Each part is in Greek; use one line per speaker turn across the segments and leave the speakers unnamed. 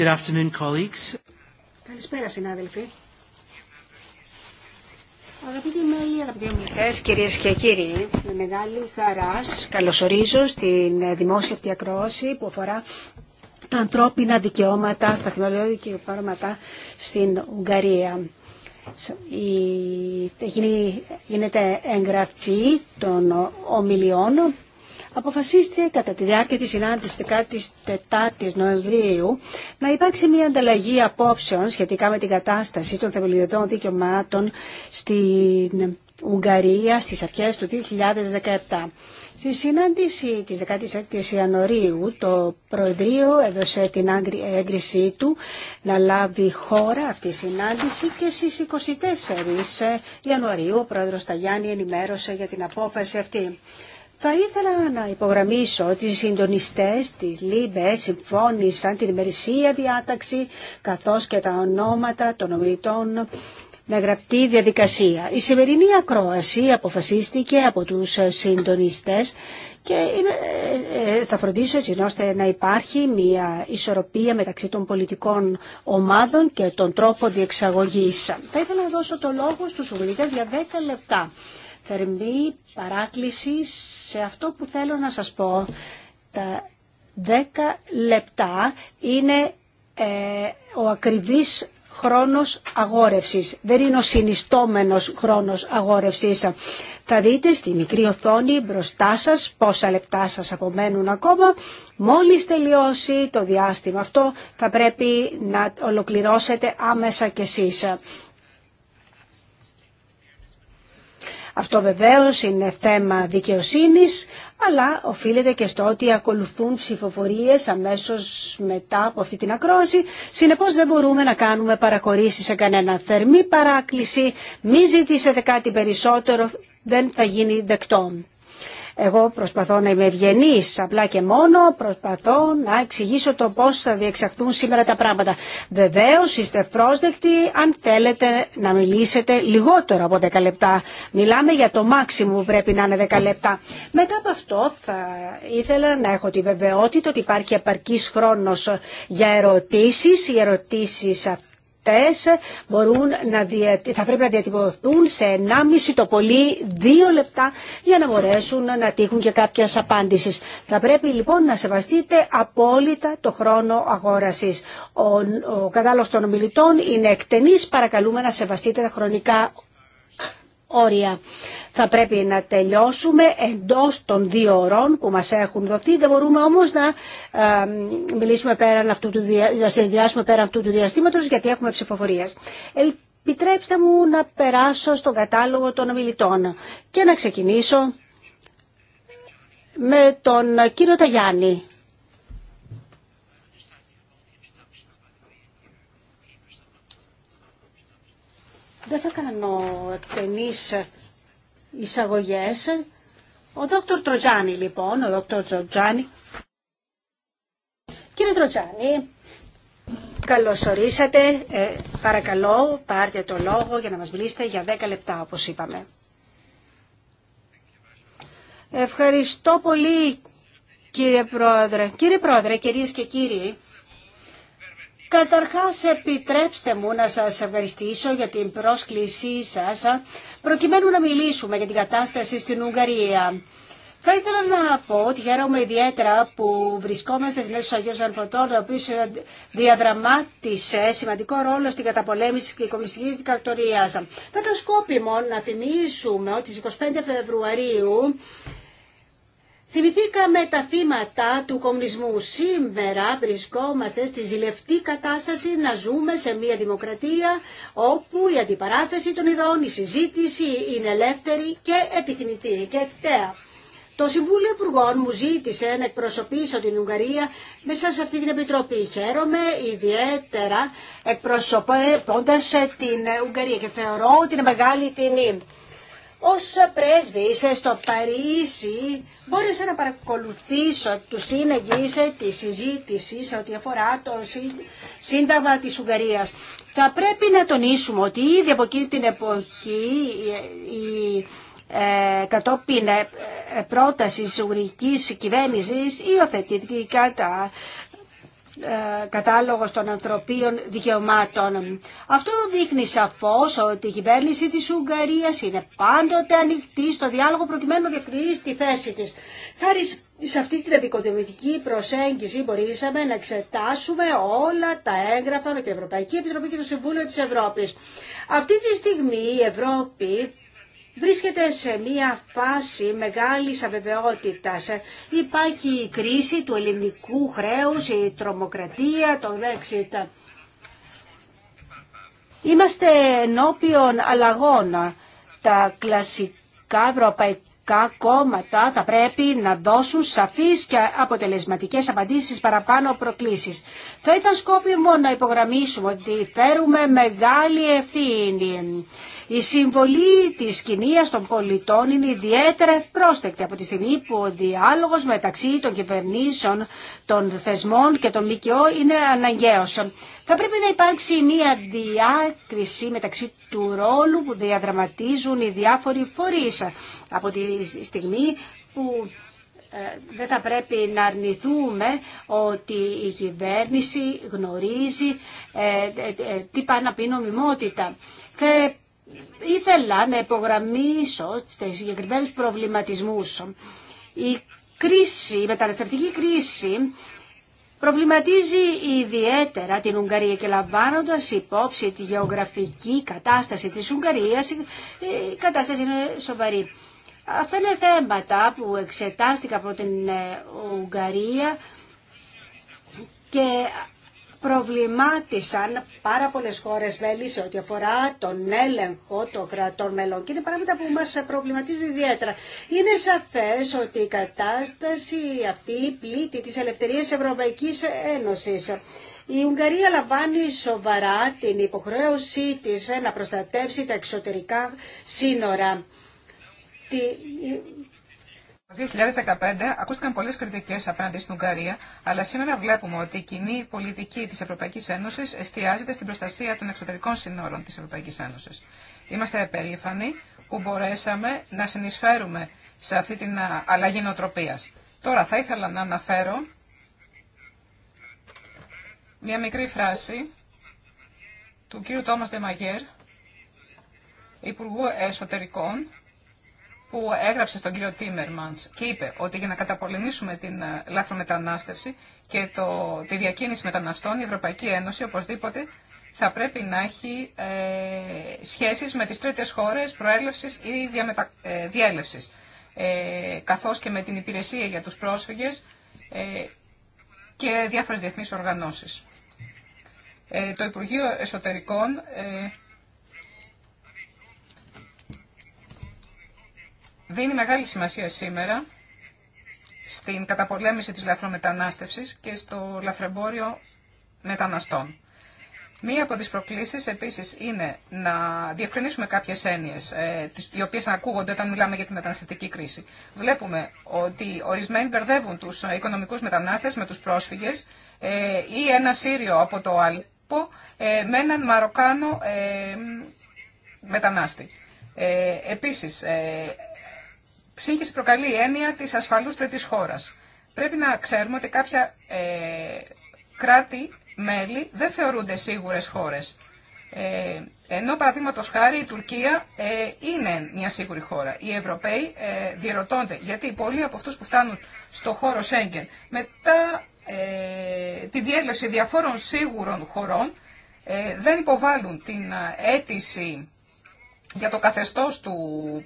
Good afternoon, colleagues.
Καλησπέρα, συνάδελφοι. Αγαπητοί μέλη, αγαπητοί ομιλητέ, κυρίε και κύριοι, με μεγάλη χαρά σα καλωσορίζω στην δημόσια αυτή ακρόαση που αφορά τα ανθρώπινα δικαιώματα στα χρηματοδοτικά δικαιώματα στην Ουγγαρία. Η... Γίνεται εγγραφή των ομιλιών αποφασίστηκε κατά τη διάρκεια της συνάντησης 14ης Νοεμβρίου να υπάρξει μια ανταλλαγή απόψεων σχετικά με την κατάσταση των θεμελιωδών δικαιωμάτων στην Ουγγαρία στις αρχές του 2017. Στη συνάντηση της 16ης Ιανουαρίου το Προεδρείο έδωσε την έγκρισή του να λάβει χώρα αυτή η συνάντηση και στις 24 Ιανουαρίου ο Πρόεδρος Ταγιάννη ενημέρωσε για την απόφαση αυτή. Θα ήθελα να υπογραμμίσω ότι οι συντονιστές της ΛΥΜΠΕ συμφώνησαν την ημερησία διάταξη καθώς και τα ονόματα των ομιλητών με γραπτή διαδικασία. Η σημερινή ακρόαση αποφασίστηκε από τους συντονιστές και ε, ε, θα φροντίσω έτσι ώστε να υπάρχει μια ισορροπία μεταξύ των πολιτικών ομάδων και τον τρόπο διεξαγωγής. Θα ήθελα να δώσω το λόγο στους ομιλητές για 10 λεπτά θερμή παράκληση σε αυτό που θέλω να σας πω. Τα δέκα λεπτά είναι ε, ο ακριβής χρόνος αγόρευσης. Δεν είναι ο συνιστόμενος χρόνος αγόρευσης. Θα δείτε στη μικρή οθόνη μπροστά σας πόσα λεπτά σας απομένουν ακόμα. Μόλις τελειώσει το διάστημα αυτό θα πρέπει να ολοκληρώσετε άμεσα κι εσείς. Αυτό βεβαίως είναι θέμα δικαιοσύνης, αλλά οφείλεται και στο ότι ακολουθούν ψηφοφορίες αμέσως μετά από αυτή την ακρόαση. Συνεπώς δεν μπορούμε να κάνουμε παραχωρήσεις σε κανένα θερμή παράκληση. Μη ζητήσετε κάτι περισσότερο, δεν θα γίνει δεκτό. Εγώ προσπαθώ να είμαι ευγενή, απλά και μόνο προσπαθώ να εξηγήσω το πώ θα διεξαχθούν σήμερα τα πράγματα. Βεβαίω είστε πρόσδεκτοι αν θέλετε να μιλήσετε λιγότερο από 10 λεπτά. Μιλάμε για το μάξιμο που πρέπει να είναι 10 λεπτά. Μετά από αυτό θα ήθελα να έχω τη βεβαιότητα ότι υπάρχει επαρκή χρόνο για ερωτήσει. Οι μπορούν να θα πρέπει να διατυπωθούν σε 1,5 το πολύ 2 λεπτά για να μπορέσουν να τύχουν και κάποιες απάντηση. Θα πρέπει λοιπόν να σεβαστείτε απόλυτα το χρόνο αγόρασης. Ο, ο των ομιλητών είναι εκτενής, παρακαλούμε να σεβαστείτε τα χρονικά όρια. Θα πρέπει να τελειώσουμε εντός των δύο ωρών που μας έχουν δοθεί. Δεν μπορούμε όμως να ε, μιλήσουμε πέραν αυτού του, συνδυάσουμε πέραν αυτού του διαστήματος γιατί έχουμε ψηφοφορίες. Επιτρέψτε μου να περάσω στον κατάλογο των ομιλητών και να ξεκινήσω με τον κύριο Ταγιάννη. Δεν θα κάνω εκτενείς εισαγωγές. Ο δόκτωρ Τροτζάνη λοιπόν, ο δόκτωρ Τροτζάνη. Κύριε Τροτζάνη, καλώς ορίσατε. Ε, παρακαλώ, πάρτε το λόγο για να μας μιλήσετε για 10 λεπτά όπως είπαμε. Ευχαριστώ πολύ κύριε Πρόεδρε. Κύριε Πρόεδρε, κυρίες και κύριοι, Καταρχάς επιτρέψτε μου να σας ευχαριστήσω για την πρόσκλησή σας προκειμένου να μιλήσουμε για την κατάσταση στην Ουγγαρία. Θα ήθελα να πω ότι χαίρομαι ιδιαίτερα που βρισκόμαστε στην αίθουσα Αγίου Ζανφωτών, ο οποίο διαδραμάτισε σημαντικό ρόλο στην καταπολέμηση τη κομμουνιστική δικτατορία. Θα ήταν σκόπιμο να θυμίσουμε ότι στι 25 Φεβρουαρίου Θυμηθήκαμε τα θύματα του κομμουνισμού. Σήμερα βρισκόμαστε στη ζηλευτή κατάσταση να ζούμε σε μια δημοκρατία όπου η αντιπαράθεση των ειδών, η συζήτηση είναι ελεύθερη και επιθυμητή και εκταία. Το Συμβούλιο Υπουργών μου ζήτησε να εκπροσωπήσω την Ουγγαρία μέσα σε αυτή την Επιτροπή. Χαίρομαι ιδιαίτερα εκπροσωπώντας ε, ε, την Ουγγαρία και θεωρώ ότι είναι μεγάλη τιμή. Ως πρέσβης στο Παρίσι μπόρεσα να παρακολουθήσω του σύνεγγυς ε, τη συζήτηση σε ό,τι αφορά το Σύνταγμα της Ουγγαρίας. Θα πρέπει να τονίσουμε ότι ήδη από εκείνη την εποχή ε, η ε, κατόπιν πρόταση της ουγγρικής κυβέρνησης υιοθετήθηκε κατά ε, κατάλογος των ανθρωπίων δικαιωμάτων. Αυτό δείχνει σαφώς ότι η κυβέρνηση της Ουγγαρίας είναι πάντοτε ανοιχτή στο διάλογο προκειμένου να διευκρινίσει τη θέση της. Χάρη σε αυτή την επικοδομητική προσέγγιση μπορούσαμε να εξετάσουμε όλα τα έγγραφα με την Ευρωπαϊκή Επιτροπή και το Συμβούλιο της Ευρώπης. Αυτή τη στιγμή η Ευρώπη βρίσκεται σε μια φάση μεγάλης αβεβαιότητας. Υπάρχει η κρίση του ελληνικού χρέους, η τρομοκρατία, το Brexit. Είμαστε ενώπιον αλλαγών. Τα κλασικά ευρωπαϊκά κόμματα θα πρέπει να δώσουν σαφείς και αποτελεσματικές απαντήσεις παραπάνω προκλήσεις. Θα ήταν σκόπιμο να υπογραμμίσουμε ότι φέρουμε μεγάλη ευθύνη. Η συμβολή της κοινίας των πολιτών είναι ιδιαίτερα ευπρόσθεκτη από τη στιγμή που ο διάλογος μεταξύ των κυβερνήσεων, των θεσμών και των ΜΚΟ είναι αναγκαίο. Θα πρέπει να υπάρξει μια διάκριση μεταξύ του ρόλου που διαδραματίζουν οι διάφοροι φορεί από τη στιγμή που ε, δεν θα πρέπει να αρνηθούμε ότι η κυβέρνηση γνωρίζει ε, ε, τι πάει να πει νομιμότητα ήθελα να υπογραμμίσω στις συγκεκριμένου προβληματισμούς. Η κρίση, η μεταναστευτική κρίση προβληματίζει ιδιαίτερα την Ουγγαρία και λαμβάνοντας υπόψη τη γεωγραφική κατάσταση της Ουγγαρίας, η κατάσταση είναι σοβαρή. Αυτά είναι θέματα που εξετάστηκα από την ε, Ουγγαρία και προβλημάτισαν πάρα πολλές χώρες μέλη σε ό,τι αφορά τον έλεγχο των κρατών μελών και είναι πράγματα που μας προβληματίζουν ιδιαίτερα. Είναι σαφές ότι η κατάσταση αυτή πλήττει τις ελευθερίες Ευρωπαϊκής Ένωσης. Η Ουγγαρία λαμβάνει σοβαρά την υποχρέωσή της να προστατεύσει τα εξωτερικά σύνορα
το 2015 ακούστηκαν πολλές κριτικές απέναντι στην Ουγγαρία, αλλά σήμερα βλέπουμε ότι η κοινή πολιτική της Ευρωπαϊκής Ένωσης εστιάζεται στην προστασία των εξωτερικών συνόρων της Ευρωπαϊκής Ένωσης. Είμαστε περήφανοι που μπορέσαμε να συνεισφέρουμε σε αυτή την αλλαγή νοοτροπίας. Τώρα θα ήθελα να αναφέρω μια μικρή φράση του κύριου Τόμας Δεμαγέρ, Υπουργού Εσωτερικών, που έγραψε στον κύριο Τίμερμαν και είπε ότι για να καταπολεμήσουμε την ε, λάθρομετανάστευση και το, τη διακίνηση μεταναστών, η Ευρωπαϊκή Ένωση οπωσδήποτε θα πρέπει να έχει ε, σχέσεις με τις τρίτες χώρες προέλευσης ή διαμετα, ε, διέλευσης, ε, καθώς και με την υπηρεσία για τους πρόσφυγες ε, και διάφορες διεθνείς οργανώσεις. Ε, το Υπουργείο Εσωτερικών ε, δίνει μεγάλη σημασία σήμερα στην καταπολέμηση της λαθρομετανάστευσης και στο λαθρεμπόριο μεταναστών. Μία από τις προκλήσεις επίσης είναι να διευκρινίσουμε κάποιες έννοιες, ε, οι οποίες ακούγονται όταν μιλάμε για τη μεταναστευτική κρίση. Βλέπουμε ότι ορισμένοι μπερδεύουν τους οικονομικούς μετανάστες με τους πρόσφυγες ε, ή ένα Σύριο από το Άλπο ε, με έναν Μαροκάνο μετανάστη. Επίσης, Σύγχυση προκαλεί η έννοια τη ασφαλούς τρίτη χώρα. Πρέπει να ξέρουμε ότι κάποια ε, κράτη-μέλη δεν θεωρούνται σίγουρε χώρε. Ε, ενώ παραδείγματο χάρη η Τουρκία ε, είναι μια σίγουρη χώρα. Οι Ευρωπαίοι ε, διερωτώνται γιατί πολλοί από αυτού που φτάνουν στο χώρο Σέγγεν μετά ε, τη διέλευση διαφόρων σίγουρων χωρών ε, δεν υποβάλλουν την αίτηση για το καθεστώς του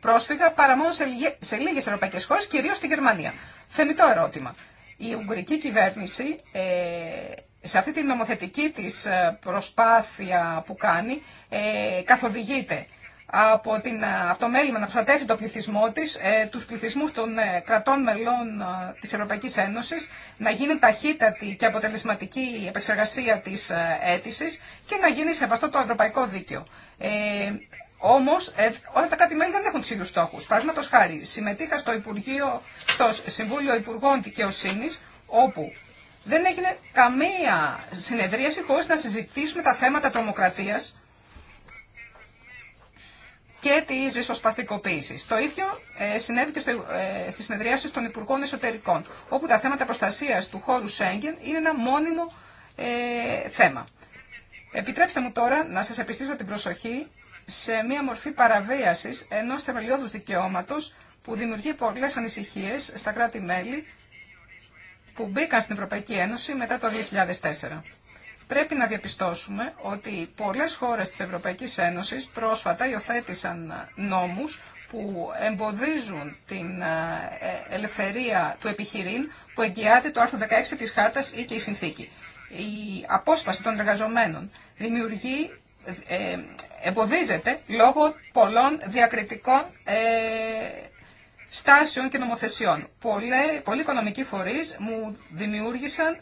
πρόσφυγα παρά μόνο σε λίγες ευρωπαϊκές χώρες, κυρίως στη Γερμανία. Θεμητό ερώτημα. Η Ουγγρική κυβέρνηση ε, σε αυτή την νομοθετική της ε, προσπάθεια που κάνει ε, καθοδηγείται από, την, από το μέλημα να προστατεύει το πληθυσμό τη, ε, του πληθυσμού των κρατών μελών της τη Ευρωπαϊκή Ένωση, να γίνει ταχύτατη και αποτελεσματική επεξεργασία τη αίτηση και να γίνει σεβαστό το ευρωπαϊκό δίκαιο. Όμω, ε, όλα τα κάτι μέλη δεν έχουν του ίδιου στόχου. Παραδείγματο χάρη, συμμετείχα στο, Υπουργείο, στο Συμβούλιο Υπουργών Δικαιοσύνη, όπου δεν έγινε καμία συνεδρίαση χωρί να συζητήσουμε τα θέματα τρομοκρατία και τη ριζοσπαστικοποίηση. Το ίδιο ε, συνέβη και στο, ε, στη συνεδρίαση των Υπουργών Εσωτερικών, όπου τα θέματα προστασία του χώρου Σέγγεν είναι ένα μόνιμο ε, θέμα. Επιτρέψτε μου τώρα να σας επιστήσω την προσοχή σε μια μορφή παραβίασης ενός θεμελιώδους δικαιώματος που δημιουργεί πολλές ανησυχίες στα κράτη-μέλη που μπήκαν στην Ευρωπαϊκή Ένωση μετά το 2004. Πρέπει να διαπιστώσουμε ότι πολλές χώρες της Ευρωπαϊκής Ένωσης πρόσφατα υιοθέτησαν νόμους που εμποδίζουν την ε, ελευθερία του επιχειρήν που εγγυάται το άρθρο 16 της Χάρτας ή και η Συνθήκη. Η απόσπαση των εργαζομένων δημιουργεί ε, ε, εμποδίζεται λόγω πολλών διακριτικών ε, στάσεων και νομοθεσιών. Πολλοί, πολλοί οικονομικοί φορείς μου δημιούργησαν,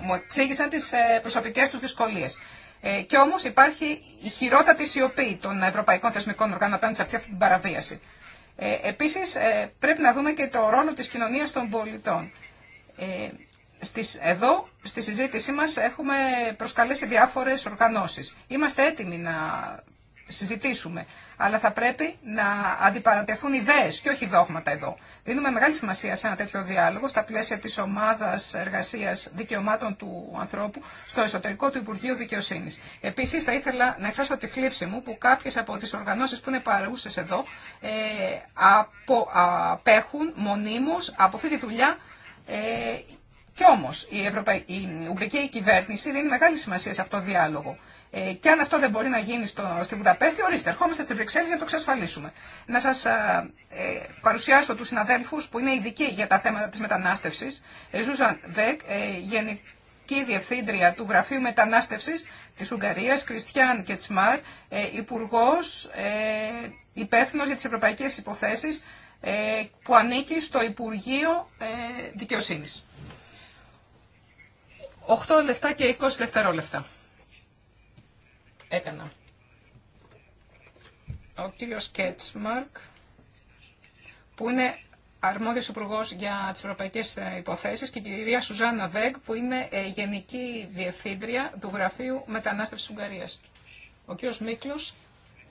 μου εξήγησαν τις προσωπικές τους δυσκολίες. Ε, και όμως υπάρχει η χειρότατη σιωπή των ευρωπαϊκών θεσμικών οργάνων απέναντι σε αυτή, την παραβίαση. Ε, επίσης πρέπει να δούμε και το ρόλο της κοινωνίας των πολιτών. Ε, στις, εδώ, στη συζήτησή μας, έχουμε προσκαλέσει διάφορες οργανώσεις. Είμαστε έτοιμοι να συζητήσουμε, αλλά θα πρέπει να αντιπαρατεθούν ιδέες και όχι δόγματα εδώ. Δίνουμε μεγάλη σημασία σε ένα τέτοιο διάλογο στα πλαίσια της ομάδας εργασίας δικαιωμάτων του ανθρώπου στο εσωτερικό του Υπουργείου Δικαιοσύνης. Επίσης θα ήθελα να εκφράσω τη θλίψη μου που κάποιες από τις οργανώσεις που είναι παρούσες εδώ ε, απέχουν μονίμως από αυτή τη δουλειά ε, κι όμω η, Ευρωπα... η Ουγγρική κυβέρνηση δίνει μεγάλη σημασία σε αυτό το διάλογο. Ε, και αν αυτό δεν μπορεί να γίνει στο... στη Βουδαπέστη, ορίστε, ερχόμαστε στη Βρυξέλλη για να το εξασφαλίσουμε. Να σα ε, παρουσιάσω του συναδέλφου που είναι ειδικοί για τα θέματα τη μετανάστευση. Ε, Ζούζαν Βεκ, ε, Γενική Διευθύντρια του Γραφείου Μετανάστευση τη Ουγγαρία, Κριστιαν Κετσμάρ, ε, Υπουργό ε, Υπεύθυνο για τι Ευρωπαϊκέ Υποθέσει, ε, που ανήκει στο Υπουργείο ε, Δικαιοσύνη. 8 λεπτά και 20 δευτερόλεπτα. Έκανα. Ο κύριο Κέτσμαρκ, που είναι αρμόδιος υπουργό για τι Ευρωπαϊκέ υποθέσει και η κυρία Σουζάννα Βέγ, που είναι ε, γενική διευθύντρια του Γραφείου Μετανάστευσης Ουγγαρία. Ο κύριο Μίκλο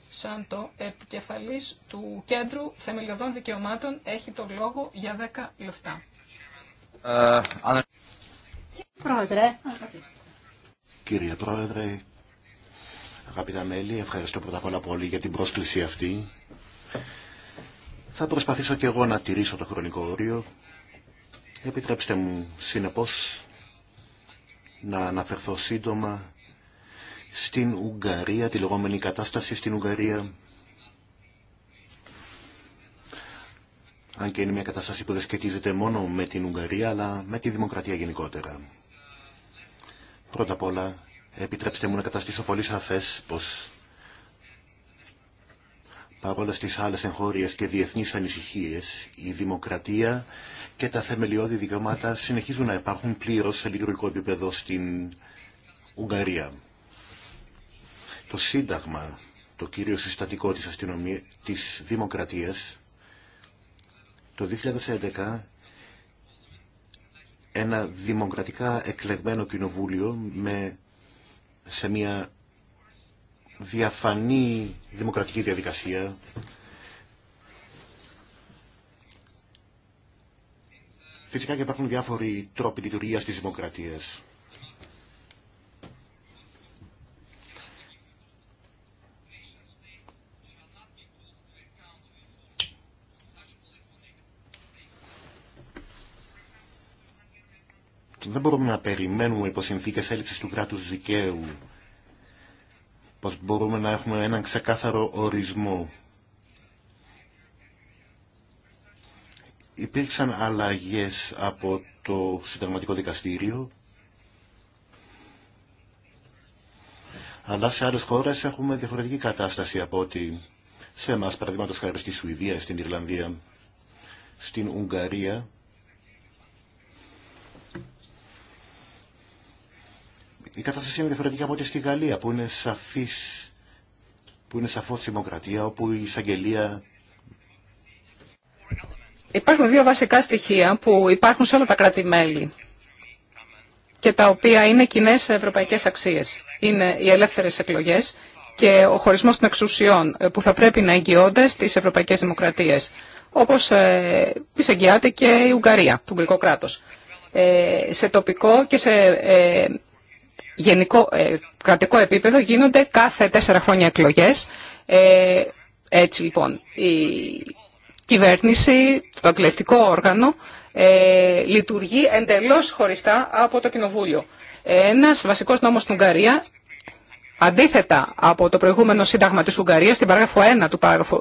σαν το επικεφαλής του Κέντρου Θεμελιωδών Δικαιωμάτων, έχει το λόγο για 10 λεπτά.
Ε, Πρόεδρε.
Κύριε Πρόεδρε, αγαπητά μέλη, ευχαριστώ πρώτα απ' όλα πολύ για την πρόσκληση αυτή. Θα προσπαθήσω και εγώ να τηρήσω το χρονικό όριο. Επιτρέψτε μου, συνεπώς, να αναφερθώ σύντομα στην Ουγγαρία, τη λεγόμενη κατάσταση στην Ουγγαρία αν και είναι μια κατάσταση που δεν σχετίζεται μόνο με την Ουγγαρία, αλλά με τη δημοκρατία γενικότερα. Πρώτα απ' όλα, επιτρέψτε μου να καταστήσω πολύ σαφές πως παρόλα στις άλλες εγχώριες και διεθνείς ανησυχίες, η δημοκρατία και τα θεμελιώδη δικαιώματα συνεχίζουν να υπάρχουν πλήρως σε λειτουργικό επίπεδο στην Ουγγαρία. Το Σύνταγμα, το κύριο συστατικό της, αστυνομία, της δημοκρατίας, το 2011 ένα δημοκρατικά εκλεγμένο κοινοβούλιο με, σε μια διαφανή δημοκρατική διαδικασία Φυσικά και υπάρχουν διάφοροι τρόποι λειτουργία τη δημοκρατία. Δεν μπορούμε να περιμένουμε υπό συνθήκε έλλειψη του κράτου δικαίου πω μπορούμε να έχουμε έναν ξεκάθαρο ορισμό. Υπήρξαν αλλαγές από το συνταγματικό δικαστήριο, αλλά σε άλλες χώρες έχουμε διαφορετική κατάσταση από ότι σε εμάς, παραδείγματος χάρη στη Σουηδία, στην Ιρλανδία, στην Ουγγαρία, η κατάσταση είναι διαφορετική από ό,τι στη Γαλλία που είναι σαφής που είναι σαφώς δημοκρατία, όπου η εισαγγελία...
Υπάρχουν δύο βασικά στοιχεία που υπάρχουν σε όλα τα κράτη-μέλη και τα οποία είναι κοινέ ευρωπαϊκές αξίες. Είναι οι ελεύθερες εκλογές και ο χωρισμός των εξουσιών ε, που θα πρέπει να εγγυώνται στις ευρωπαϊκές δημοκρατίες, όπως ε, εγγυάται και η Ουγγαρία, το γκρικό κράτος, ε, σε τοπικό και σε ε, γενικό, ε, κρατικό επίπεδο γίνονται κάθε τέσσερα χρόνια εκλογές. Ε, έτσι λοιπόν, η κυβέρνηση, το εκλεστικό όργανο, ε, λειτουργεί εντελώς χωριστά από το Κοινοβούλιο. Ένας βασικός νόμος στην Ουγγαρία, αντίθετα από το προηγούμενο Σύνταγμα της Ουγγαρίας, στην παράγραφο 1 του,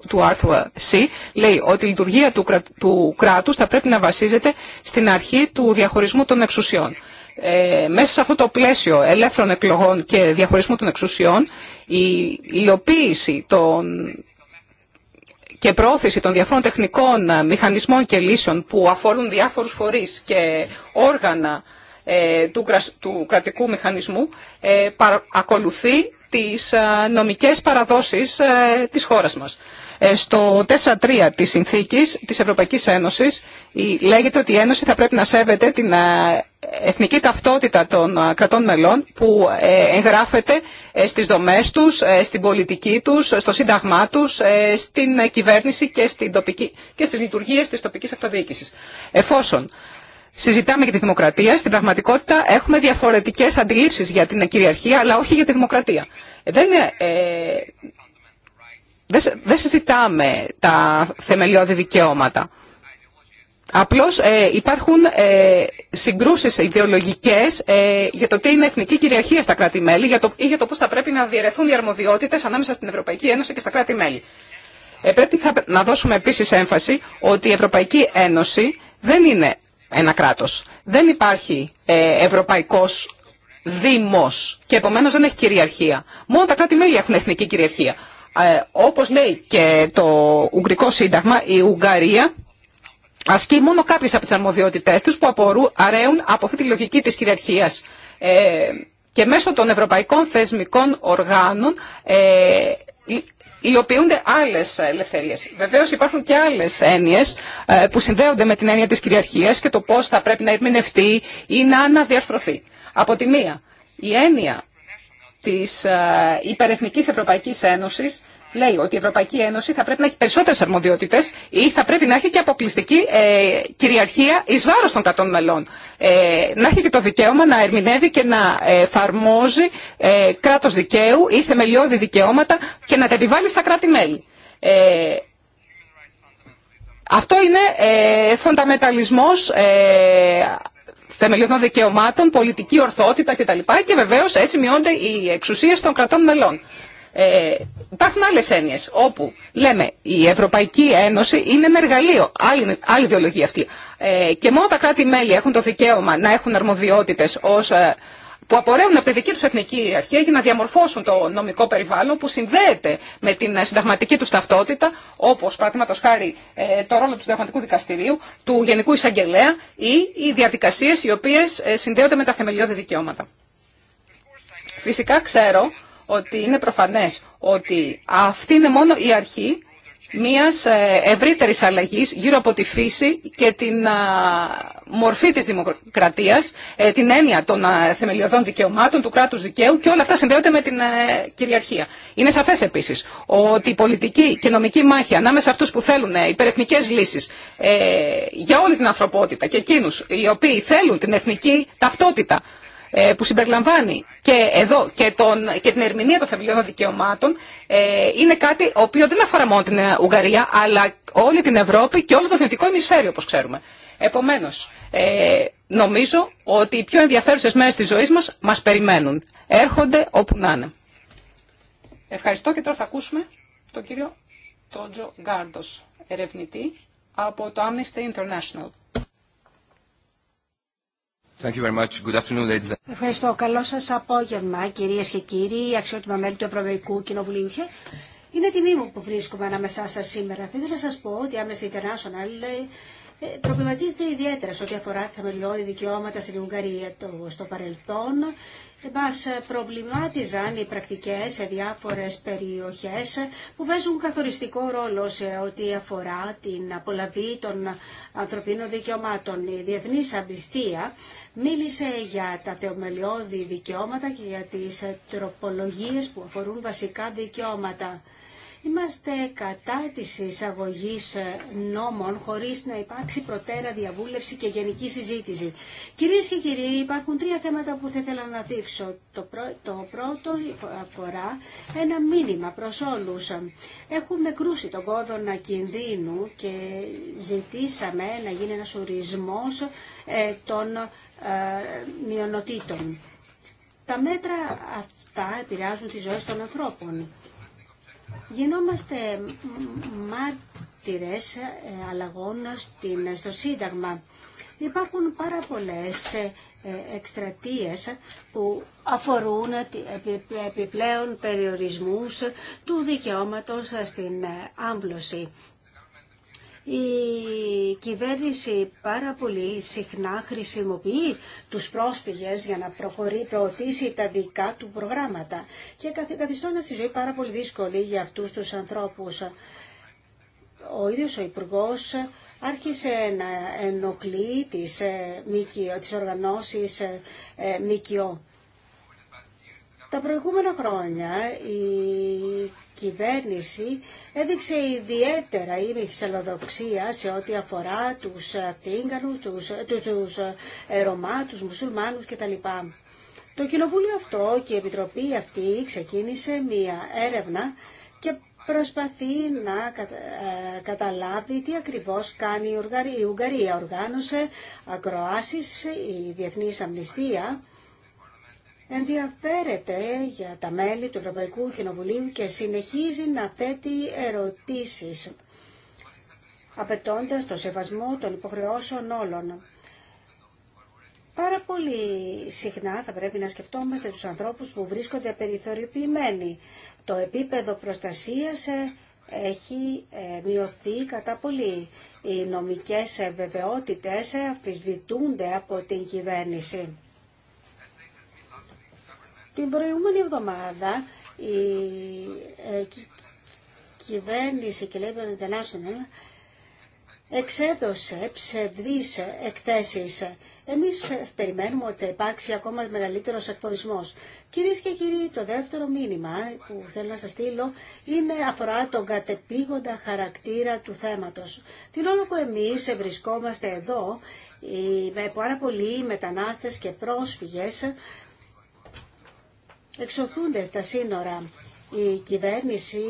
του άρθρου C, λέει ότι η λειτουργία του, του κράτους θα πρέπει να βασίζεται στην αρχή του διαχωρισμού των εξουσιών. Ε, μέσα σε αυτό το πλαίσιο ελεύθερων εκλογών και διαχωρισμού των εξουσιών, η υλοποίηση των και προώθηση των διαφόρων τεχνικών ε, μηχανισμών και λύσεων που αφορούν διάφορους φορείς και όργανα ε, του, κρατικού μηχανισμού ακολουθεί τις νομικές παραδόσεις της χώρας μας. Ε, στο 4-3 της Συνθήκης της Ευρωπαϊκής Ένωσης λέγεται ότι η Ένωση θα πρέπει να σέβεται την εθνική ταυτότητα των κρατών μελών που ε, εγγράφεται ε, στις δομές τους, στην πολιτική τους, στο σύνταγμά τους, στην κυβέρνηση και, στην τοπική, και στις λειτουργίες της τοπικής αυτοδιοίκησης. Εφόσον συζητάμε για τη δημοκρατία, στην πραγματικότητα έχουμε διαφορετικές αντιλήψεις για την κυριαρχία, αλλά όχι για τη δημοκρατία. Δεν είναι δεν συζητάμε τα θεμελιώδη δικαιώματα. Απλώς ε, υπάρχουν ε, συγκρούσεις ιδεολογικές ε, για το τι είναι εθνική κυριαρχία στα κράτη-μέλη ή για το πώς θα πρέπει να διαιρεθούν οι αρμοδιότητες ανάμεσα στην Ευρωπαϊκή Ένωση και στα κράτη-μέλη. Ε, πρέπει να δώσουμε επίσης έμφαση ότι η Ευρωπαϊκή Ένωση δεν είναι ένα κράτος. Δεν υπάρχει ε, ευρωπαϊκός δήμος και επομένως δεν έχει κυριαρχία. Μόνο τα κράτη-μέλη έχουν εθνική κυριαρχία. Ε, όπως λέει και το Ουγγρικό Σύνταγμα, η Ουγγαρία ασκεί μόνο κάποιες από τις αρμοδιότητές τους που απορούν, αρέουν από αυτή τη λογική της κυριαρχίας. Ε, και μέσω των ευρωπαϊκών θεσμικών οργάνων ε, υλοποιούνται άλλες ελευθερίες. Βεβαίως υπάρχουν και άλλε έννοιε που συνδέονται με την έννοια της κυριαρχίας και το πώς θα πρέπει να ερμηνευτεί ή να αναδιαρθρωθεί. Από τη μία, η έννοια τη υπερεθνική τη υπερεθνικής ευρωπαικη ένωσης, λέει ότι η Ευρωπαϊκή Ένωση θα πρέπει να έχει περισσότερες αρμοδιότητες ή θα πρέπει να έχει και αποκλειστική ε, κυριαρχία ει βάρος των κρατών μελών. Ε, να έχει και το δικαίωμα να ερμηνεύει και να ε, εφαρμόζει ε, κράτος δικαίου ή θεμελιώδη δικαιώματα και να τα επιβάλλει στα κράτη-μέλη. Ε, αυτό είναι ε, φονταμεταλισμός ε, θεμελιωδών δικαιωμάτων, πολιτική ορθότητα κτλ. Και βεβαίω έτσι μειώνται οι εξουσίε των κρατών μελών. Ε, Υπάρχουν άλλε έννοιε όπου λέμε η Ευρωπαϊκή Ένωση είναι ένα εργαλείο. Άλλη, άλλη ιδεολογία αυτή. Ε, και μόνο τα κράτη-μέλη έχουν το δικαίωμα να έχουν αρμοδιότητε ε, που απορρέουν από τη δική του εθνική αρχή για να διαμορφώσουν το νομικό περιβάλλον που συνδέεται με την συνταγματική του ταυτότητα, όπω παραδείγματο χάρη ε, το ρόλο του συνταγματικού δικαστηρίου, του γενικού εισαγγελέα ή οι διαδικασίε οι οποίες ε, συνδέονται με τα θεμελιώδη δικαιώματα. Φυσικά ξέρω ότι είναι προφανές ότι αυτή είναι μόνο η αρχή μιας ε, ευρύτερης αλλαγής γύρω από τη φύση και την μορφή της δημοκρατίας, ε, την έννοια των θεμελιωδών δικαιωμάτων, του κράτους δικαίου και όλα αυτά συνδέονται με την ε, κυριαρχία. Είναι σαφές επίσης ότι η πολιτική και νομική μάχη ανάμεσα αυτούς που θέλουν υπερεθνικές λύσεις για όλη την ανθρωπότητα και εκείνους οι οποίοι θέλουν την εθνική ταυτότητα ε, που συμπεριλαμβάνει και, εδώ, και, τον, και την ερμηνεία των θεμελιώδων δικαιωμάτων ε, είναι κάτι οποίο δεν αφορά μόνο την Ουγγαρία αλλά όλη την Ευρώπη και όλο το δυτικό ημισφαίριο όπως ξέρουμε. Επομένως, ε, νομίζω ότι οι πιο ενδιαφέρουσες μέρες της ζωής μας μας περιμένουν. Έρχονται όπου να είναι. Ευχαριστώ και τώρα θα ακούσουμε τον κύριο Τότζο Γκάρντος, ερευνητή από το Amnesty International.
Thank you
very
much. Good afternoon, ladies. and
Ευχαριστώ. Καλό σα απόγευμα, κυρίε και κύριοι, αξιότιμα μέλη του Ευρωπαϊκού Κοινοβουλίου. Είναι τιμή μου που βρίσκομαι ανάμεσά σα σήμερα. Θα ήθελα να σα πω ότι η Amnesty International ε, προβληματίζεται ιδιαίτερα σε ό,τι αφορά τα θεμελιώδη δικαιώματα στην Ουγγαρία στο παρελθόν. Ε, Μα προβλημάτιζαν οι πρακτικές σε διάφορες περιοχές που παίζουν καθοριστικό ρόλο σε ό,τι αφορά την απολαβή των ανθρωπίνων δικαιωμάτων. Η Διεθνής Αμπιστία μίλησε για τα θεμελιώδη δικαιώματα και για τι τροπολογίε που αφορούν βασικά δικαιώματα. Είμαστε κατά της εισαγωγής νόμων χωρίς να υπάρξει προτέρα διαβούλευση και γενική συζήτηση. Κυρίες και κύριοι, υπάρχουν τρία θέματα που θα ήθελα να δείξω. Το, το πρώτο αφορά ένα μήνυμα προς όλους. Έχουμε κρούσει τον κόδωνα κινδύνου και ζητήσαμε να γίνει ένας ορισμός ε, των ε, μειονοτήτων. Τα μέτρα αυτά επηρεάζουν τη ζωή των ανθρώπων. Γινόμαστε μάρτυρες ε, αλλαγών στο Σύνταγμα. Υπάρχουν πάρα πολλές ε, ε, εκστρατείες που αφορούν επιπλέον περιορισμούς του δικαιώματος στην άμβλωση. Η κυβέρνηση πάρα πολύ συχνά χρησιμοποιεί τους πρόσφυγες για να προχωρήσει τα δικά του προγράμματα και καθιστώντας τη ζωή πάρα πολύ δύσκολη για αυτούς τους ανθρώπους. Ο ίδιος ο Υπουργός άρχισε να ενοχλεί τις, ε, τις οργανώσεις ε, ε, ΜΚΟ. Τα προηγούμενα χρόνια η κυβέρνηση έδειξε ιδιαίτερα η σε ό,τι αφορά τους ε, Θήγκανους, ε, τους, τους, τους ε, Ρωμά, τους Μουσουλμάνους κτλ. Το κοινοβούλιο αυτό και η επιτροπή αυτή ξεκίνησε μία έρευνα και προσπαθεί να καταλάβει τι ακριβώς κάνει η Ουγγαρία. Οργάνωσε ακροάσεις, η Διεθνής Αμνηστία ενδιαφέρεται για τα μέλη του Ευρωπαϊκού Κοινοβουλίου και συνεχίζει να θέτει ερωτήσεις, απαιτώντας το σεβασμό των υποχρεώσεων όλων. Πάρα πολύ συχνά θα πρέπει να σκεφτόμαστε τους ανθρώπους που βρίσκονται περιθωριοποιημένοι. Το επίπεδο προστασίας ε, έχει ε, μειωθεί κατά πολύ. Οι νομικές ε, βεβαιότητες αφισβητούνται από την κυβέρνηση. Την προηγούμενη εβδομάδα η ε, κυβέρνηση και λέει International εξέδωσε ψευδείς εκθέσεις. Εμείς περιμένουμε ότι θα υπάρξει ακόμα μεγαλύτερος εκπορισμός. Κυρίες και κύριοι, το δεύτερο μήνυμα που θέλω να σας στείλω είναι αφορά τον κατεπήγοντα χαρακτήρα του θέματος. Την ώρα που εμείς βρισκόμαστε εδώ, οι, πάρα πολλοί μετανάστες και πρόσφυγες εξωθούνται στα σύνορα. Η κυβέρνηση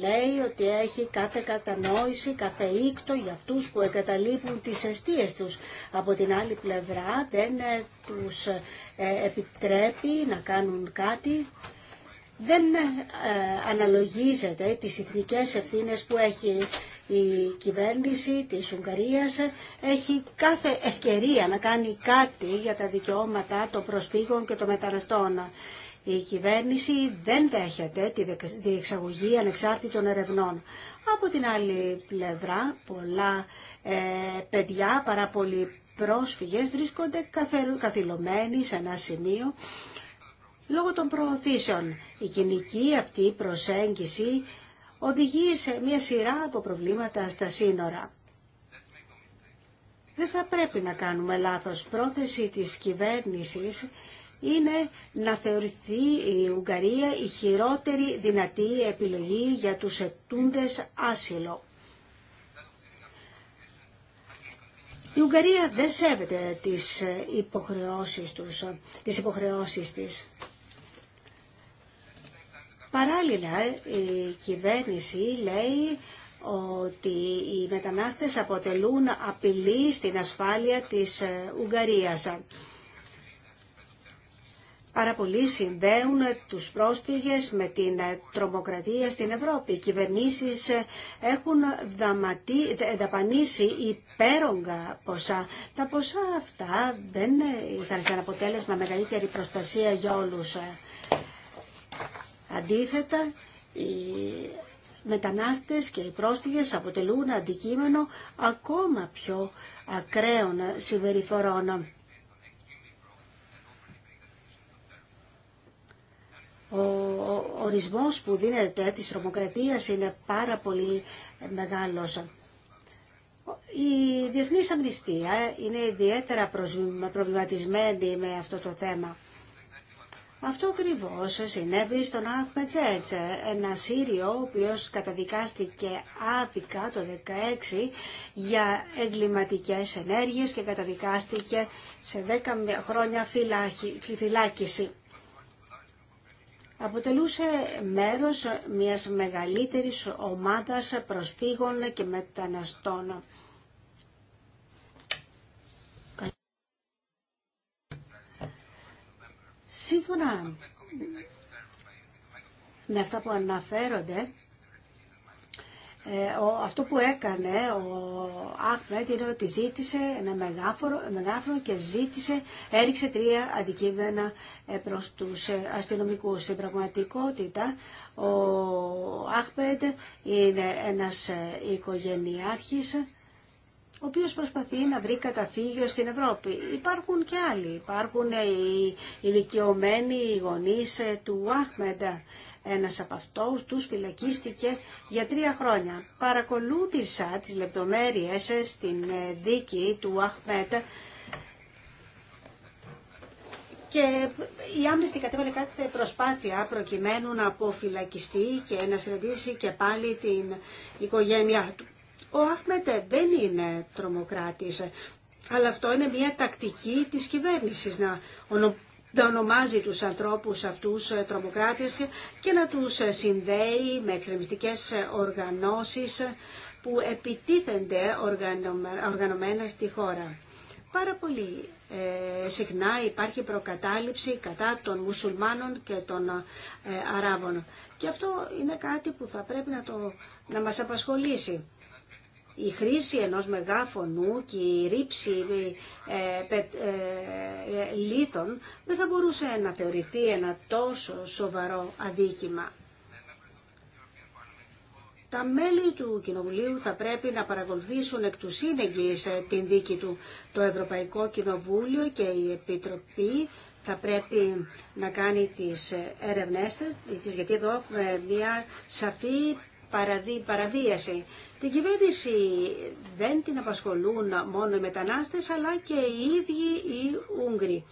λέει ότι έχει κάθε κατανόηση, κάθε ήκτο για αυτούς που εγκαταλείπουν τις αιστείες τους. Από την άλλη πλευρά δεν ε, τους ε, επιτρέπει να κάνουν κάτι. Δεν ε, αναλογίζεται τις εθνικές ευθύνες που έχει η κυβέρνηση της Ουγγαρίας έχει κάθε ευκαιρία να κάνει κάτι για τα δικαιώματα των προσφύγων και των μεταναστών. Η κυβέρνηση δεν δέχεται τη διεξαγωγή ανεξάρτητων ερευνών. Από την άλλη πλευρά, πολλά ε, παιδιά, πάρα πολλοί πρόσφυγες βρίσκονται καθυλωμένοι σε ένα σημείο λόγω των προωθήσεων. Η γενική αυτή προσέγγιση οδηγεί σε μια σειρά από προβλήματα στα σύνορα. Δεν θα πρέπει να κάνουμε λάθος. Πρόθεση της κυβέρνησης είναι να θεωρηθεί η Ουγγαρία η χειρότερη δυνατή επιλογή για τους ετούντες άσυλο. Η Ουγγαρία δεν σέβεται τις υποχρεώσεις, τους, τις υποχρεώσεις της. Παράλληλα, η κυβέρνηση λέει ότι οι μετανάστες αποτελούν απειλή στην ασφάλεια της Ουγγαρίας. Πάρα πολλοί συνδέουν τους πρόσφυγες με την τρομοκρατία στην Ευρώπη. Οι κυβερνήσεις έχουν δαπανίσει υπέρογκα ποσά. Τα ποσά αυτά δεν είχαν σαν αποτέλεσμα μεγαλύτερη προστασία για όλους. Αντίθετα, οι μετανάστες και οι πρόσφυγες αποτελούν αντικείμενο ακόμα πιο ακραίων συμπεριφορών. ο ορισμός που δίνεται της τρομοκρατίας είναι πάρα πολύ μεγάλος. Η διεθνή Αμνηστία είναι ιδιαίτερα προβληματισμένη με αυτό το θέμα. Αυτό ακριβώ συνέβη στον Αχμετζέτσε, ένα Σύριο ο οποίο καταδικάστηκε άδικα το 2016 για εγκληματικές ενέργειες και καταδικάστηκε σε 10 χρόνια φυλάκιση αποτελούσε μέρος μιας μεγαλύτερης ομάδας προσφύγων και μεταναστών. Σύμφωνα με αυτά που αναφέρονται, ε, αυτό που έκανε ο Αχμέτ είναι ότι ζήτησε ένα μεγάφορο, μεγάφορο και ζήτησε, έριξε τρία αντικείμενα ε, προς τους ε, αστυνομικούς. Στην πραγματικότητα ο Αχμέτ είναι ένας οικογενειάρχης ο οποίος προσπαθεί να βρει καταφύγιο στην Ευρώπη. Υπάρχουν και άλλοι. Υπάρχουν οι ηλικιωμένοι γονείς του Αχμέντα ένας από αυτούς τους φυλακίστηκε για τρία χρόνια. Παρακολούθησα τις λεπτομέρειες στην ε, δίκη του Αχμέτ και η Άμνηστη κατέβαλε κάθε προσπάθεια προκειμένου να αποφυλακιστεί και να συναντήσει και πάλι την οικογένειά του. Ο Άχμετ δεν είναι τρομοκράτης, αλλά αυτό είναι μια τακτική της κυβέρνησης να να ονομάζει τους ανθρώπους αυτούς ε, τρομοκράτες και να τους ε, συνδέει με εξτρεμιστικές ε, οργανώσεις που επιτίθενται οργανωμένα στη χώρα. Πάρα πολύ ε, συχνά υπάρχει προκατάληψη κατά των μουσουλμάνων και των Αράβων. Και αυτό είναι κάτι που θα πρέπει να, το, να μας απασχολήσει η χρήση ενός μεγάφωνου και η ρήψη ε, ε, λίθων δεν θα μπορούσε να θεωρηθεί ένα τόσο σοβαρό αδίκημα. Τα μέλη του Κοινοβουλίου θα πρέπει να παρακολουθήσουν εκ του σύνεγγυης ε, την δίκη του. Το Ευρωπαϊκό Κοινοβούλιο και η Επιτροπή θα πρέπει να κάνει τις έρευνές της, γιατί εδώ έχουμε μια σαφή παραβίαση. Την κυβέρνηση δεν την απασχολούν μόνο οι μετανάστες, αλλά και οι ίδιοι οι Ούγγροι.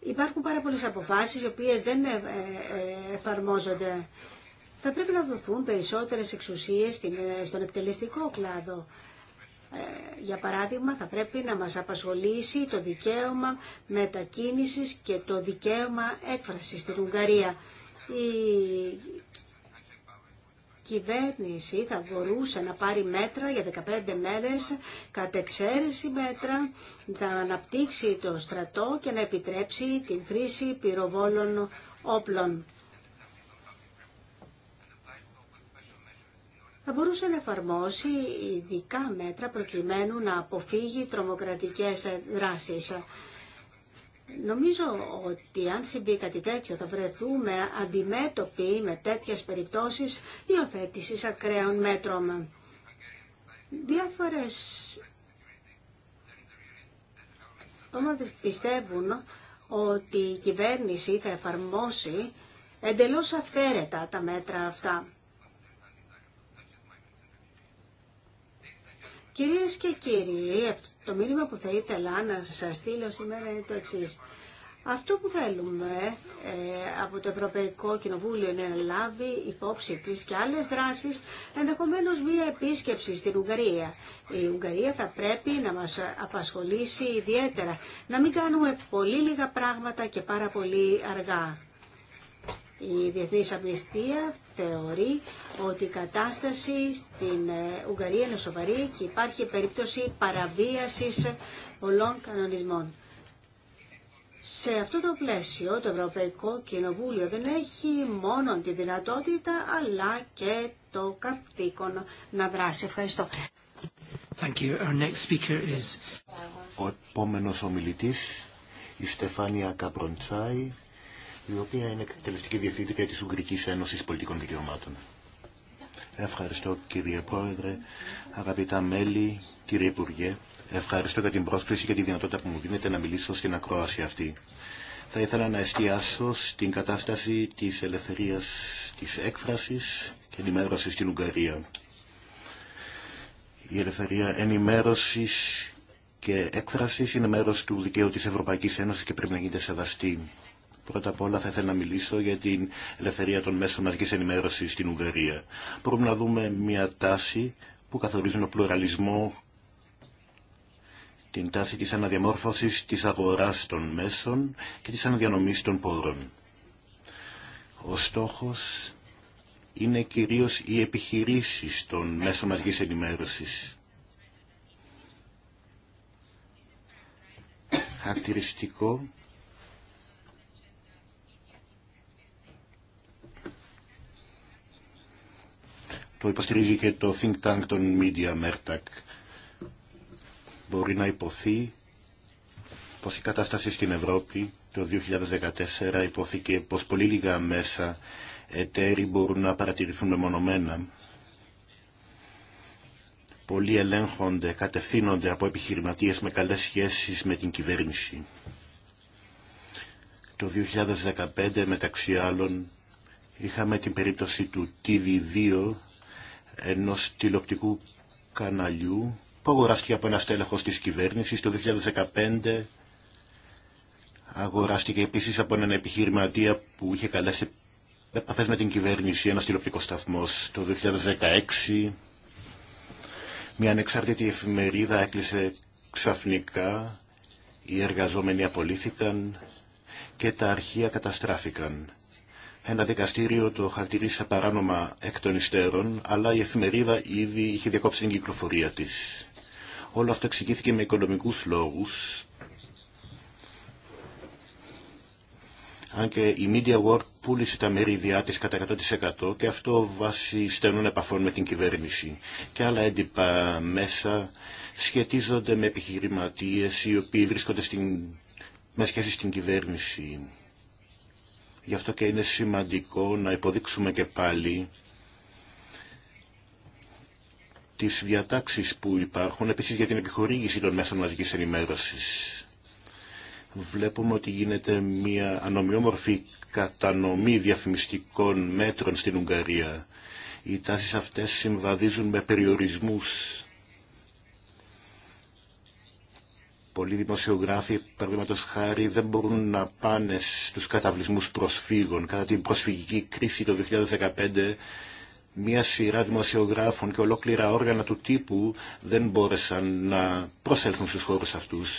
Υπάρχουν πάρα πολλές αποφάσεις, οι οποίες δεν ε, ε, εφαρμόζονται. Θα πρέπει να δοθούν περισσότερες εξουσίες ε, στον εκτελεστικό κλάδο. Ε, για παράδειγμα, θα πρέπει να μας απασχολήσει το δικαίωμα μετακίνησης και το δικαίωμα έκφρασης στην Ουγγαρία. Η κυβέρνηση θα μπορούσε να πάρει μέτρα για 15 μέρες, κατεξαίρεση μέτρα, να αναπτύξει το στρατό και να επιτρέψει την χρήση πυροβόλων όπλων. θα μπορούσε να εφαρμόσει ειδικά μέτρα προκειμένου να αποφύγει τρομοκρατικές δράσεις. Νομίζω ότι αν συμβεί κάτι τέτοιο θα βρεθούμε αντιμέτωποι με τέτοιες περιπτώσεις υιοθέτηση ακραίων μέτρων. Διάφορες ομάδες πιστεύουν ότι η κυβέρνηση θα εφαρμόσει εντελώς αυθαίρετα τα μέτρα αυτά. Κυρίες και κύριοι, το μήνυμα που θα ήθελα να σας στείλω σήμερα είναι το εξής. Αυτό που θέλουμε ε, από το Ευρωπαϊκό Κοινοβούλιο είναι να λάβει υπόψη της και άλλες δράσεις, ενδεχομένως μία επίσκεψη στην Ουγγαρία. Η Ουγγαρία θα πρέπει να μας απασχολήσει ιδιαίτερα, να μην κάνουμε πολύ λίγα πράγματα και πάρα πολύ αργά. Η Διεθνής Αμνηστία θεωρεί ότι η κατάσταση στην ε, Ουγγαρία είναι σοβαρή και υπάρχει περίπτωση παραβίασης πολλών κανονισμών. Σε αυτό το πλαίσιο το Ευρωπαϊκό Κοινοβούλιο δεν έχει μόνο τη δυνατότητα αλλά και το καθήκον να δράσει. Ευχαριστώ.
Ο ομιλητής, η Στεφάνια η οποία είναι εκτελεστική διευθύντρια της Ουγγρικής Ένωσης Πολιτικών Δικαιωμάτων. Ευχαριστώ κύριε Πρόεδρε, αγαπητά μέλη, κύριε Υπουργέ. Ευχαριστώ για την πρόσκληση και τη δυνατότητα που μου δίνετε να μιλήσω στην ακρόαση αυτή. Θα ήθελα να εστιάσω στην κατάσταση της ελευθερίας της έκφρασης και ενημέρωσης στην Ουγγαρία. Η ελευθερία ενημέρωσης και έκφρασης είναι μέρος του δικαίου της Ευρωπαϊκής Ένωσης και πρέπει να γίνεται σεβαστή. Πρώτα απ' όλα θα ήθελα να μιλήσω για την ελευθερία των μέσων μαζικής ενημέρωσης στην Ουγγαρία. Μπορούμε να δούμε μια τάση που καθορίζει τον πλουραλισμό, την τάση της αναδιαμόρφωσης της αγοράς των μέσων και της αναδιανομής των πόρων. Ο στόχος είναι κυρίως οι επιχειρήσεις των μέσων μαζικής ενημέρωσης. Χαρακτηριστικό Το υποστηρίζει και το think tank των Media Mertak. Μπορεί να υποθεί πως η κατάσταση στην Ευρώπη το 2014 υπόθηκε πως πολύ λίγα μέσα εταίροι μπορούν να παρατηρηθούν μεμονωμένα. Πολλοί ελέγχονται, κατευθύνονται από επιχειρηματίες με καλές σχέσεις με την κυβέρνηση. Το 2015 μεταξύ άλλων είχαμε την περίπτωση του TV2 ενός τηλεοπτικού καναλιού που αγοράστηκε από ένα στέλεχο της κυβέρνησης το 2015 αγοράστηκε επίσης από έναν επιχειρηματία που είχε καλέσει επαφέ με την κυβέρνηση ένας τηλεοπτικός σταθμός το 2016 μια ανεξάρτητη εφημερίδα έκλεισε ξαφνικά οι εργαζόμενοι απολύθηκαν και τα αρχεία καταστράφηκαν. Ένα δικαστήριο το χαρτηρίσα παράνομα εκ των υστέρων, αλλά η εφημερίδα ήδη είχε διακόψει την κυκλοφορία της. Όλο αυτό εξηγήθηκε με οικονομικούς λόγους, αν και η Media World πούλησε τα μερίδια της κατά 100% και αυτό βάσει στενών επαφών με την κυβέρνηση. Και άλλα έντυπα μέσα σχετίζονται με επιχειρηματίες οι οποίοι βρίσκονται στην... με σχέση στην κυβέρνηση. Γι' αυτό και είναι σημαντικό να υποδείξουμε και πάλι τις διατάξεις που υπάρχουν, επίσης για την επιχορήγηση των μέσων μαζικής ενημέρωσης. Βλέπουμε ότι γίνεται μια ανομοιόμορφη κατανομή διαφημιστικών μέτρων στην Ουγγαρία. Οι τάσεις αυτές συμβαδίζουν με περιορισμούς Πολλοί δημοσιογράφοι, παραδείγματο χάρη, δεν μπορούν να πάνε στους καταβλισμού προσφύγων. Κατά την προσφυγική κρίση το 2015, μια σειρά δημοσιογράφων και ολόκληρα όργανα του τύπου δεν μπόρεσαν να προσέλθουν στους χώρους αυτούς.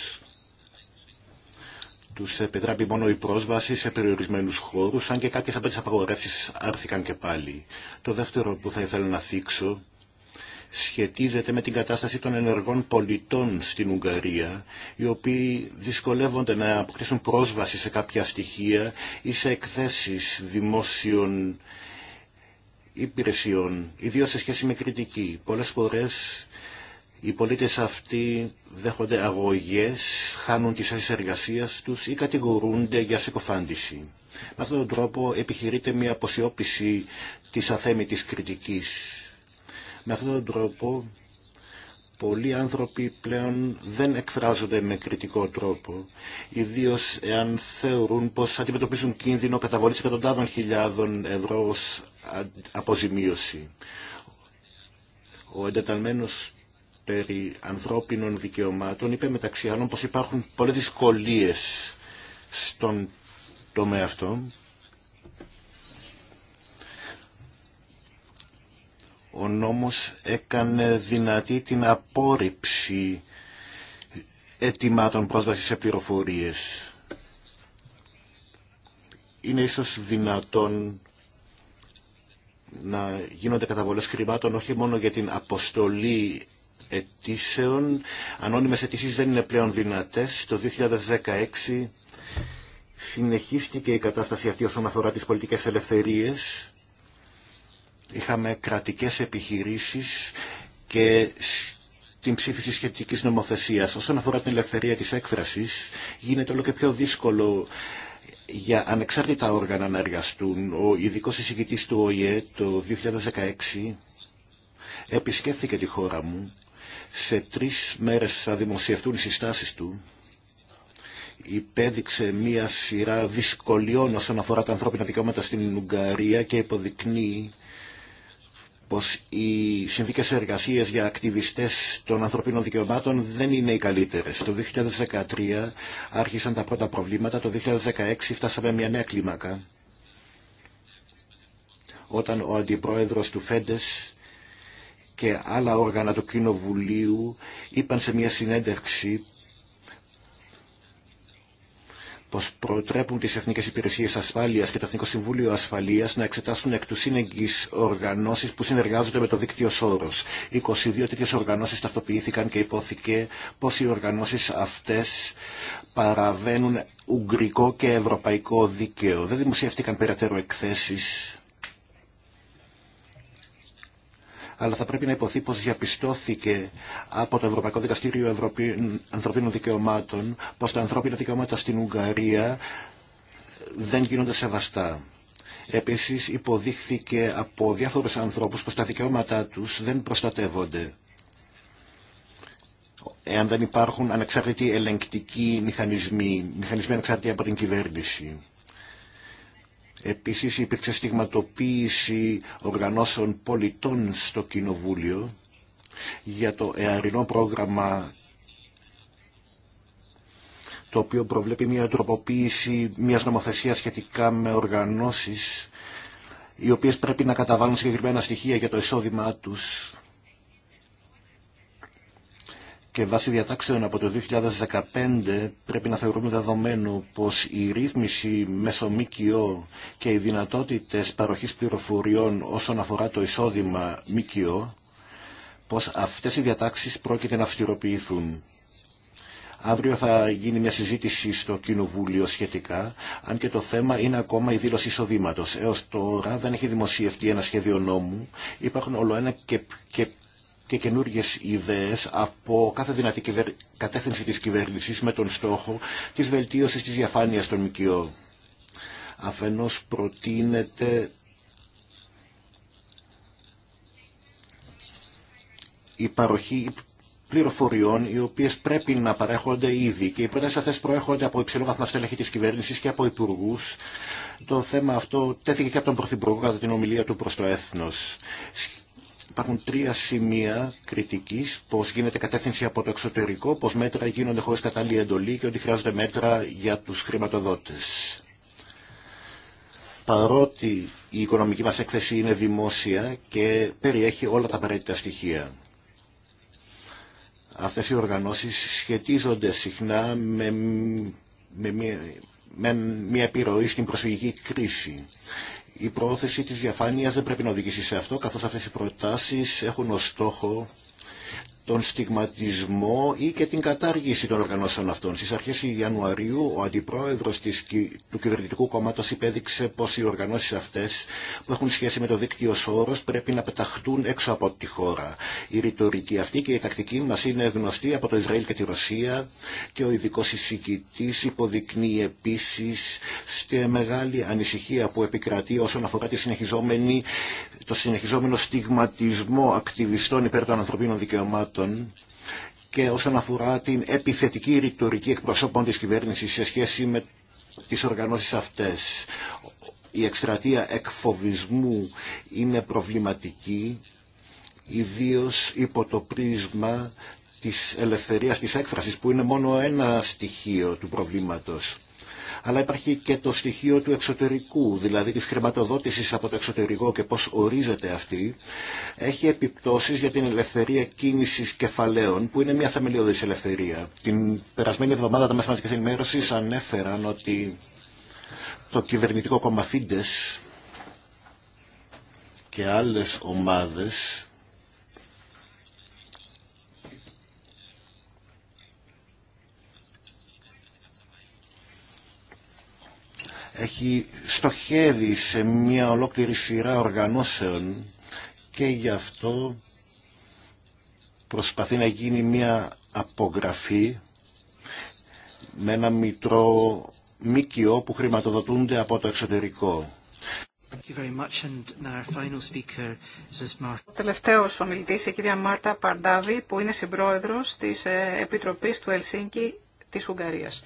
Τους επιτράπει μόνο η πρόσβαση σε περιορισμένους χώρους, αν και κάποιες από τι απαγορεύσει άρθηκαν και πάλι. Το δεύτερο που θα ήθελα να θίξω σχετίζεται με την κατάσταση των ενεργών πολιτών στην Ουγγαρία, οι οποίοι δυσκολεύονται να αποκτήσουν πρόσβαση σε κάποια στοιχεία ή σε εκθέσεις δημόσιων υπηρεσιών, ιδίως σε σχέση με κριτική. Πολλές φορές οι πολίτες αυτοί δέχονται αγωγές, χάνουν τις θέσεις τους ή κατηγορούνται για συκοφάντηση. Με αυτόν τον τρόπο επιχειρείται μια αποσιώπηση της αθέμητης κριτικής με αυτόν τον τρόπο πολλοί άνθρωποι πλέον δεν εκφράζονται με κριτικό τρόπο, ιδίω εάν θεωρούν πως αντιμετωπίζουν κίνδυνο καταβολής εκατοντάδων χιλιάδων ευρώ ως αποζημίωση. Ο εντεταλμένος περί ανθρώπινων δικαιωμάτων είπε μεταξύ άλλων πως υπάρχουν πολλές δυσκολίες στον τομέα αυτό Ο νόμος έκανε δυνατή την απόρριψη αιτημάτων πρόσβασης σε πληροφορίες. Είναι ίσως δυνατόν να γίνονται καταβολές χρημάτων όχι μόνο για την αποστολή αιτήσεων. Ανώνυμες αιτήσεις δεν είναι πλέον δυνατές. Το 2016 συνεχίστηκε η κατάσταση αυτή όσον αφορά τις πολιτικές ελευθερίες είχαμε κρατικές επιχειρήσεις και την ψήφιση σχετικής νομοθεσίας. Όσον αφορά την ελευθερία της έκφρασης, γίνεται όλο και πιο δύσκολο για ανεξάρτητα όργανα να εργαστούν. Ο ειδικός εισηγητής του ΟΗΕ το 2016 επισκέφθηκε τη χώρα μου. Σε τρεις μέρες θα δημοσιευτούν οι συστάσεις του. Υπέδειξε μία σειρά δυσκολιών όσον αφορά τα ανθρώπινα δικαιώματα στην Ουγγαρία και υποδεικνύει πως οι συνθήκες εργασίας για ακτιβιστές των ανθρωπίνων δικαιωμάτων δεν είναι οι καλύτερες. Το 2013 άρχισαν τα πρώτα προβλήματα, το 2016 φτάσαμε μια νέα κλίμακα όταν ο αντιπρόεδρος του Φέντες και άλλα όργανα του Κοινοβουλίου είπαν σε μια συνέντευξη πως προτρέπουν τις Εθνικές Υπηρεσίες Ασφάλειας και το Εθνικό Συμβούλιο Ασφαλείας να εξετάσουν εκ του σύνεγγυς οργανώσεις που συνεργάζονται με το δίκτυο Σόρος. 22 τέτοιες οργανώσεις ταυτοποιήθηκαν και υπόθηκε πως οι οργανώσεις αυτές παραβαίνουν ουγγρικό και ευρωπαϊκό δίκαιο. Δεν δημοσιεύτηκαν περαιτέρω εκθέσεις αλλά θα πρέπει να υποθεί πως διαπιστώθηκε από το Ευρωπαϊκό Δικαστήριο Ανθρωπίνων Δικαιωμάτων πως τα ανθρώπινα δικαιώματα στην Ουγγαρία δεν γίνονται σεβαστά. Επίσης υποδείχθηκε από διάφορους ανθρώπους πως τα δικαιώματά τους δεν προστατεύονται εάν δεν υπάρχουν ανεξάρτητοι ελεγκτικοί μηχανισμοί, μηχανισμοί ανεξάρτητοι από την κυβέρνηση. Επίσης υπήρξε στιγματοποίηση οργανώσεων πολιτών στο Κοινοβούλιο για το εαρινό πρόγραμμα το οποίο προβλέπει μια τροποποίηση μιας νομοθεσίας σχετικά με οργανώσεις οι οποίες πρέπει να καταβάλουν συγκεκριμένα στοιχεία για το εισόδημά τους και βάσει διατάξεων από το 2015 πρέπει να θεωρούμε δεδομένο πως η ρύθμιση μέσω ΜΚΟ και οι δυνατότητες παροχής πληροφοριών όσον αφορά το εισόδημα ΜΚΟ, πως αυτές οι διατάξεις πρόκειται να αυστηροποιηθούν. Αύριο θα γίνει μια συζήτηση στο Κοινοβούλιο σχετικά, αν και το θέμα είναι ακόμα η δήλωση εισοδήματο. Έω τώρα δεν έχει δημοσιευτεί ένα σχέδιο νόμου. Υπάρχουν όλο ένα και, και και καινούριε ιδέε από κάθε δυνατή κυβερ... κατεύθυνση τη κυβέρνηση με τον στόχο τη βελτίωση τη διαφάνεια των ΜΚΟ. Αφενός προτείνεται η παροχή πληροφοριών οι οποίες πρέπει να παρέχονται ήδη και οι προτάσει αυτές προέρχονται από υψηλό βαθμό στελέχη της κυβέρνηση και από υπουργού. Το θέμα αυτό τέθηκε και από τον Πρωθυπουργό κατά την ομιλία του προς το Έθνος υπάρχουν τρία σημεία κριτικής, πως γίνεται κατεύθυνση από το εξωτερικό, πως μέτρα γίνονται χωρίς κατάλληλη εντολή και ότι χρειάζονται μέτρα για τους χρηματοδότε. Παρότι η οικονομική μας έκθεση είναι δημόσια και περιέχει όλα τα απαραίτητα στοιχεία. Αυτές οι οργανώσεις σχετίζονται συχνά με, με, με μια επιρροή στην προσφυγική κρίση. Η πρόθεση της διαφάνειας δεν πρέπει να οδηγήσει σε αυτό, καθώς αυτές οι προτάσεις έχουν ως στόχο τον στιγματισμό ή και την κατάργηση των οργανώσεων αυτών. Στις αρχές Ιανουαρίου ο αντιπρόεδρος της, του κυβερνητικού κόμματος υπέδειξε πως οι οργανώσεις αυτές που έχουν σχέση με το δίκτυο σώρος πρέπει να πεταχτούν έξω από τη χώρα. Η ρητορική αυτή και η τακτική μας είναι γνωστή από το Ισραήλ και τη Ρωσία και ο ειδικό εισηγητής υποδεικνύει επίσης στη μεγάλη ανησυχία που επικρατεί όσον αφορά τη συνεχιζόμενη το συνεχιζόμενο στιγματισμό ακτιβιστών υπέρ των ανθρωπίνων δικαιωμάτων και όσον αφορά την επιθετική ρητορική εκπροσώπων της κυβέρνησης σε σχέση με τις οργανώσεις αυτές. Η εκστρατεία εκφοβισμού είναι προβληματική, ιδίως υπό το πρίσμα της ελευθερίας της έκφρασης, που είναι μόνο ένα στοιχείο του προβλήματος αλλά υπάρχει και το στοιχείο του εξωτερικού, δηλαδή της χρηματοδότησης από το εξωτερικό και πώς ορίζεται αυτή, έχει επιπτώσεις για την ελευθερία κίνησης κεφαλαίων, που είναι μια θεμελιώδης ελευθερία. Την περασμένη εβδομάδα τα μέσα μαζικής ενημέρωσης ανέφεραν ότι το κυβερνητικό κόμμα και άλλες ομάδες έχει στοχεύει σε μια ολόκληρη σειρά οργανώσεων και γι' αυτό προσπαθεί να γίνει μια απογραφή με ένα μητρό μίκιο που χρηματοδοτούνται από το εξωτερικό.
Ο τελευταίος ομιλητής, η κυρία Μάρτα Παρντάβη, που είναι συμπρόεδρος της ε, Επιτροπής του Ελσίνκη της Ουγγαρίας.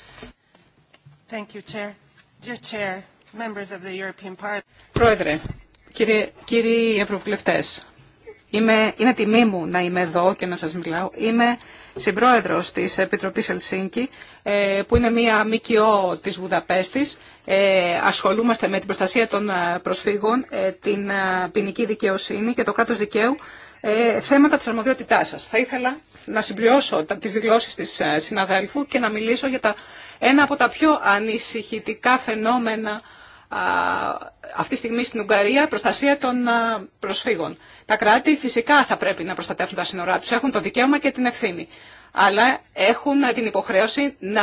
Thank Πρόεδρε, κύριε, κύριοι Ευρωβουλευτές, είμαι, είναι τιμή μου να είμαι εδώ και να σας μιλάω. Είμαι συμπρόεδρος της Επιτροπής Ελσίνκη, ε, που είναι μία ΜΚΟ της Βουδαπέστης. Ε, ασχολούμαστε με την προστασία των ε, προσφύγων, την ποινική δικαιοσύνη και το κράτος δικαίου ε, θέματα της αρμοδιότητάς σας. Θα ήθελα να συμπληρώσω τις δηλώσεις της ε, συναδέλφου και να μιλήσω για τα, ένα από τα πιο ανησυχητικά φαινόμενα αυτή τη στιγμή στην Ουγγαρία προστασία των προσφύγων. Τα κράτη φυσικά θα πρέπει να προστατεύσουν τα σύνορά τους, έχουν το δικαίωμα και την ευθύνη, αλλά έχουν την υποχρέωση να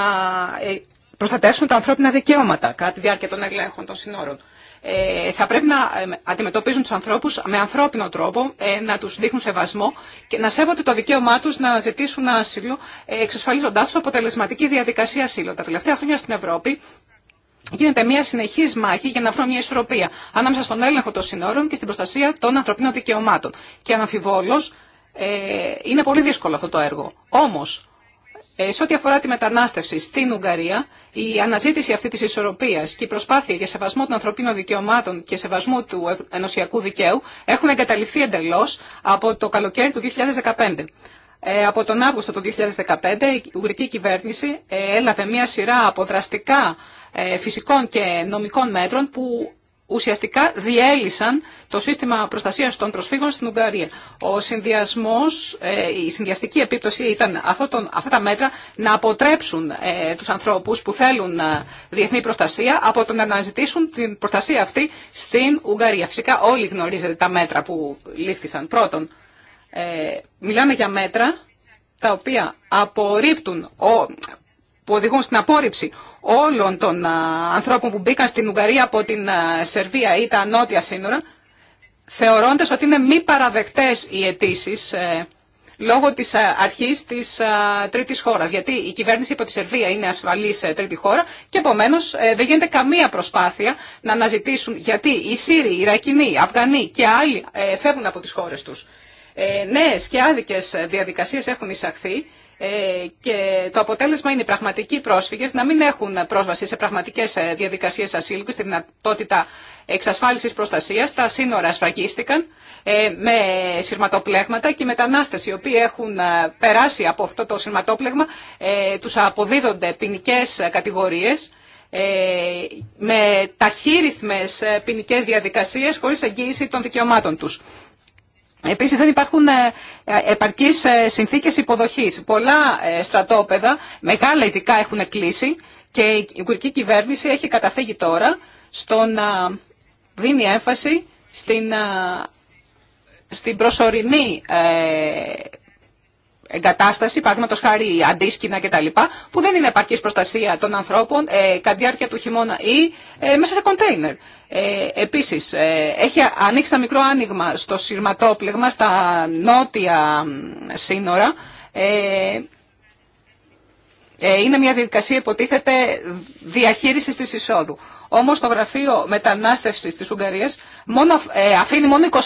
ε, προστατεύσουν τα ανθρώπινα δικαιώματα κατά τη διάρκεια των ελέγχων των σύνορων. Ε, θα πρέπει να ε, αντιμετωπίζουν τους ανθρώπους με ανθρώπινο τρόπο, ε, να τους δείχνουν σεβασμό και να σέβονται το δικαίωμά τους να ζητήσουν άσυλο, εξασφαλίζοντάς τους αποτελεσματική διαδικασία ασύλου. Τα τελευταία χρόνια στην Ευρώπη γίνεται μια συνεχή μάχη για να βρουν μια ισορροπία ανάμεσα στον έλεγχο των συνόρων και στην προστασία των ανθρωπίνων δικαιωμάτων. Και αναμφιβόλως είναι πολύ δύσκολο αυτό το έργο. Όμως, ε, σε ό,τι αφορά τη μετανάστευση στην Ουγγαρία, η αναζήτηση αυτή τη ισορροπία και η προσπάθεια για σεβασμό των ανθρωπίνων δικαιωμάτων και σεβασμό του ενωσιακού δικαίου έχουν εγκαταληφθεί εντελώ από το καλοκαίρι του 2015. Ε, από τον Αύγουστο του 2015 η Ουγγρική κυβέρνηση ε, έλαβε μία σειρά από δραστικά φυσικών και νομικών μέτρων που ουσιαστικά διέλυσαν το σύστημα προστασίας των προσφύγων στην Ουγγαρία. Ο συνδυασμός, ε, η συνδυαστική επίπτωση ήταν αυτά τα μέτρα να αποτρέψουν ε, τους ανθρώπους που θέλουν ε, διεθνή προστασία από το να αναζητήσουν την προστασία αυτή στην Ουγγαρία. Φυσικά όλοι γνωρίζετε τα μέτρα που λήφθησαν. Πρώτον, μιλάμε για μέτρα τα οποία απορρίπτουν, που οδηγούν στην απόρριψη όλων των ανθρώπων που μπήκαν στην Ουγγαρία από την Σερβία ή τα νότια σύνορα, θεωρώντας ότι είναι μη παραδεκτές οι αιτήσει ε, λόγω της αρχής της τρίτης χώρας. Γιατί η κυβέρνηση υπό τη Σερβία είναι ασφαλή σε τρίτη χώρα και επομένω ε, δεν γίνεται καμία προσπάθεια να αναζητήσουν γιατί οι Σύριοι, οι η κυβερνηση απο οι Αφγανοί και άλλοι ε, φεύγουν οι αυγανοι και αλλοι φευγουν απο τις χώρες τους. Ε, νέες και άδικες διαδικασίες έχουν εισαχθεί ε, και το αποτέλεσμα είναι οι πραγματικοί πρόσφυγες να μην έχουν πρόσβαση σε πραγματικές ε, διαδικασίες ασύλου και στη δυνατότητα εξασφάλισης προστασίας. Τα σύνορα σφραγίστηκαν ε, με σειρματοπλέγματα και οι μετανάστε οι οποίοι έχουν περάσει από αυτό το σειρματόπλεγμα τους αποδίδονται ποινικέ κατηγορίες με ταχύρυθμες ποινικέ διαδικασίες χωρίς εγγύηση των δικαιωμάτων τους. Επίσης δεν υπάρχουν ε, ε, επαρκείς ε, συνθήκες υποδοχής. Πολλά στρατόπεδα, μεγάλα ειδικά έχουν κλείσει και η κουρική κυβέρνηση έχει καταφύγει τώρα στο να δίνει έμφαση στην, στην προσωρινή εγκατάσταση, παραδείγματο χάρη αντίσκηνα κτλ., που δεν είναι επαρκή προστασία των ανθρώπων ε, κατά διάρκεια του χειμώνα ή ε, μέσα σε κοντέινερ. Ε, επίσης, Επίση, έχει ανοίξει ένα μικρό άνοιγμα στο σειρματόπλεγμα, στα νότια σύνορα. Ε, ε, είναι μια διαδικασία υποτίθεται διαχείριση τη εισόδου. Όμως το Γραφείο Μετανάστευσης της Ουγγαρίας μόνο, ε, αφήνει μόνο 25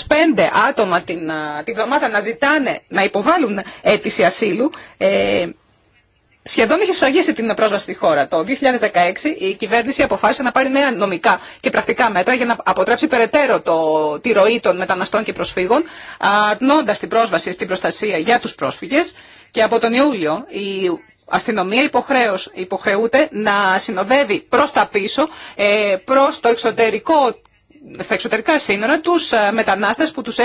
άτομα την, τη εβδομάδα να ζητάνε, να υποβάλουν αίτηση ασύλου. Ε, Σχεδόν είχε σφραγίσει την πρόσβαση στη χώρα. Το 2016 η κυβέρνηση αποφάσισε να πάρει νέα νομικά και πρακτικά μέτρα για να αποτρέψει περαιτέρω το, τη ροή των μεταναστών και προσφύγων, αρνώντα την πρόσβαση στην προστασία για του πρόσφυγε. Και από τον Ιούλιο η αστυνομία υποχρεούται να συνοδεύει προς τα πίσω, ε, προς το εξωτερικό στα εξωτερικά σύνορα τους ε, μετανάστες που τους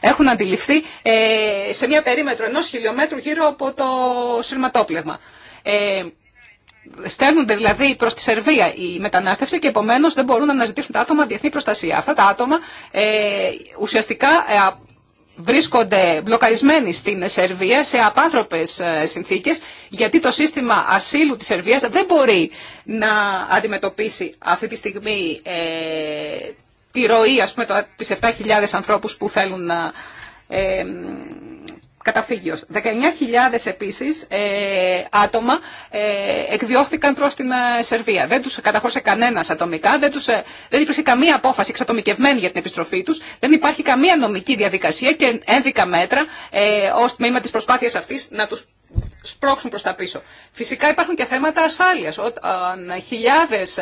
έχουν, αντιληφθεί ε, σε μια περίμετρο ενός χιλιόμετρου γύρω από το σειρματόπλευμα. Ε, στέλνονται δηλαδή προς τη Σερβία οι μετανάστευση και επομένως δεν μπορούν να αναζητήσουν τα άτομα διεθνή προστασία. Αυτά τα άτομα ε, ουσιαστικά βρίσκονται μπλοκαρισμένοι στην Σερβία σε απάνθρωπες ε, συνθήκες γιατί το σύστημα ασύλου της Σερβίας δεν μπορεί να αντιμετωπίσει αυτή τη στιγμή ε, τη ροή ας πούμε, τις 7.000 ανθρώπους που θέλουν να, ε, καταφύγιος. 19.000 επίσης ε, άτομα ε, εκδιώχθηκαν προς την ε, Σερβία. Δεν τους καταχώρησε κανένας ατομικά, δεν, τους, δεν υπήρξε καμία απόφαση εξατομικευμένη για την επιστροφή τους, δεν υπάρχει καμία νομική διαδικασία και ένδικα μέτρα ε, ως τμήμα της προσπάθειας αυτής να τους σπρώξουν προς τα πίσω. Φυσικά υπάρχουν και θέματα ασφάλειας. Όταν χιλιάδες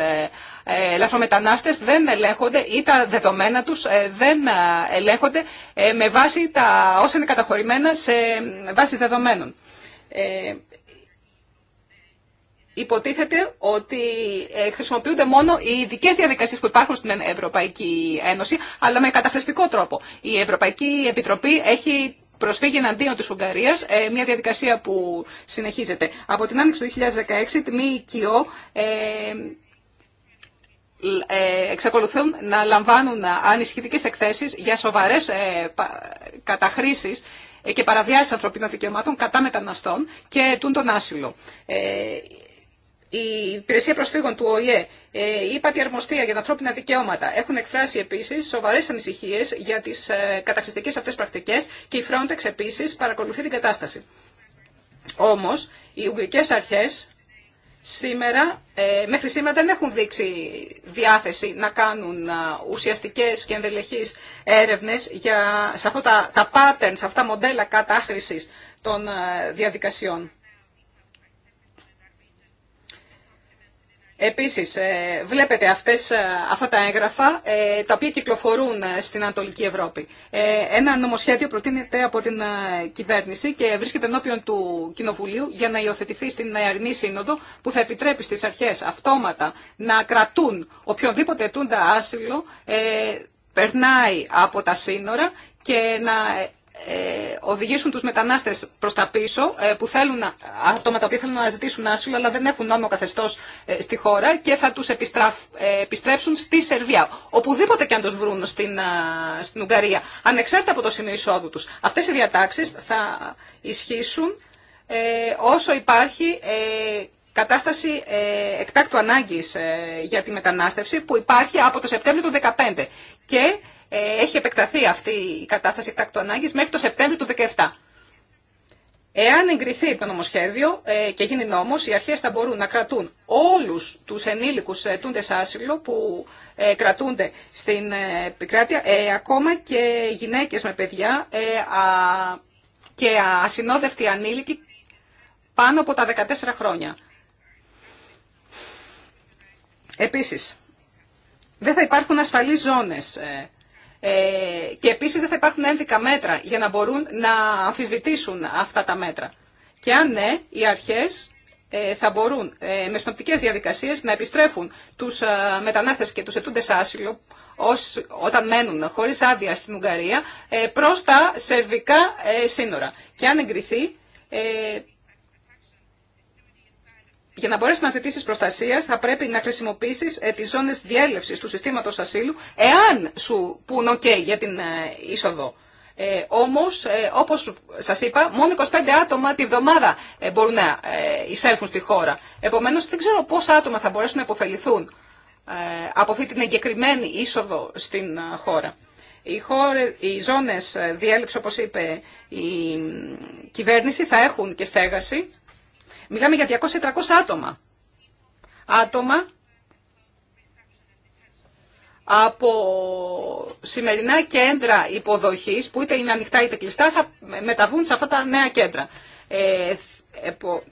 λαθρομετανάστες δεν ελέγχονται ή τα δεδομένα τους δεν ελέγχονται με βάση τα όσα είναι καταχωρημένα σε ε, βάσεις δεδομένων. Ε, υποτίθεται ότι ε, χρησιμοποιούνται μόνο οι ειδικέ διαδικασίε που υπάρχουν στην Ευρωπαϊκή Ένωση, αλλά με καταχρηστικό τρόπο. Η Ευρωπαϊκή Επιτροπή έχει προσφύγει εναντίον τη Ουγγαρία, μια διαδικασία που συνεχίζεται. Από την άνοιξη του 2016, τιμή ε, εξακολουθούν να λαμβάνουν ανισχυτικές εκθέσεις για σοβαρές καταχρήσεις ε, και παραβιάσει ανθρωπίνων δικαιωμάτων κατά μεταναστών και τουν τον άσυλο. Ε, η Υπηρεσία Προσφύγων του ΟΗΕ, ε, η ΥΠΑΤΗ Αρμοστία για τα ανθρώπινα δικαιώματα έχουν εκφράσει επίση σοβαρέ ανησυχίε για τι καταχρηστικέ αυτέ πρακτικέ και η Frontex επίση παρακολουθεί την κατάσταση. Όμω, οι Ουγγρικέ Αρχέ Σήμερα, ε, μέχρι σήμερα δεν έχουν δείξει διάθεση να κάνουν ε, ουσιαστικές και ενδελεχείς έρευνες για, σε αυτά τα, τα patterns, αυτά τα μοντέλα κατάχρησης των ε, διαδικασιών. Επίσης, ε, βλέπετε αυτές, ε, αυτά τα έγγραφα, ε, τα οποία κυκλοφορούν στην Ανατολική Ευρώπη. Ένα νομοσχέδιο προτείνεται από την κυβέρνηση και βρίσκεται ενώπιον του Κοινοβουλίου για να υιοθετηθεί στην αιρνή Σύνοδο, που θα επιτρέπει στις αρχές αυτόματα να κρατούν οποιονδήποτε ετούντα άσυλο, περνάει από τα σύνορα και να ε, οδηγήσουν τους μετανάστες προς τα πίσω, ε, που θέλουν, άτομα τα οποία θέλουν να ζητήσουν άσυλο, αλλά δεν έχουν νόμο καθεστώς ε, στη χώρα και θα τους επιστραφ, επιστρέψουν στη Σερβία. Οπουδήποτε και αν τους βρουν στην, στην Ουγγαρία, ανεξάρτητα από το σημείο εισόδου τους. Αυτές οι διατάξεις θα ισχύσουν όσο υπάρχει κατάσταση εκτάκτου ανάγκης για τη μετανάστευση που υπάρχει από το Σεπτέμβριο του 2015. Και ε, έχει επεκταθεί αυτή η κατάσταση εκτάκτου ανάγκης μέχρι το Σεπτέμβριο του 2017. Εάν εγκριθεί το νομοσχέδιο ε, και γίνει νόμος, οι αρχές θα μπορούν να κρατούν όλους τους ενήλικους τούντες άσυλο που ε, κρατούνται στην επικράτεια, ακόμα και γυναίκες με παιδιά και ασυνόδευτοι ανήλικοι πάνω από τα 14 χρόνια. Επίσης, δεν θα υπάρχουν ασφαλείς ζώνες ε, και επίσης δεν θα υπάρχουν ένδικα μέτρα για να μπορούν να αμφισβητήσουν αυτά τα μέτρα. Και αν ναι, οι αρχές ε, θα μπορούν ε, με συνοπτικές διαδικασίες να επιστρέφουν τους μετανάστες και τους ετούντες άσυλο ως, όταν μένουν χωρίς άδεια στην Ουγγαρία προς τα σερβικά σύνορα. Και αν εγκριθεί για να μπορέσει να ζητήσει προστασία, θα πρέπει να χρησιμοποιήσει ε, τι ζώνε διέλευση του συστήματο ασύλου, εάν σου πούν OK για την ε, είσοδο. Ε, Όμω, ε, όπω σα είπα, μόνο 25 άτομα τη βδομάδα ε, μπορούν να ε, εισέλθουν στη χώρα. Επομένω, δεν ξέρω πόσα άτομα θα μπορέσουν να υποφεληθούν από αυτή την εγκεκριμένη είσοδο στην χώρα. Οι, χώρες, οι ζώνες διέλευση, όπως είπε η κυβέρνηση, θα έχουν και στέγαση Μιλάμε για 200-300 άτομα. Άτομα από σημερινά κέντρα υποδοχής που είτε είναι ανοιχτά είτε κλειστά θα μεταβούν σε αυτά τα νέα κέντρα. Ε,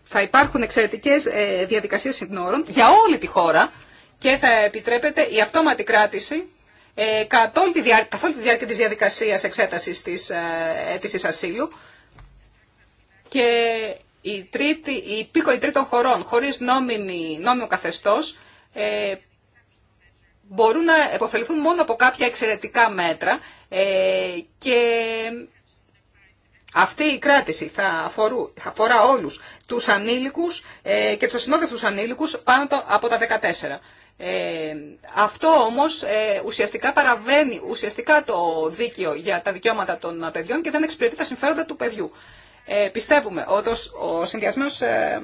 θα υπάρχουν εξαιρετικές ε, διαδικασίες συνόρων για όλη τη χώρα και θα επιτρέπεται η αυτόματη κράτηση ε, καθ' όλη τη διάρκεια της διαδικασίας εξέτασης της ε, αίτησης ασύλου και η, τρίτη, η τρίτων χωρών χωρίς νόμιμη, νόμιμο καθεστώς ε, μπορούν να επωφεληθούν μόνο από κάποια εξαιρετικά μέτρα ε, και αυτή η κράτηση θα, αφορού, θα αφορά όλους τους ανήλικους ε, και τους ασυνόδευτους ανήλικους πάνω από τα 14. Ε, αυτό όμως ε, ουσιαστικά παραβαίνει ουσιαστικά το δίκαιο για τα δικαιώματα των παιδιών και δεν εξυπηρετεί τα συμφέροντα του παιδιού. Ε, πιστεύουμε ότι ο ε,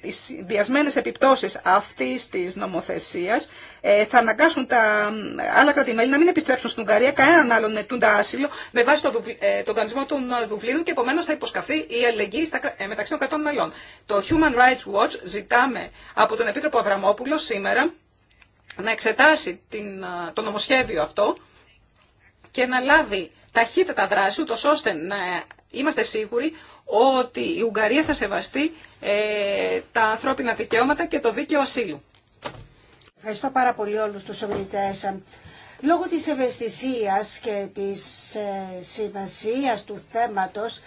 οι συνδυασμένες επιπτώσεις αυτής της νομοθεσίας ε, θα αναγκάσουν τα ε, άλλα κρατημέλη να μην επιστρέψουν στην Ουγγαρία κανέναν άλλον τούντα άσυλο με βάση τον ε, τον κανονισμό των δουβλίνων και επομένως θα υποσκαφθεί η αλληλεγγύη μεταξύ των κρατών μελών. Το Human Rights Watch ζητάμε από τον Επίτροπο Αβραμόπουλο σήμερα να εξετάσει την, το νομοσχέδιο αυτό και να λάβει ταχύτατα δράση, ούτως ώστε να είμαστε σίγουροι ότι η Ουγγαρία θα σεβαστεί ε, τα ανθρώπινα δικαιώματα και το δίκαιο ασύλου.
Ευχαριστώ πάρα πολύ όλους τους ομιλητές. Λόγω της ευαισθησίας και της ε, σημασίας του θέματος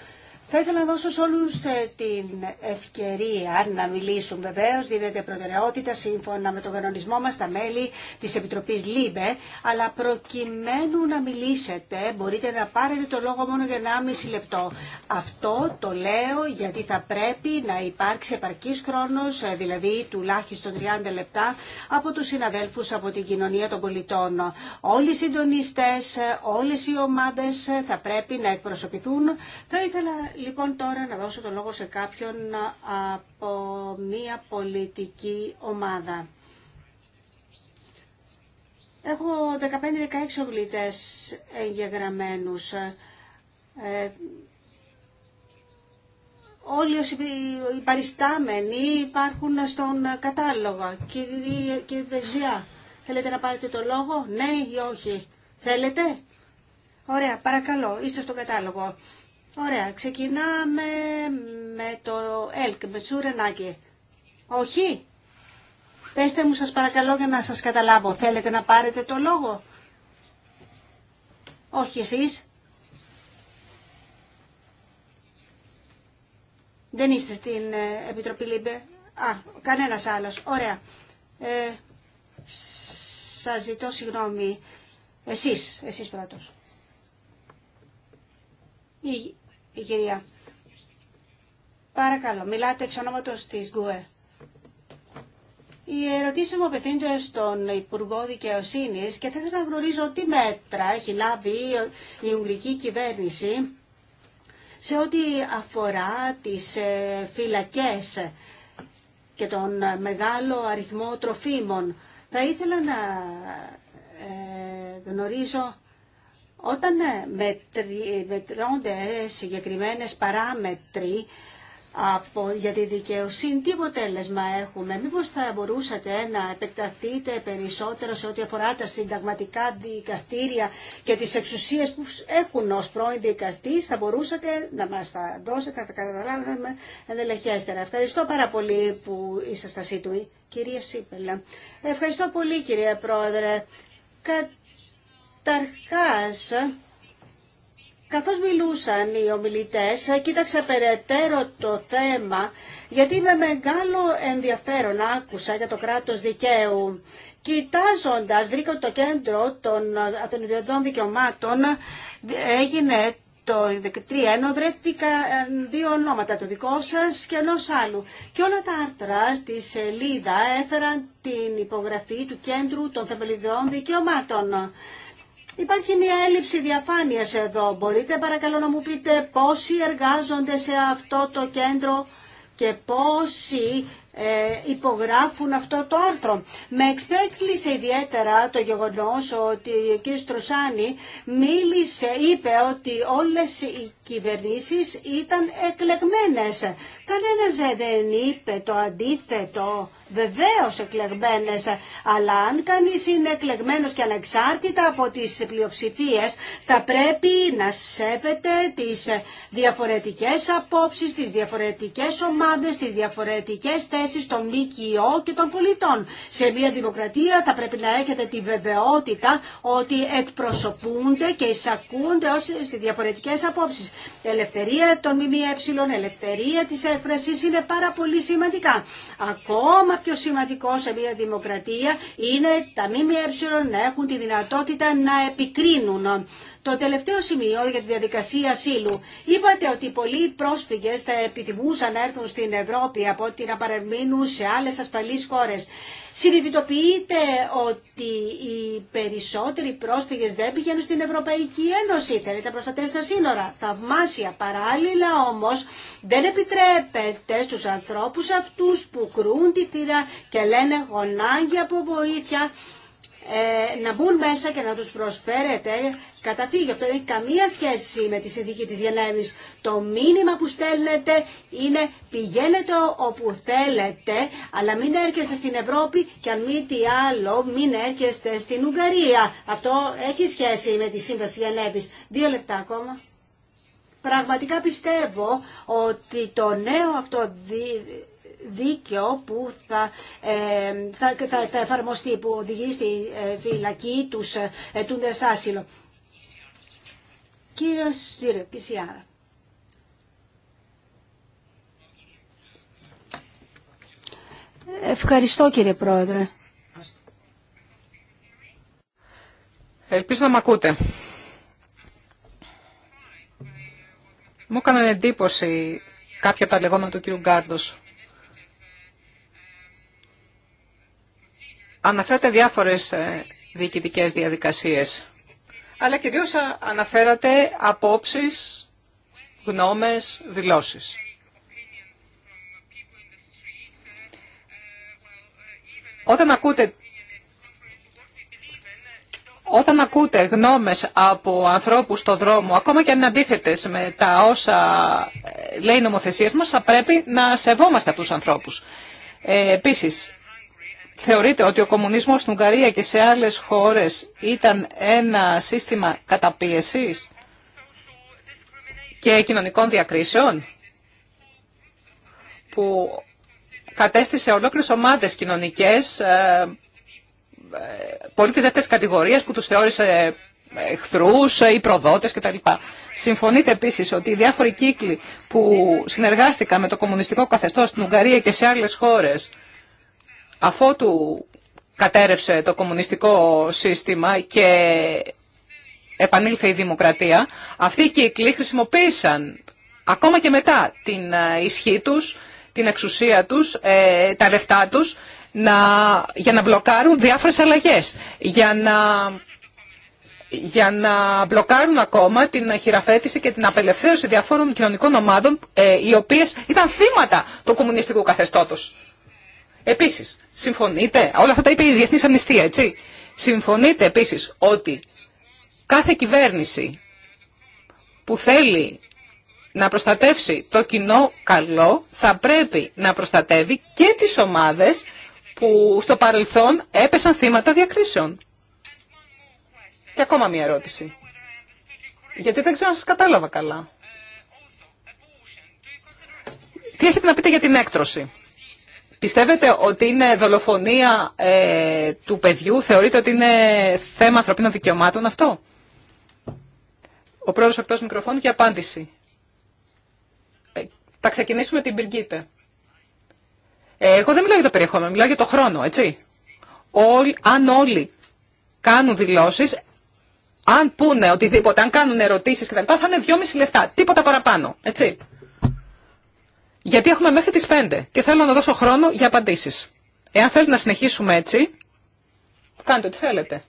θα ήθελα να δώσω σε όλους ε, την ευκαιρία να μιλήσουν. Βεβαίως δίνεται προτεραιότητα σύμφωνα με τον κανονισμό μας τα μέλη της Επιτροπής ΛΥΜΕ, αλλά προκειμένου να μιλήσετε μπορείτε να πάρετε το λόγο μόνο για 1,5 λεπτό. Αυτό το λέω γιατί θα πρέπει να υπάρξει επαρκής χρόνος, ε, δηλαδή τουλάχιστον 30 λεπτά, από τους συναδέλφους από την κοινωνία των πολιτών. Όλοι οι συντονιστές, ε, όλες οι ομάδες θα πρέπει να εκπροσωπηθούν. Θα ήθελα λοιπόν τώρα να δώσω το λόγο σε κάποιον από μία πολιτική ομάδα. Έχω 15-16 ομιλητές εγγεγραμμένους. Ε, όλοι οι παριστάμενοι υπάρχουν στον κατάλογο. Κύριε, κύριε Βεζιά, θέλετε να πάρετε το λόγο, ναι ή όχι. Θέλετε. Ωραία, παρακαλώ, είστε στον κατάλογο. Ωραία, ξεκινάμε με το ΕΛΚ, με Τσουρενάκη. Όχι. Πέστε μου σας παρακαλώ για να σας καταλάβω. Θέλετε να πάρετε το λόγο. Όχι εσείς. Δεν είστε στην ε, Επιτροπή Λίμπε. Α, κανένας άλλος. Ωραία. Ε, σας ζητώ συγγνώμη. Εσείς, εσείς πρώτος κυρία, Παρακαλώ, μιλάτε εξ ονόματος της ΓΚΟΕ. Η ερωτήση μου απευθύνεται στον Υπουργό Δικαιοσύνη και θα ήθελα να γνωρίζω τι μέτρα έχει λάβει η Ουγγρική κυβέρνηση σε ό,τι αφορά τις ε, φυλακές και τον μεγάλο αριθμό τροφίμων. Θα ήθελα να ε, γνωρίζω όταν ε, μετρώνται ε, συγκεκριμένε παράμετροι από, για τη δικαιοσύνη, τι αποτέλεσμα έχουμε. Μήπως θα μπορούσατε να επεκταθείτε περισσότερο σε ό,τι αφορά τα συνταγματικά δικαστήρια και τις εξουσίες που έχουν ως πρώην δικαστής, θα μπορούσατε να μας τα δώσετε, θα τα καταλάβουμε ενδελεχέστερα. Ευχαριστώ πάρα πολύ που ήσασταν σύντομοι, κυρία Σίπελα. Ευχαριστώ πολύ, κυρία Πρόεδρε. Καταρχάς, καθώς μιλούσαν οι ομιλητές, κοίταξα περαιτέρω το θέμα, γιατί με μεγάλο ενδιαφέρον άκουσα για το κράτος δικαίου. Κοιτάζοντας, βρήκα το κέντρο των αθενιδιωτών δικαιωμάτων, έγινε το 13 ενώ βρέθηκαν δύο ονόματα, το δικό σας και ενό άλλου. Και όλα τα άρθρα στη σελίδα έφεραν την υπογραφή του Κέντρου των Θεμελιδιών Δικαιωμάτων. Υπάρχει μια έλλειψη διαφάνειας εδώ. Μπορείτε παρακαλώ να μου πείτε πόσοι εργάζονται σε αυτό το κέντρο και πόσοι ε, υπογράφουν αυτό το άρθρο. Με εξπέκλησε ιδιαίτερα το γεγονός ότι ο κ. Στροσάνη μίλησε, είπε ότι όλες οι κυβερνήσεις ήταν εκλεγμένες. Κανένας δεν είπε το αντίθετο. Βεβαίως εκλεγμένες, αλλά αν κανείς είναι εκλεγμένος και ανεξάρτητα από τις πλειοψηφίες, θα πρέπει να σέβεται τις διαφορετικές απόψεις, τις διαφορετικές ομάδες, τις διαφορετικές θέσεις θέσεις των ΜΚΟ και των πολιτών. Σε μια δημοκρατία θα πρέπει να έχετε τη βεβαιότητα ότι εκπροσωπούνται και εισακούνται ως σε διαφορετικές απόψεις. Ελευθερία των ΜΜΕ, ελευθερία της έκφρασης είναι πάρα πολύ σημαντικά. Ακόμα πιο σημαντικό σε μια δημοκρατία είναι τα ΜΜΕ να έχουν τη δυνατότητα να επικρίνουν το τελευταίο σημείο για τη διαδικασία ασύλου. Είπατε ότι πολλοί πρόσφυγε θα επιθυμούσαν να έρθουν στην Ευρώπη από ότι να παρεμείνουν σε άλλε ασφαλείς χώρες. Συνειδητοποιείτε ότι οι περισσότεροι πρόσφυγε δεν πηγαίνουν στην Ευρωπαϊκή Ένωση. Θέλετε προστατεύσετε τα σύνορα. Θαυμάσια. Παράλληλα όμω δεν επιτρέπετε στου ανθρώπου αυτού που κρούν τη θύρα και λένε γονάγια από βοήθεια ε, να μπουν μέσα και να τους προσφέρετε καταφύγιο. Αυτό δεν έχει καμία σχέση με τη συνθήκη της Γενέμης. Το μήνυμα που στέλνετε είναι πηγαίνετε όπου θέλετε, αλλά μην έρχεστε στην Ευρώπη και αν μη τι άλλο μην έρχεστε στην Ουγγαρία. Αυτό έχει σχέση με τη σύμβαση Γενέμης. Δύο λεπτά ακόμα. Πραγματικά πιστεύω ότι το νέο αυτό δίκαιο που ε, θα, θα, θα, εφαρμοστεί, που οδηγεί στη ε, φυλακή τους ε, του άσυλο. Κύριο Ευχαριστώ κύριε Πρόεδρε.
Ελπίζω να μ' ακούτε. Μου έκαναν εντύπωση κάποια από τα λεγόμενα του κύριου Γκάρντος. Αναφέρατε διάφορες ε, διοικητικές διαδικασίες, αλλά κυρίως αναφέρατε απόψεις, γνώμες, δηλώσεις. Όταν ακούτε όταν ακούτε γνώμες από ανθρώπους στο δρόμο, ακόμα και αν αντίθετες με τα όσα ε, λέει η νομοθεσία μας, θα πρέπει να σεβόμαστε τους ανθρώπους. Ε, επίσης, Θεωρείτε ότι ο κομμουνισμός στην Ουγγαρία και σε άλλες χώρες ήταν ένα σύστημα καταπίεσης και κοινωνικών διακρίσεων που κατέστησε ολόκληρες ομάδες κοινωνικές ε, ε, πολίτες δεύτερης κατηγορίας που τους θεώρησε εχθρούς ή προδότες κτλ. Συμφωνείτε επίσης ότι οι διάφοροι κύκλοι που συνεργάστηκαν με το κομμουνιστικό καθεστώς στην Ουγγαρία και σε άλλες χώρες αφότου κατέρευσε το κομμουνιστικό σύστημα και επανήλθε η δημοκρατία, αυτοί οι κύκλοι χρησιμοποίησαν ακόμα και μετά την ε, ισχύ τους, την εξουσία τους, ε, τα λεφτά τους, να, για να μπλοκάρουν διάφορες αλλαγές, για να, για να μπλοκάρουν ακόμα την χειραφέτηση και την απελευθέρωση διαφόρων κοινωνικών ομάδων, ε, οι οποίες ήταν θύματα του κομμουνιστικού καθεστώτος. Επίσης, συμφωνείτε, όλα αυτά τα είπε η Διεθνής Αμνηστία, έτσι. Συμφωνείτε επίσης ότι κάθε κυβέρνηση που θέλει να προστατεύσει το κοινό καλό θα πρέπει να προστατεύει και τις ομάδες που στο παρελθόν έπεσαν θύματα διακρίσεων. Και ακόμα μία ερώτηση. Γιατί δεν ξέρω αν σας κατάλαβα καλά. Τι έχετε να πείτε για την έκτρωση. Πιστεύετε ότι είναι δολοφονία ε, του παιδιού, θεωρείτε ότι είναι θέμα ανθρωπίνων δικαιωμάτων αυτό. Ο πρόεδρος εκτός μικροφώνου για απάντηση. Ε, θα ξεκινήσουμε την Πυργίτε. Ε, εγώ δεν μιλάω για το περιεχόμενο, μιλάω για το χρόνο, έτσι. αν όλοι κάνουν δηλώσεις, αν πούνε οτιδήποτε, αν κάνουν ερωτήσεις κτλ. θα είναι δυόμιση λεφτά, τίποτα παραπάνω, έτσι. Γιατί έχουμε μέχρι τις 5 και θέλω να δώσω χρόνο για απαντήσεις. Εάν θέλετε να συνεχίσουμε έτσι, κάντε ό,τι θέλετε.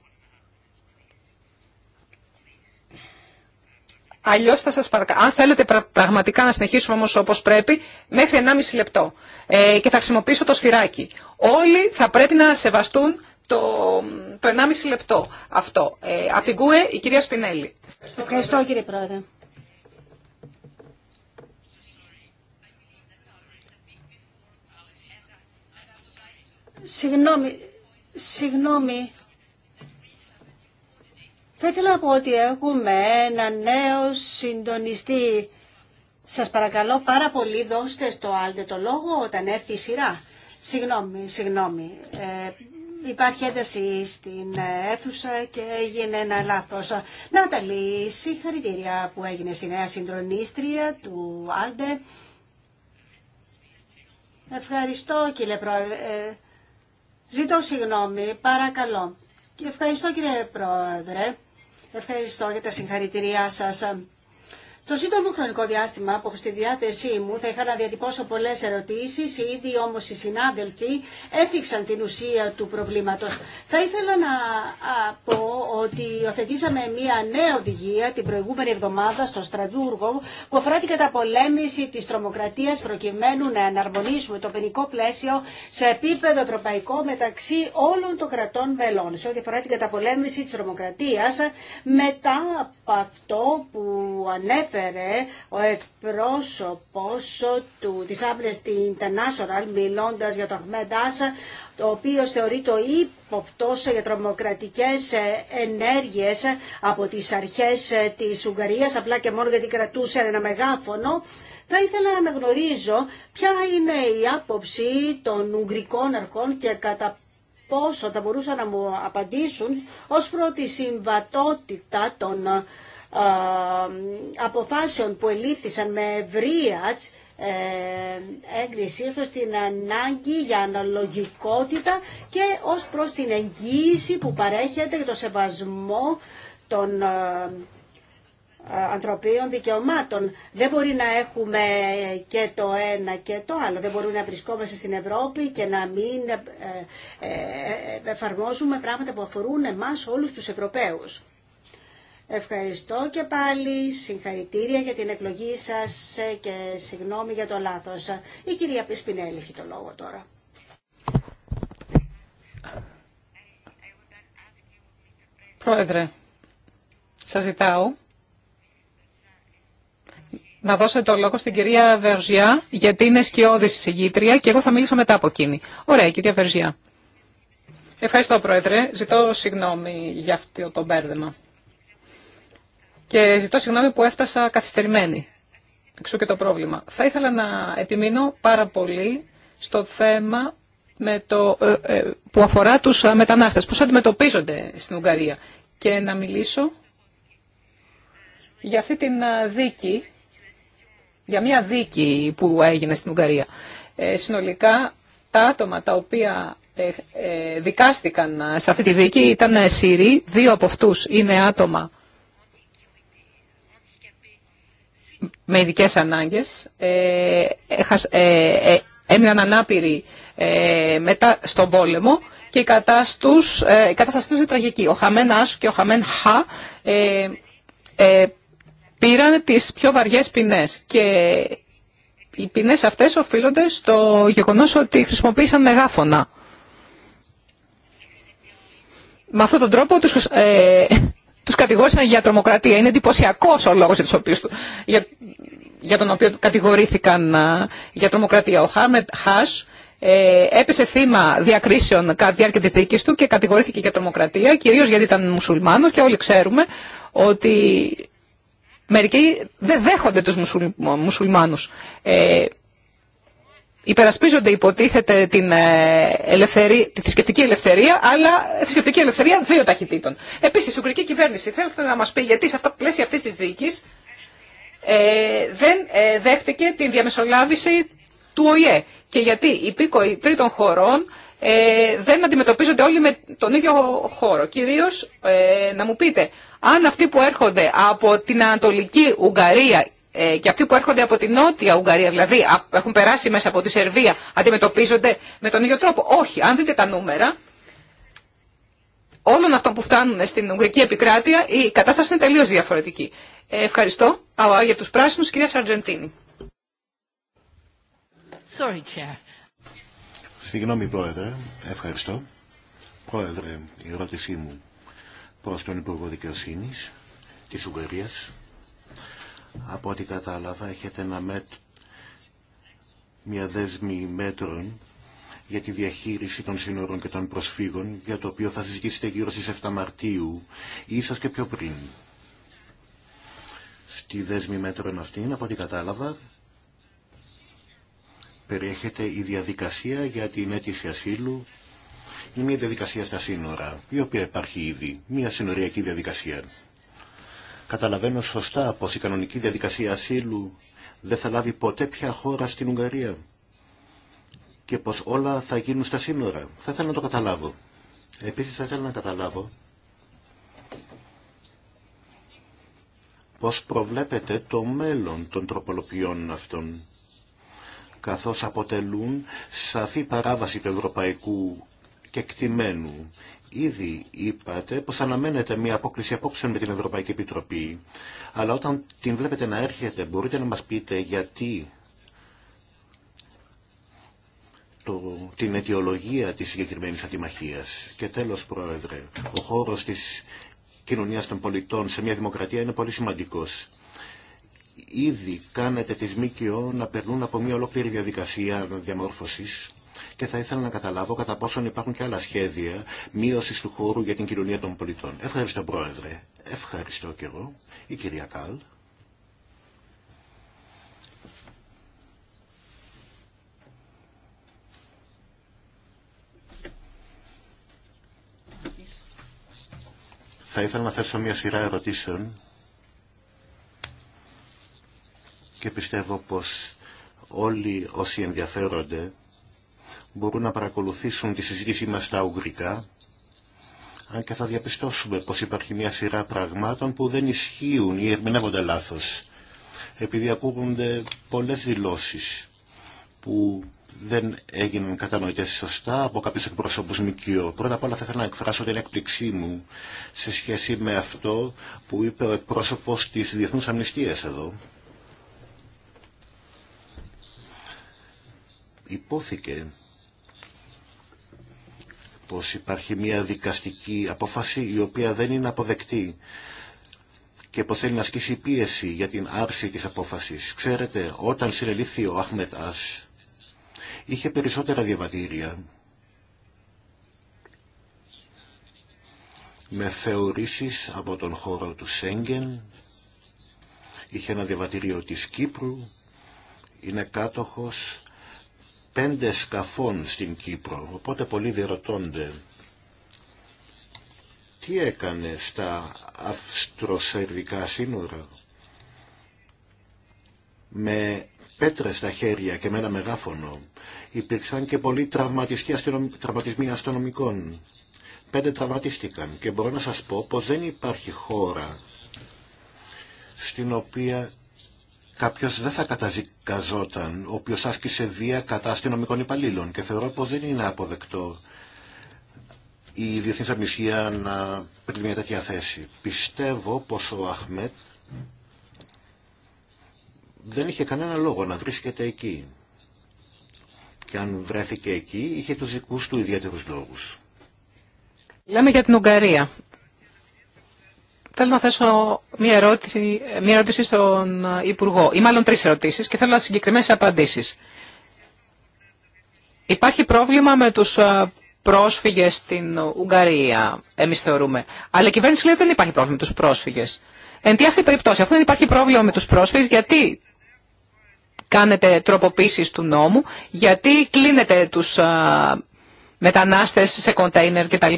Αλλιώς θα σας παρακαλώ. Αν θέλετε πραγματικά να συνεχίσουμε όμως όπως πρέπει, μέχρι 1,5 λεπτό. Ε, και θα χρησιμοποιήσω το σφυράκι. Όλοι θα πρέπει να σεβαστούν το, το 1,5 λεπτό αυτό. Ε, την ΚΟΕ, η κυρία Σπινέλη. Ευχαριστώ κύριε
Πρόεδρε. Συγγνώμη, συγγνώμη. Θα ήθελα να πω ότι έχουμε ένα νέο συντονιστή. Σας παρακαλώ πάρα πολύ δώστε στο Άλτε το λόγο όταν έρθει η σειρά. Συγγνώμη, συγγνώμη. Ε, υπάρχει ένταση στην αίθουσα και έγινε ένα λάθος. Νάταλη, συγχαρητήρια που έγινε η νέα συντρονίστρια του Άλτε. Ευχαριστώ κύριε Πρόεδρε. Ε, Ζητώ συγγνώμη, παρακαλώ. Και ευχαριστώ κύριε Πρόεδρε. Ευχαριστώ για τα συγχαρητηριά σας. Το σύντομο χρονικό διάστημα που έχω στη διάθεσή μου θα είχα να διατυπώσω πολλές ερωτήσεις, ήδη όμως οι συνάδελφοι έθιξαν την ουσία του προβλήματος. Θα ήθελα να πω ότι οθετήσαμε μια νέα οδηγία την προηγούμενη εβδομάδα στο Στρασβούργο που αφορά την καταπολέμηση της τρομοκρατίας προκειμένου να εναρμονίσουμε το ποινικό πλαίσιο σε επίπεδο ευρωπαϊκό μεταξύ όλων των κρατών μελών. Σε ό,τι αφορά την καταπολέμηση της τρομοκρατία μετά από αυτό που ανέφερε ανέφερε ο εκπρόσωπος του, της Amnesty International μιλώντας για τον Αχμέντά, το ο οποίος θεωρεί το ύποπτος για τρομοκρατικές ενέργειες από τις αρχές της Ουγγαρίας, απλά και μόνο γιατί κρατούσε ένα μεγάφωνο. Θα ήθελα να γνωρίζω ποια είναι η άποψη των Ουγγρικών αρχών και κατά πόσο θα μπορούσαν να μου απαντήσουν ως πρώτη συμβατότητα των αποφάσεων που ελήφθησαν με ευρείας ε, έγκριση ως προς την ανάγκη για αναλογικότητα και ως προς την εγγύηση που παρέχεται για το σεβασμό των ε, ε, ανθρωπίων δικαιωμάτων. Δεν μπορεί να έχουμε και το ένα και το άλλο. Δεν μπορούμε να βρισκόμαστε στην Ευρώπη και να μην εφαρμόζουμε πράγματα που αφορούν εμάς όλους τους Ευρωπαίους. Ευχαριστώ και πάλι. Συγχαρητήρια για την εκλογή σας και συγγνώμη για το λάθος. Η κυρία Πισπινέλη έχει το λόγο τώρα.
Πρόεδρε, σας ζητάω να δώσετε το λόγο στην κυρία Βερζιά, γιατί είναι σκιώδη συγγήτρια και εγώ θα μιλήσω μετά από εκείνη. Ωραία, κυρία Βερζιά. Ευχαριστώ, Πρόεδρε. Ζητώ συγγνώμη για αυτό το μπέρδεμα. Και ζητώ συγγνώμη που έφτασα καθυστερημένη. Εξού και το πρόβλημα. Θα ήθελα να επιμείνω πάρα πολύ στο θέμα με το, ε, ε, που αφορά τους ε, μετανάστες, πώς αντιμετωπίζονται στην Ουγγαρία. Και να μιλήσω για αυτή την δίκη, για μια δίκη που έγινε στην Ουγγαρία. συνολικά τα άτομα τα οποία δικάστηκαν σε αυτή τη δίκη ήταν Σύριοι, δύο από αυτούς είναι άτομα με ειδικέ ανάγκες, ε, ε, ε, έμειναν ανάπηροι ε, μετά στον πόλεμο και η ε, κατάσταση τους ήταν τραγική. Ο Χαμέν Άσου και ο Χαμέν Χα πήραν τις πιο βαριές ποινέ. και οι ποινέ αυτές οφείλονται στο γεγονός ότι χρησιμοποίησαν μεγάφωνα. Με αυτόν τον τρόπο τους ε, τους κατηγόρησαν για τρομοκρατία. Είναι εντυπωσιακό ο λόγος για, για, τον οποίο κατηγορήθηκαν για τρομοκρατία. Ο Χάμετ Χάς ε, έπεσε θύμα διακρίσεων κατά τη διάρκεια της δίκης του και κατηγορήθηκε για τρομοκρατία, κυρίως γιατί ήταν μουσουλμάνος και όλοι ξέρουμε ότι μερικοί δεν δέχονται τους μουσουλ, μουσουλμάνους. Ε, υπερασπίζονται υποτίθεται την ε, ελευθερία, τη θρησκευτική ελευθερία, αλλά θρησκευτική ελευθερία δύο ταχυτήτων. Επίση, η Ουγγρική κυβέρνηση θέλει να μα πει γιατί σε αυτά τα πλαίσια αυτή τη δίκη ε, δεν ε, δέχτηκε την διαμεσολάβηση του ΟΗΕ και γιατί οι πήκοοι τρίτων χωρών ε, δεν αντιμετωπίζονται όλοι με τον ίδιο χώρο. Κυρίω ε, να μου πείτε αν αυτοί που έρχονται από την Ανατολική Ουγγαρία ε, και αυτοί που έρχονται από την νότια Ουγγαρία, δηλαδή έχουν περάσει μέσα από τη Σερβία, αντιμετωπίζονται με τον ίδιο τρόπο. Όχι, αν δείτε τα νούμερα, όλων αυτών που φτάνουν στην Ουγγρική επικράτεια, η κατάσταση είναι τελείως διαφορετική. Ε, ευχαριστώ Α, για τους πράσινους, κυρία Σαρτζεντίνη. Sorry, Chair.
Συγγνώμη, Πρόεδρε. Ευχαριστώ. Πρόεδρε, η ερώτησή μου προς τον Υπουργό Δικαιοσύνης της Ουγγαρίας από ό,τι κατάλαβα έχετε ένα μέτ μια δέσμη μέτρων για τη διαχείριση των σύνορων και των προσφύγων, για το οποίο θα συζητήσετε γύρω στις 7 Μαρτίου, ή ίσως και πιο πριν. Στη δέσμη μέτρων αυτήν, από ό,τι κατάλαβα, περιέχεται η διαδικασία για την αίτηση ασύλου, είναι μια διαδικασία στα σύνορα, η οποία υπάρχει ήδη, μια συνοριακή διαδικασία καταλαβαίνω σωστά πως η κανονική διαδικασία ασύλου δεν θα λάβει ποτέ πια χώρα στην Ουγγαρία και πως όλα θα γίνουν στα σύνορα. Θα ήθελα να το καταλάβω. Επίσης θα ήθελα να καταλάβω πως προβλέπετε το μέλλον των τροπολοποιών αυτών καθώς αποτελούν σαφή παράβαση του ευρωπαϊκού κεκτημένου ήδη είπατε πως αναμένεται μια απόκληση απόψε με την Ευρωπαϊκή Επιτροπή, αλλά όταν την βλέπετε να έρχεται μπορείτε να μας πείτε γιατί το, την αιτιολογία της συγκεκριμένης ατιμαχίας. Και τέλος, Πρόεδρε, ο χώρος της κοινωνίας των πολιτών σε μια δημοκρατία είναι πολύ σημαντικός. Ήδη κάνετε τις ΜΚΟ να περνούν από μια ολόκληρη διαδικασία διαμόρφωσης και θα ήθελα να καταλάβω κατά πόσον υπάρχουν και άλλα σχέδια μείωση του χώρου για την κοινωνία των πολιτών. Ευχαριστώ Πρόεδρε. Ευχαριστώ και εγώ. Η κυρία Καλ. Θα ήθελα να θέσω μια σειρά ερωτήσεων και πιστεύω πως όλοι όσοι ενδιαφέρονται μπορούν να παρακολουθήσουν τη συζήτησή μας στα ουγγρικά, αν και θα διαπιστώσουμε πως υπάρχει μια σειρά πραγμάτων που δεν ισχύουν ή ερμηνεύονται λάθος, επειδή ακούγονται πολλές δηλώσεις που δεν έγιναν κατανοητές σωστά από κάποιους εκπροσώπους ΜΚΙΟ. Πρώτα απ' όλα θα ήθελα να εκφράσω την έκπληξή μου σε σχέση με αυτό που είπε ο εκπρόσωπος της Διεθνούς Αμνηστίας εδώ. Υπόθηκε πως υπάρχει μια δικαστική απόφαση η οποία δεν είναι αποδεκτή και πως θέλει να ασκήσει πίεση για την άψη της απόφασης. Ξέρετε, όταν συνελήφθη ο Αχμετ είχε περισσότερα διαβατήρια με θεωρήσεις από τον χώρο του Σέγγεν, είχε ένα διαβατήριο της Κύπρου, είναι κάτοχος πέντε σκαφών στην Κύπρο, οπότε πολλοί διερωτώνται τι έκανε στα αυστροσερβικά σύνορα με πέτρες στα χέρια και με ένα μεγάφωνο. Υπήρξαν και πολλοί τραυματισμοί αστυνομικών. Πέντε τραυματίστηκαν και μπορώ να σας πω πως δεν υπάρχει χώρα στην οποία κάποιος δεν θα καταζικαζόταν ο οποίος άσκησε βία κατά αστυνομικών υπαλλήλων και θεωρώ πως δεν είναι αποδεκτό η Διεθνής Αμνησία να παίρνει μια τέτοια θέση. Πιστεύω πως ο Αχμέτ δεν είχε κανένα λόγο να βρίσκεται εκεί. Και αν βρέθηκε εκεί, είχε τους δικούς του ιδιαίτερους λόγους.
Λέμε για την Ουγγαρία. Θέλω να θέσω μία ερώτηση, μία ερώτηση στον Υπουργό, ή μάλλον τρεις ερωτήσεις και θέλω συγκεκριμένες απαντήσεις. Υπάρχει πρόβλημα με τους πρόσφυγες στην Ουγγαρία, εμείς θεωρούμε. Αλλά η κυβέρνηση λέει ότι δεν υπάρχει πρόβλημα με τους πρόσφυγες. Εν τι αυτή η περιπτώση, αφού δεν υπάρχει πρόβλημα με τους πρόσφυγες, γιατί κάνετε τροποποίησεις του νόμου, γιατί κλείνετε τους μετανάστες σε κοντέινερ κτλ.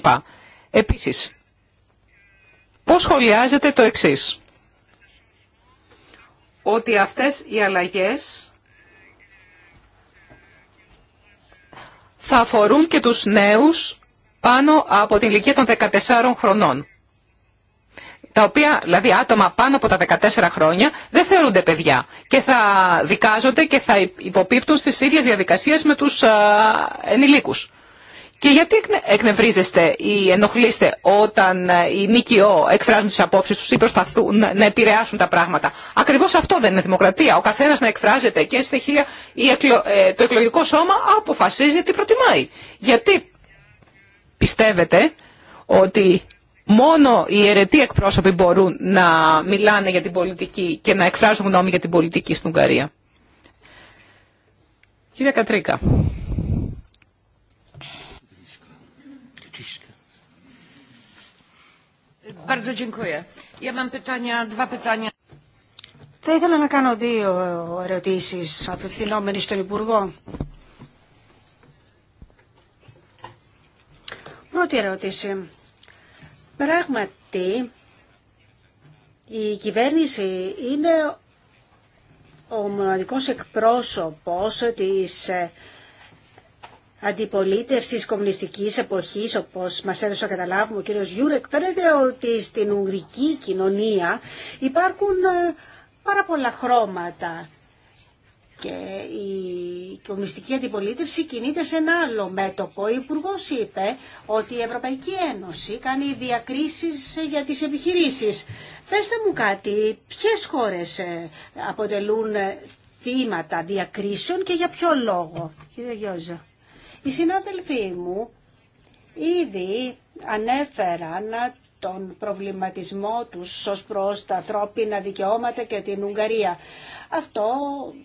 Επίσης, Πώς σχολιάζεται το εξής. Ότι αυτές οι αλλαγές θα αφορούν και τους νέους πάνω από την ηλικία των 14 χρονών. Τα οποία, δηλαδή άτομα πάνω από τα 14 χρόνια, δεν θεωρούνται παιδιά και θα δικάζονται και θα υποπίπτουν στις ίδιες διαδικασίες με τους ενηλίκους. Και γιατί εκνευρίζεστε ή ενοχλείστε όταν ε, οι ΜΚΟ εκφράζουν τι απόψει του ή προσπαθούν να επηρεάσουν τα πράγματα. Ακριβώ αυτό δεν είναι δημοκρατία. Ο καθένα να εκφράζεται και εν στοιχεία ε, το εκλογικό σώμα αποφασίζει τι προτιμάει. Γιατί πιστεύετε ότι μόνο οι αιρετοί εκπρόσωποι μπορούν να μιλάνε για την πολιτική και να εκφράζουν γνώμη για την πολιτική στην Ουγγαρία. Κυρία Κατρίκα.
Θα ήθελα να κάνω δύο ερωτήσεις απευθυνόμενοι στον Υπουργό. Πρώτη ερώτηση. Πράγματι, η κυβέρνηση είναι ο μοναδικός εκπρόσωπος της αντιπολίτευσης κομμουνιστικής εποχής, όπως μας έδωσε να καταλάβουμε ο κύριος Γιούρεκ, φαίνεται ότι στην ουγγρική κοινωνία υπάρχουν ε, πάρα πολλά χρώματα και η κομμουνιστική αντιπολίτευση κινείται σε ένα άλλο μέτωπο. Ο Υπουργό είπε ότι η Ευρωπαϊκή Ένωση κάνει διακρίσεις για τις επιχειρήσεις. Πεςτε μου κάτι, ποιες χώρες ε, αποτελούν ε, θύματα διακρίσεων και για ποιο λόγο. Κύριε Γιώζα. Οι συνάδελφοί μου ήδη ανέφεραν τον προβληματισμό τους ως προς τα ανθρώπινα δικαιώματα και την Ουγγαρία. Αυτό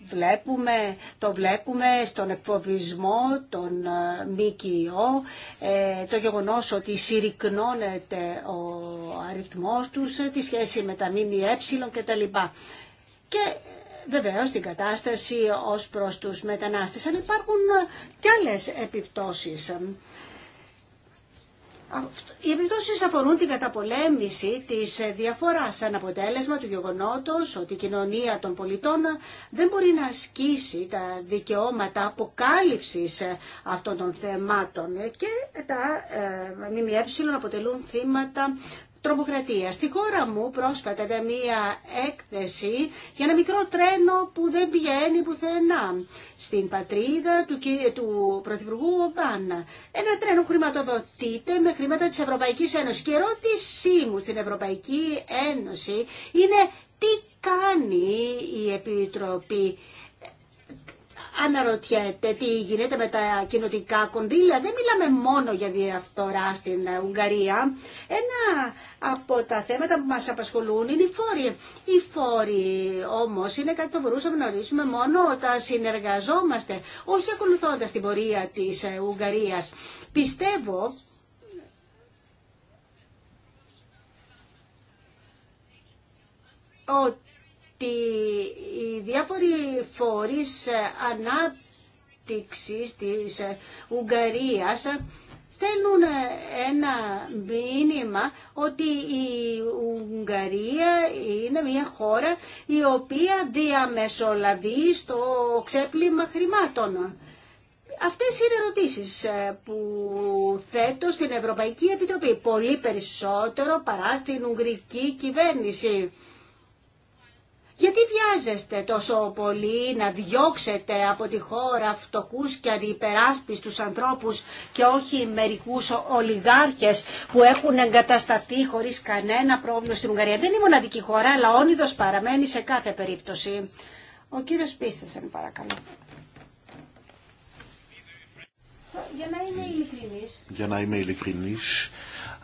βλέπουμε, το βλέπουμε στον εκφοβισμό των ε, ΜΚΟ, ε, το γεγονός ότι συρρυκνώνεται ο αριθμός τους, ε, τη σχέση με τα ΜΜΕ κτλ. Και βεβαίως την κατάσταση ως προς τους μετανάστες, αλλά υπάρχουν κι άλλες επιπτώσεις. Οι επιπτώσει αφορούν την καταπολέμηση τη διαφορά, σαν αποτέλεσμα του γεγονότος ότι η κοινωνία των πολιτών δεν μπορεί να ασκήσει τα δικαιώματα αποκάλυψη αυτών των θεμάτων και τα ε, ΜΜΕ αποτελούν θύματα τρομοκρατία. Στη χώρα μου πρόσφατα ήταν μία έκθεση για ένα μικρό τρένο που δεν πηγαίνει πουθενά. Στην πατρίδα του, του Πρωθυπουργού Ομπάνα. Ένα τρένο χρηματοδοτείται με χρήματα της Ευρωπαϊκής Ένωσης. Και ερώτησή μου στην Ευρωπαϊκή Ένωση είναι τι κάνει η Επιτροπή αναρωτιέται τι γίνεται με τα κοινοτικά κονδύλια. Δεν μιλάμε μόνο για διαφθορά στην Ουγγαρία. Ένα από τα θέματα που μας απασχολούν είναι οι φόροι. Οι φόροι όμως είναι κάτι που μπορούσαμε να ορίσουμε μόνο όταν συνεργαζόμαστε, όχι ακολουθώντας την πορεία της Ουγγαρίας. Πιστεύω ότι ότι οι διάφοροι φορείς ανάπτυξης της Ουγγαρίας στέλνουν ένα μήνυμα ότι η Ουγγαρία είναι μια χώρα η οποία διαμεσολαβεί στο ξέπλυμα χρημάτων. Αυτές είναι ερωτήσεις που θέτω στην Ευρωπαϊκή Επιτροπή, πολύ περισσότερο παρά στην Ουγγρική κυβέρνηση. Γιατί βιάζεστε τόσο πολύ να διώξετε από τη χώρα φτωχού και αντιπεράσπιστους ανθρώπους και όχι μερικούς ολιγάρχες που έχουν εγκατασταθεί χωρίς κανένα πρόβλημα στην Ουγγαρία. Δεν είναι η μοναδική χώρα, αλλά όνειδος παραμένει σε κάθε περίπτωση. Ο κύριος Πίστεσεν, παρακαλώ. Για να είμαι ειλικρινής.
Για να είμαι ειλικρινής,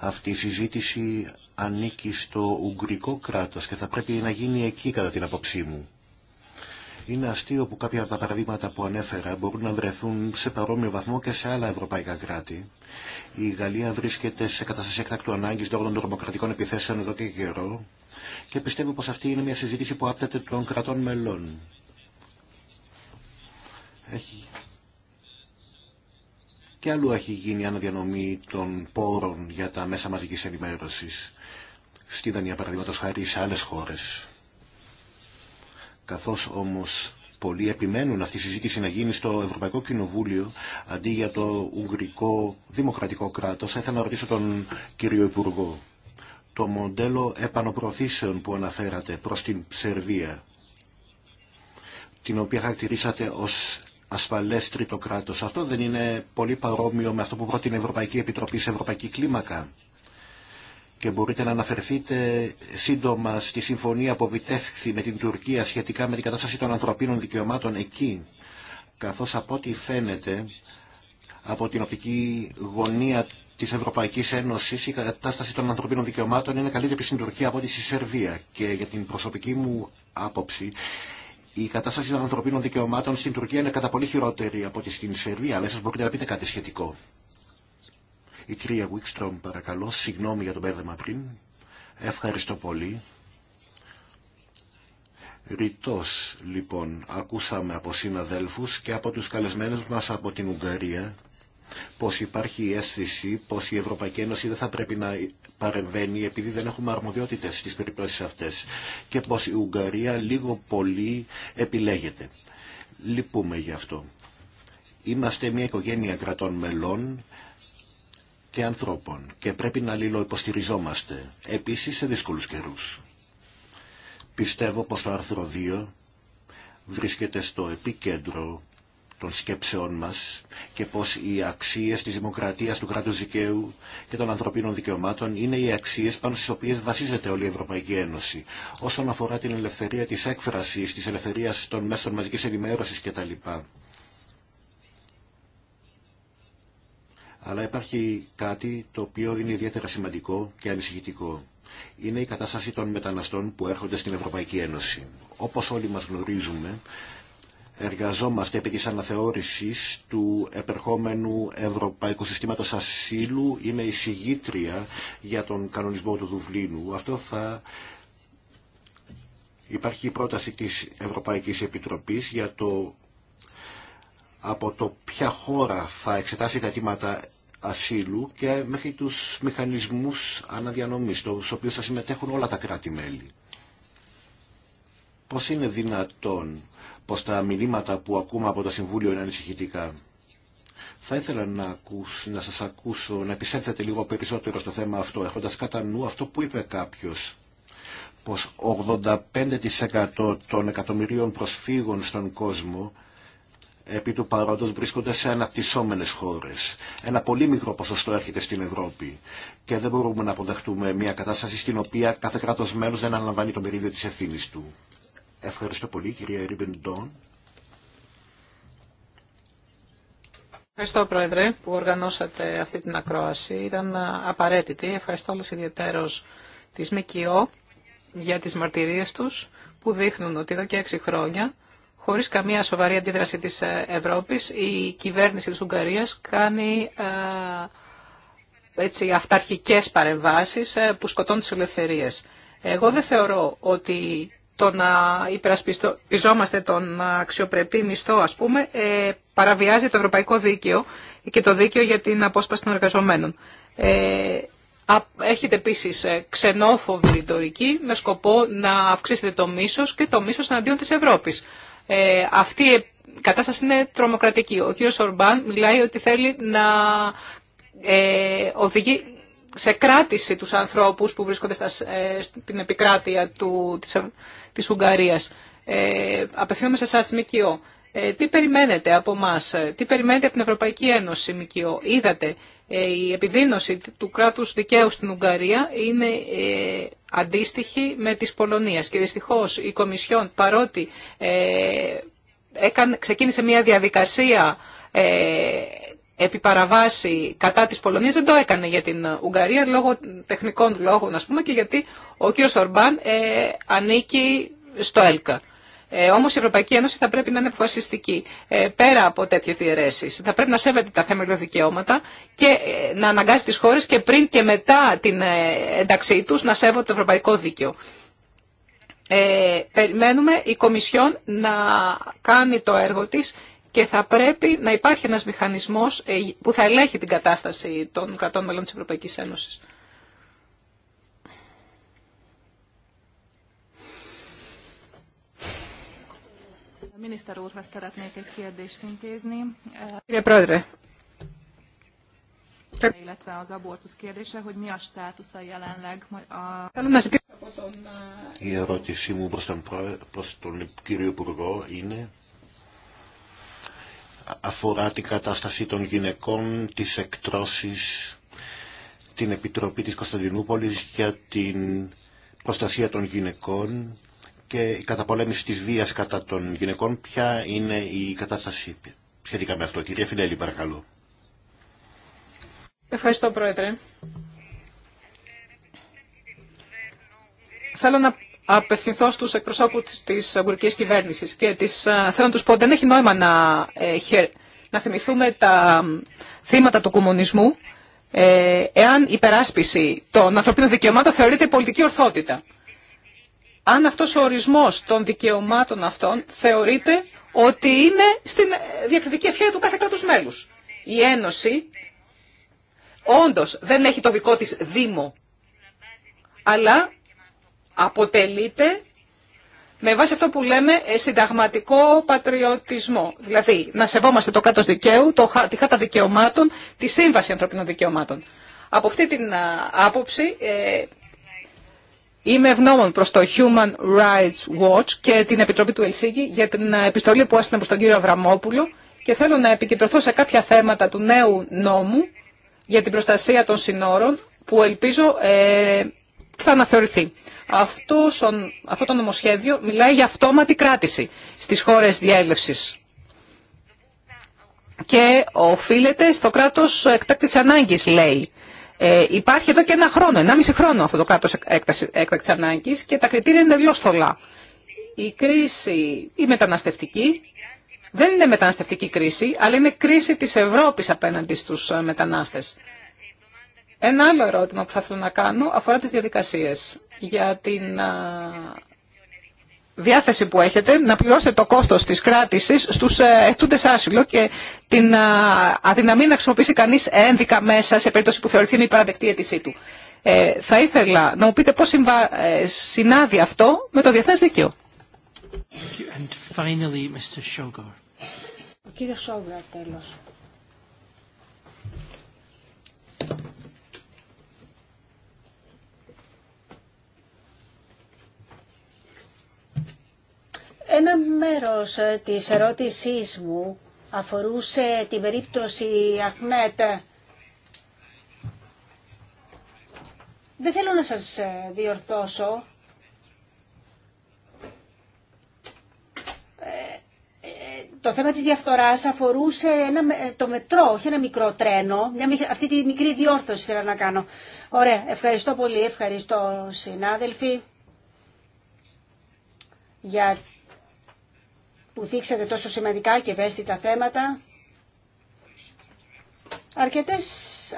αυτή η συζήτηση ανήκει στο Ουγγρικό κράτος και θα πρέπει να γίνει εκεί κατά την απόψή μου. Είναι αστείο που κάποια από τα παραδείγματα που ανέφερα μπορούν να βρεθούν σε παρόμοιο βαθμό και σε άλλα ευρωπαϊκά κράτη. Η Γαλλία βρίσκεται σε κατάσταση έκτακτου ανάγκη λόγω των τρομοκρατικών επιθέσεων εδώ και καιρό και πιστεύω πως αυτή είναι μια συζήτηση που άπτεται των κρατών μελών και αλλού έχει γίνει αναδιανομή των πόρων για τα μέσα μαζικής ενημέρωσης στη Δανία παραδείγματος χάρη σε άλλες χώρες. Καθώς όμως πολλοί επιμένουν αυτή η συζήτηση να γίνει στο Ευρωπαϊκό Κοινοβούλιο αντί για το Ουγγρικό Δημοκρατικό κράτος, θα ήθελα να ρωτήσω τον κύριο Υπουργό. Το μοντέλο επανοπροθήσεων που αναφέρατε προς την Σερβία, την οποία χαρακτηρίσατε ως ασφαλές τρίτο κράτος. Αυτό δεν είναι πολύ παρόμοιο με αυτό που πρότεινε η Ευρωπαϊκή Επιτροπή σε Ευρωπαϊκή Κλίμακα. Και μπορείτε να αναφερθείτε σύντομα στη συμφωνία που επιτεύχθη με την Τουρκία σχετικά με την κατάσταση των ανθρωπίνων δικαιωμάτων εκεί. Καθώς από ό,τι φαίνεται από την οπτική γωνία της Ευρωπαϊκής Ένωσης η κατάσταση των ανθρωπίνων δικαιωμάτων είναι καλύτερη στην Τουρκία από ό,τι στη Σερβία. Και για την προσωπική μου άποψη η κατάσταση των ανθρωπίνων δικαιωμάτων στην Τουρκία είναι κατά πολύ χειρότερη από τη στην Σερβία, αλλά σας μπορείτε να πείτε κάτι σχετικό. Η κυρία Γουίξτρομ, παρακαλώ, συγγνώμη για το πέδεμα πριν. Ευχαριστώ πολύ. Ρητός, λοιπόν, ακούσαμε από συναδέλφους και από τους καλεσμένους μας από την Ουγγαρία πως υπάρχει η αίσθηση πως η Ευρωπαϊκή Ένωση δεν θα πρέπει να παρεμβαίνει επειδή δεν έχουμε αρμοδιότητες στις περιπτώσεις αυτές και πως η Ουγγαρία λίγο πολύ επιλέγεται. Λυπούμε γι' αυτό. Είμαστε μια οικογένεια κρατών μελών και ανθρώπων και πρέπει να αλληλοϊποστηριζόμαστε, επίσης σε δύσκολους καιρούς. Πιστεύω πως το άρθρο 2 βρίσκεται στο επίκεντρο των σκέψεών μας και πως οι αξίες της δημοκρατίας, του κράτους δικαίου και των ανθρωπίνων δικαιωμάτων είναι οι αξίες πάνω στις οποίες βασίζεται όλη η Ευρωπαϊκή Ένωση. Όσον αφορά την ελευθερία της έκφρασης, της ελευθερίας των μέσων μαζικής ενημέρωσης κτλ. Αλλά υπάρχει κάτι το οποίο είναι ιδιαίτερα σημαντικό και ανησυχητικό. Είναι η κατάσταση των μεταναστών που έρχονται στην Ευρωπαϊκή Ένωση. Όπως όλοι μας γνωρίζουμε, εργαζόμαστε επί της αναθεώρησης του επερχόμενου Ευρωπαϊκού Συστήματος Ασύλου. Είμαι εισηγήτρια για τον κανονισμό του Δουβλίνου. Αυτό θα υπάρχει η πρόταση της Ευρωπαϊκής Επιτροπής για το από το ποια χώρα θα εξετάσει τα αιτήματα ασύλου και μέχρι τους μηχανισμούς αναδιανομής, στους οποίους θα συμμετέχουν όλα τα κράτη-μέλη. Πώς είναι δυνατόν πως τα μηνύματα που ακούμε από το Συμβούλιο είναι ανησυχητικά. Θα ήθελα να, σα να σας ακούσω, να επισέλθετε λίγο περισσότερο στο θέμα αυτό, έχοντας κατά νου αυτό που είπε κάποιος, πως 85% των εκατομμυρίων προσφύγων στον κόσμο επί του παρόντος βρίσκονται σε αναπτυσσόμενες χώρες. Ένα πολύ μικρό ποσοστό έρχεται στην Ευρώπη και δεν μπορούμε να αποδεχτούμε μια κατάσταση στην οποία κάθε κράτος μέλος δεν αναλαμβάνει το μερίδιο της ευθύνης του. Ευχαριστώ πολύ κυρία Ντόν.
Ευχαριστώ Πρόεδρε που οργανώσατε αυτή την ακρόαση. Ήταν απαραίτητη. Ευχαριστώ όλους ιδιαίτερος της ΜΚΟ για τις μαρτυρίες τους που δείχνουν ότι εδώ και έξι χρόνια χωρίς καμία σοβαρή αντίδραση της ε, Ευρώπης η κυβέρνηση της Ουγγαρίας κάνει έτσι, αυταρχικές παρεμβάσεις ε, που σκοτώνουν τις ελευθερίες. Εγώ δεν θεωρώ ότι το να υπερασπιζόμαστε τον αξιοπρεπή μισθό, ας πούμε, ε, παραβιάζει το ευρωπαϊκό δίκαιο και το δίκαιο για την απόσπαση των εργαζομένων. Ε, έχετε επίσης ε, ξενόφοβη ρητορική με σκοπό να αυξήσετε το μίσος και το μίσος εναντίον της Ευρώπης. Ε, αυτή η κατάσταση είναι τρομοκρατική. Ο κύριος Ορμπάν μιλάει ότι θέλει να ε, οδηγεί σε κράτηση τους ανθρώπους που βρίσκονται ε, στην επικράτεια του, της, της Ουγγαρίας. Ε, απευθύνομαι σε εσάς ΜΚΟ. Ε, τι περιμένετε από εμά, τι περιμένετε από την Ευρωπαϊκή Ένωση ΜΚΟ. Είδατε, ε, η επιδείνωση του κράτους δικαίου στην Ουγγαρία είναι αντίστοιχη με της Πολωνίας και δυστυχώς η Κομισιόν παρότι έκαν ξεκίνησε μια διαδικασία επί παραβάση κατά της Πολωνίας δεν το έκανε για την Ουγγαρία λόγω τεχνικών λόγων ας πούμε και γιατί ο κύριος Ορμπάν ε, ανήκει στο ΕΛΚΑ. Ε, Όμω η Ευρωπαϊκή Ένωση θα πρέπει να είναι αποφασιστική ε, πέρα από τέτοιε διαιρέσει. Θα πρέπει να σέβεται τα θέματα δικαιώματα και ε, να αναγκάζει τις χώρες και πριν και μετά την ε, ένταξή τους να σέβονται το ευρωπαϊκό δίκαιο. Ε, περιμένουμε η Κομισιόν να κάνει το έργο της και θα πρέπει να υπάρχει ένας μηχανισμός ε, που θα ελέγχει την κατάσταση των κρατών μελών της Ευρωπαϊκής Ένωσης. Κύριε Πρόεδρε,
η ερώτησή μου προς τον, προς τον κύριο Υπουργό είναι αφορά την κατάσταση των γυναικών, τις εκτρώσεις, την Επιτροπή της Κωνσταντινούπολης για την προστασία των γυναικών και η καταπολέμηση της βίας κατά των γυναικών. Ποια είναι η κατάσταση σχετικά με αυτό. Κυρία Φιλέλη,
παρακαλώ. Ευχαριστώ, Πρόεδρε. Θέλω να απευθυνθώ στους εκπροσώπους της αγγουρικής κυβέρνησης και της, θέλω να τους πω, δεν έχει νόημα να, ε, να θυμηθούμε τα θύματα του κομμουνισμού ε, εάν η περάσπιση των ανθρωπίνων δικαιωμάτων θεωρείται πολιτική ορθότητα. Αν αυτός ο ορισμός των δικαιωμάτων αυτών θεωρείται ότι είναι στην διακριτική ευχαίρεια του κάθε κράτους μέλους. Η Ένωση όντως δεν έχει το δικό της Δήμο, αλλά αποτελείται με βάση αυτό που λέμε ε, συνταγματικό πατριωτισμό. Δηλαδή, να σεβόμαστε το κράτος δικαίου, το, τη χάτα δικαιωμάτων, τη σύμβαση ανθρωπίνων δικαιωμάτων. Από αυτή την άποψη ε, είμαι ευγνώμων προς το Human Rights Watch και την Επιτροπή του Ελσίγη για την επιστολή που έστειλαν προς τον κύριο Αβραμόπουλο και θέλω να επικεντρωθώ σε κάποια θέματα του νέου νόμου για την προστασία των συνόρων που ελπίζω ε, θα αναθεωρηθεί. αυτό το νομοσχέδιο μιλάει για αυτόματη κράτηση στις χώρες διέλευσης και οφείλεται στο κράτος εκτάκτης ανάγκης, λέει. Ε, υπάρχει εδώ και ένα χρόνο, ένα μισή χρόνο αυτό το κράτος έκτακτης ανάγκης και τα κριτήρια είναι τελείως θολά. Η κρίση, η μεταναστευτική, δεν είναι μεταναστευτική κρίση, αλλά είναι κρίση της Ευρώπης απέναντι στους ε, μετανάστες. Ένα άλλο ερώτημα που θα ήθελα να κάνω αφορά τις διαδικασίες για την διάθεση που έχετε να πληρώσετε το κόστος της κράτησης στους εκτούντες άσυλο και την αδυναμία να χρησιμοποιήσει κανείς ένδικα μέσα σε περίπτωση που θεωρηθεί είναι παραδεκτή αίτησή του. Ε, θα ήθελα να μου πείτε πώς συμβα... Ε, συνάδει αυτό με το διεθνές δίκαιο. Ο κύριος τέλος.
Ένα μέρος της ερώτησής μου αφορούσε την περίπτωση Αχμέτ. Δεν θέλω να σας ε, διορθώσω. Ε, ε, το θέμα της διαφθοράς αφορούσε ένα, το μετρό, όχι ένα μικρό τρένο. Μια, αυτή τη μικρή διόρθωση θέλω να κάνω. Ωραία, ευχαριστώ πολύ, ευχαριστώ συνάδελφοι για που δείξατε τόσο σημαντικά και ευαίσθητα θέματα. Αρκετές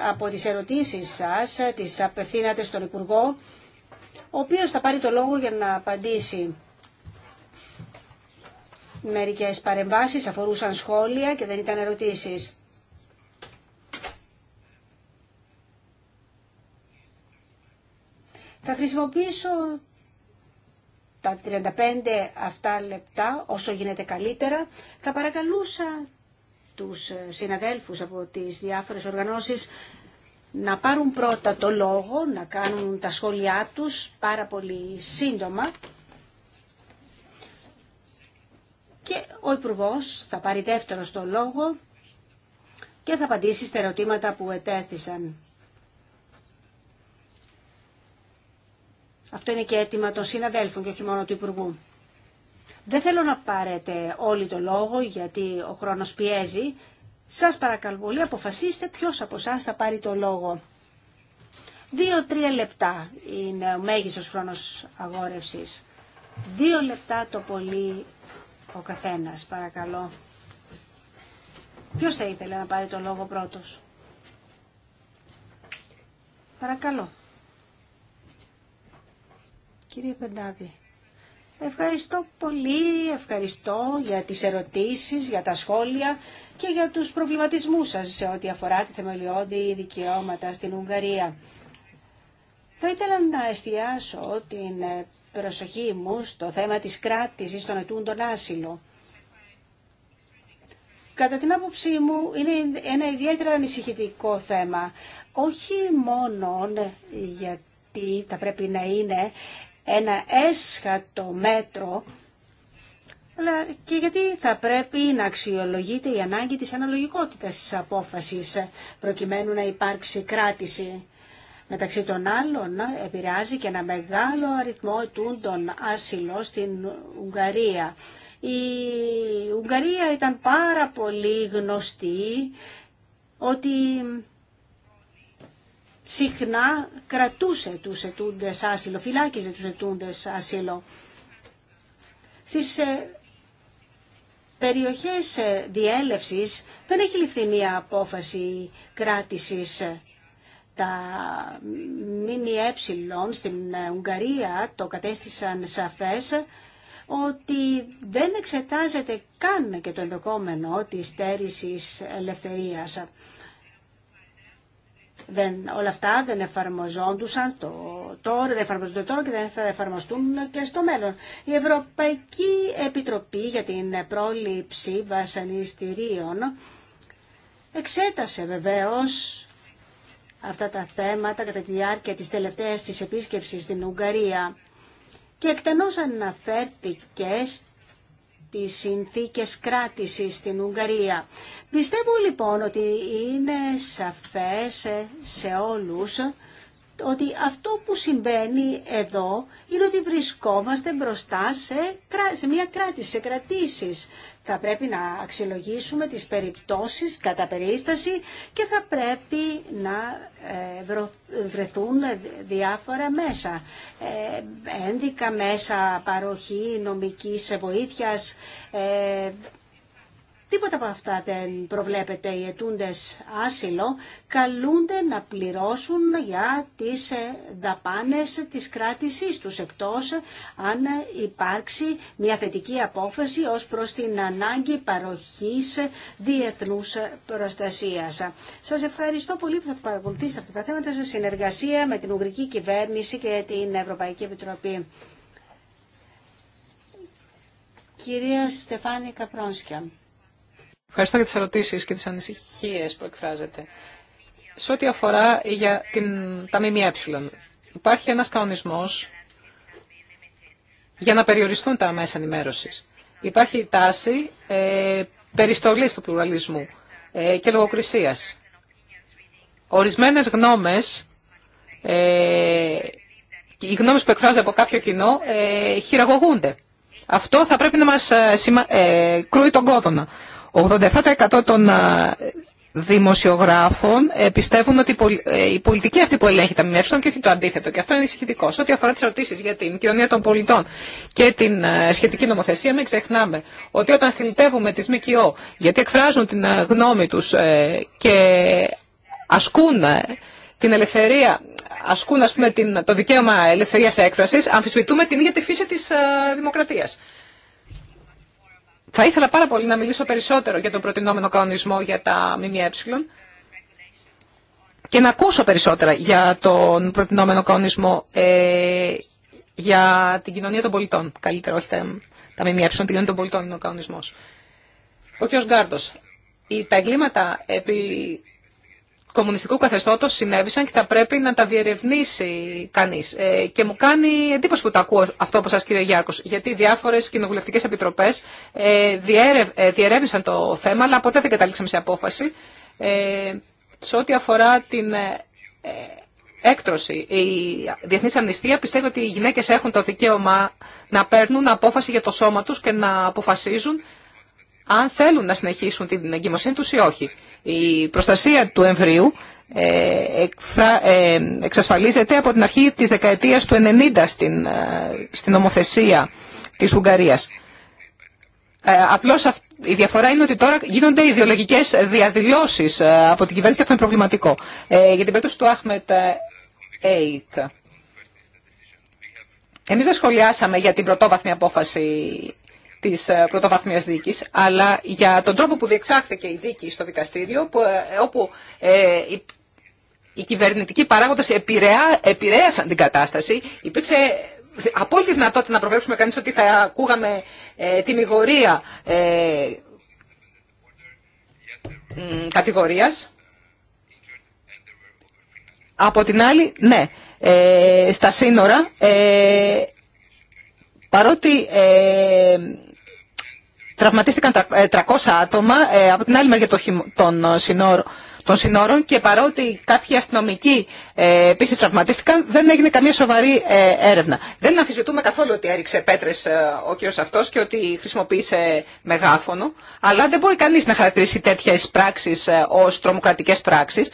από τις ερωτήσεις σας ε, τις απευθύνατε στον Υπουργό, ο οποίος θα πάρει το λόγο για να απαντήσει. Μερικές παρεμβάσεις αφορούσαν σχόλια και δεν ήταν ερωτήσεις. Θα χρησιμοποιήσω τα 35 αυτά λεπτά όσο γίνεται καλύτερα. Θα παρακαλούσα τους συναδέλφους από τις διάφορες οργανώσεις να πάρουν πρώτα το λόγο, να κάνουν τα σχόλιά τους πάρα πολύ σύντομα και ο υπουργό θα πάρει δεύτερο το λόγο και θα απαντήσει στα ερωτήματα που ετέθησαν. Αυτό είναι και αίτημα των συναδέλφων και όχι μόνο του Υπουργού. Δεν θέλω να πάρετε όλοι το λόγο γιατί ο χρόνος πιέζει. Σας παρακαλώ πολύ αποφασίστε ποιος από εσά θα πάρει το λόγο. Δύο-τρία λεπτά είναι ο μέγιστος χρόνος αγόρευσης. Δύο λεπτά το πολύ ο καθένας, παρακαλώ. Ποιος θα ήθελε να πάρει το λόγο πρώτος. Παρακαλώ. Κύριε Πεντάβη, Ευχαριστώ πολύ, ευχαριστώ για τις ερωτήσεις, για τα σχόλια και για τους προβληματισμούς σας σε ό,τι αφορά τη θεμελιώδη δικαιώματα στην Ουγγαρία. Θα ήθελα να εστιάσω την προσοχή μου στο θέμα της κράτησης των ετούντων άσυλο. Κατά την άποψή μου είναι ένα ιδιαίτερα ανησυχητικό θέμα. Όχι μόνο γιατί θα πρέπει να είναι ένα έσχατο μέτρο, αλλά και γιατί θα πρέπει να αξιολογείται η ανάγκη της αναλογικότητας της απόφασης, προκειμένου να υπάρξει κράτηση. Μεταξύ των άλλων, επηρεάζει και ένα μεγάλο αριθμό ετούντων άσυλο στην Ουγγαρία. Η Ουγγαρία ήταν πάρα πολύ γνωστή ότι συχνά κρατούσε τους ετούντες άσυλο, φυλάκιζε τους ετούντες άσυλο. Στις ε, περιοχές ε, διέλευσης δεν έχει ληφθεί μία απόφαση κράτησης. Τα ΜΜΕ στην ε, Ουγγαρία το κατέστησαν σαφές ότι δεν εξετάζεται καν και το ενδεχόμενο της στέρησης ελευθερίας δεν, όλα αυτά δεν εφαρμοζόντουσαν το, τώρα, δεν εφαρμοζονται τώρα και δεν θα εφαρμοστούν και στο μέλλον. Η Ευρωπαϊκή Επιτροπή για την πρόληψη βασανιστήριων εξέτασε βεβαίως αυτά τα θέματα κατά τη διάρκεια της τελευταίας της επίσκεψης στην Ουγγαρία και εκτενώς αναφέρθηκε τις συνθήκες κράτησης στην Ουγγαρία. Πιστεύω λοιπόν ότι είναι σαφές ε, σε όλους ότι αυτό που συμβαίνει εδώ είναι ότι βρισκόμαστε μπροστά σε, σε μια κράτηση, σε κρατήσεις. Θα πρέπει να αξιολογήσουμε τις περιπτώσεις κατά περίσταση και θα πρέπει να ε, βρεθούν διάφορα μέσα. Ε, ένδικα μέσα παροχή νομικής βοήθειας, ε, Τίποτα από αυτά δεν προβλέπεται. Οι αιτούντες άσυλο καλούνται να πληρώσουν για τις ε, δαπάνες της κράτησής τους, εκτός αν υπάρξει μια θετική απόφαση ως προς την ανάγκη παροχής διεθνούς προστασίας. Σας ευχαριστώ πολύ που θα παρακολουθήσετε αυτά τα θέματα σε συνεργασία με την Ουγγρική Κυβέρνηση και την Ευρωπαϊκή Επιτροπή.
Κυρία Στεφάνη Καπρόνσκια. Ευχαριστώ για τις ερωτήσεις και τις ανησυχίες που εκφράζετε. Σε ό,τι αφορά για την, τα ΜΜΕ, υπάρχει ένας κανονισμός για να περιοριστούν τα μέσα ενημέρωσης. Υπάρχει η τάση ε, περιστολής του πλουραλισμού ε, και λογοκρισίας. Ορισμένες γνώμες, ε, οι γνώμες που εκφράζονται από κάποιο κοινό, ε, χειραγωγούνται. Αυτό θα πρέπει να μας ε, ε κρούει τον κόδωνα. 87% των δημοσιογράφων ε, πιστεύουν ότι ε, η πολιτική αυτή που ελέγχει τα ΜΜΕ και όχι το αντίθετο. Και αυτό είναι ανησυχητικό. Σε ό,τι αφορά τι ερωτήσει για την κοινωνία των πολιτών και την σχετική νομοθεσία, μην ξεχνάμε ότι όταν στυλιτεύουμε τι ΜΚΟ, γιατί εκφράζουν την γνώμη του ε, και ασκούν την ελευθερία, το δικαίωμα ελευθερίας έκφρασης, αμφισβητούμε την ίδια τη φύση της δημοκρατίας. Θα ήθελα πάρα πολύ να μιλήσω περισσότερο για τον προτινόμενο κανονισμό για τα ΜΜΕ και να ακούσω περισσότερα για τον προτινόμενο κανονισμό ε, για την κοινωνία των πολιτών. Καλύτερα, όχι τα, τα ΜΜΕ, την κοινωνία των πολιτών είναι ο κανονισμός. Ο κ. Γκάρντος, τα εγκλήματα επί κομμουνιστικού καθεστώτος συνέβησαν και θα πρέπει να τα διερευνήσει κανείς. Ε, και μου κάνει εντύπωση που το ακούω αυτό από σας κύριε Γιάρκος, γιατί διάφορες κοινοβουλευτικές επιτροπές ε, ε, διερεύνησαν το θέμα, αλλά ποτέ δεν καταλήξαμε σε απόφαση. σε ό,τι αφορά την έκτρωση, η Διεθνής Αμνηστία πιστεύει ότι οι γυναίκες έχουν το δικαίωμα να παίρνουν απόφαση για το σώμα τους και να αποφασίζουν αν θέλουν να συνεχίσουν την εγκυμοσύνη τους ή όχι. Η προστασία του εμβρίου ε, ε, εξασφαλίζεται από την αρχή της δεκαετίας του 90 στην, ε, στην ομοθεσία της Ουγγαρίας. Απλώς η διαφορά είναι ότι τώρα γίνονται ιδεολογικές διαδηλώσεις από την κυβέρνηση και αυτό είναι προβληματικό. Για την περίπτωση του Αχμετ Έικ. Εμείς δεν σχολιάσαμε για την πρωτόβαθμη απόφαση Τη ε, πρωτοβαθμίας δίκη, αλλά για τον τρόπο που διεξάχθηκε η δίκη στο δικαστήριο, ε, όπου ε, οι κυβερνητικοί παράγοντες επηρέασαν την κατάσταση, υπήρξε απόλυτη δυνατότητα να προβλέψουμε κανείς ότι θα ακούγαμε ε, τιμιγορία ε, κατηγορίας. Από την άλλη, ναι, ε, στα σύνορα, παρότι Τραυματίστηκαν 300 ε, άτομα ε, από την άλλη μεριά ε, των συνόρων και παρότι κάποιοι αστυνομικοί επίση τραυματίστηκαν, δεν έγινε καμία σοβαρή έρευνα. Δεν αμφισβητούμε καθόλου ότι έριξε πέτρε ο κύριο αυτό και ότι χρησιμοποίησε μεγάφωνο, αλλά δεν μπορεί κανεί να χαρακτηρίσει τέτοιε πράξει ω τρομοκρατικέ πράξει.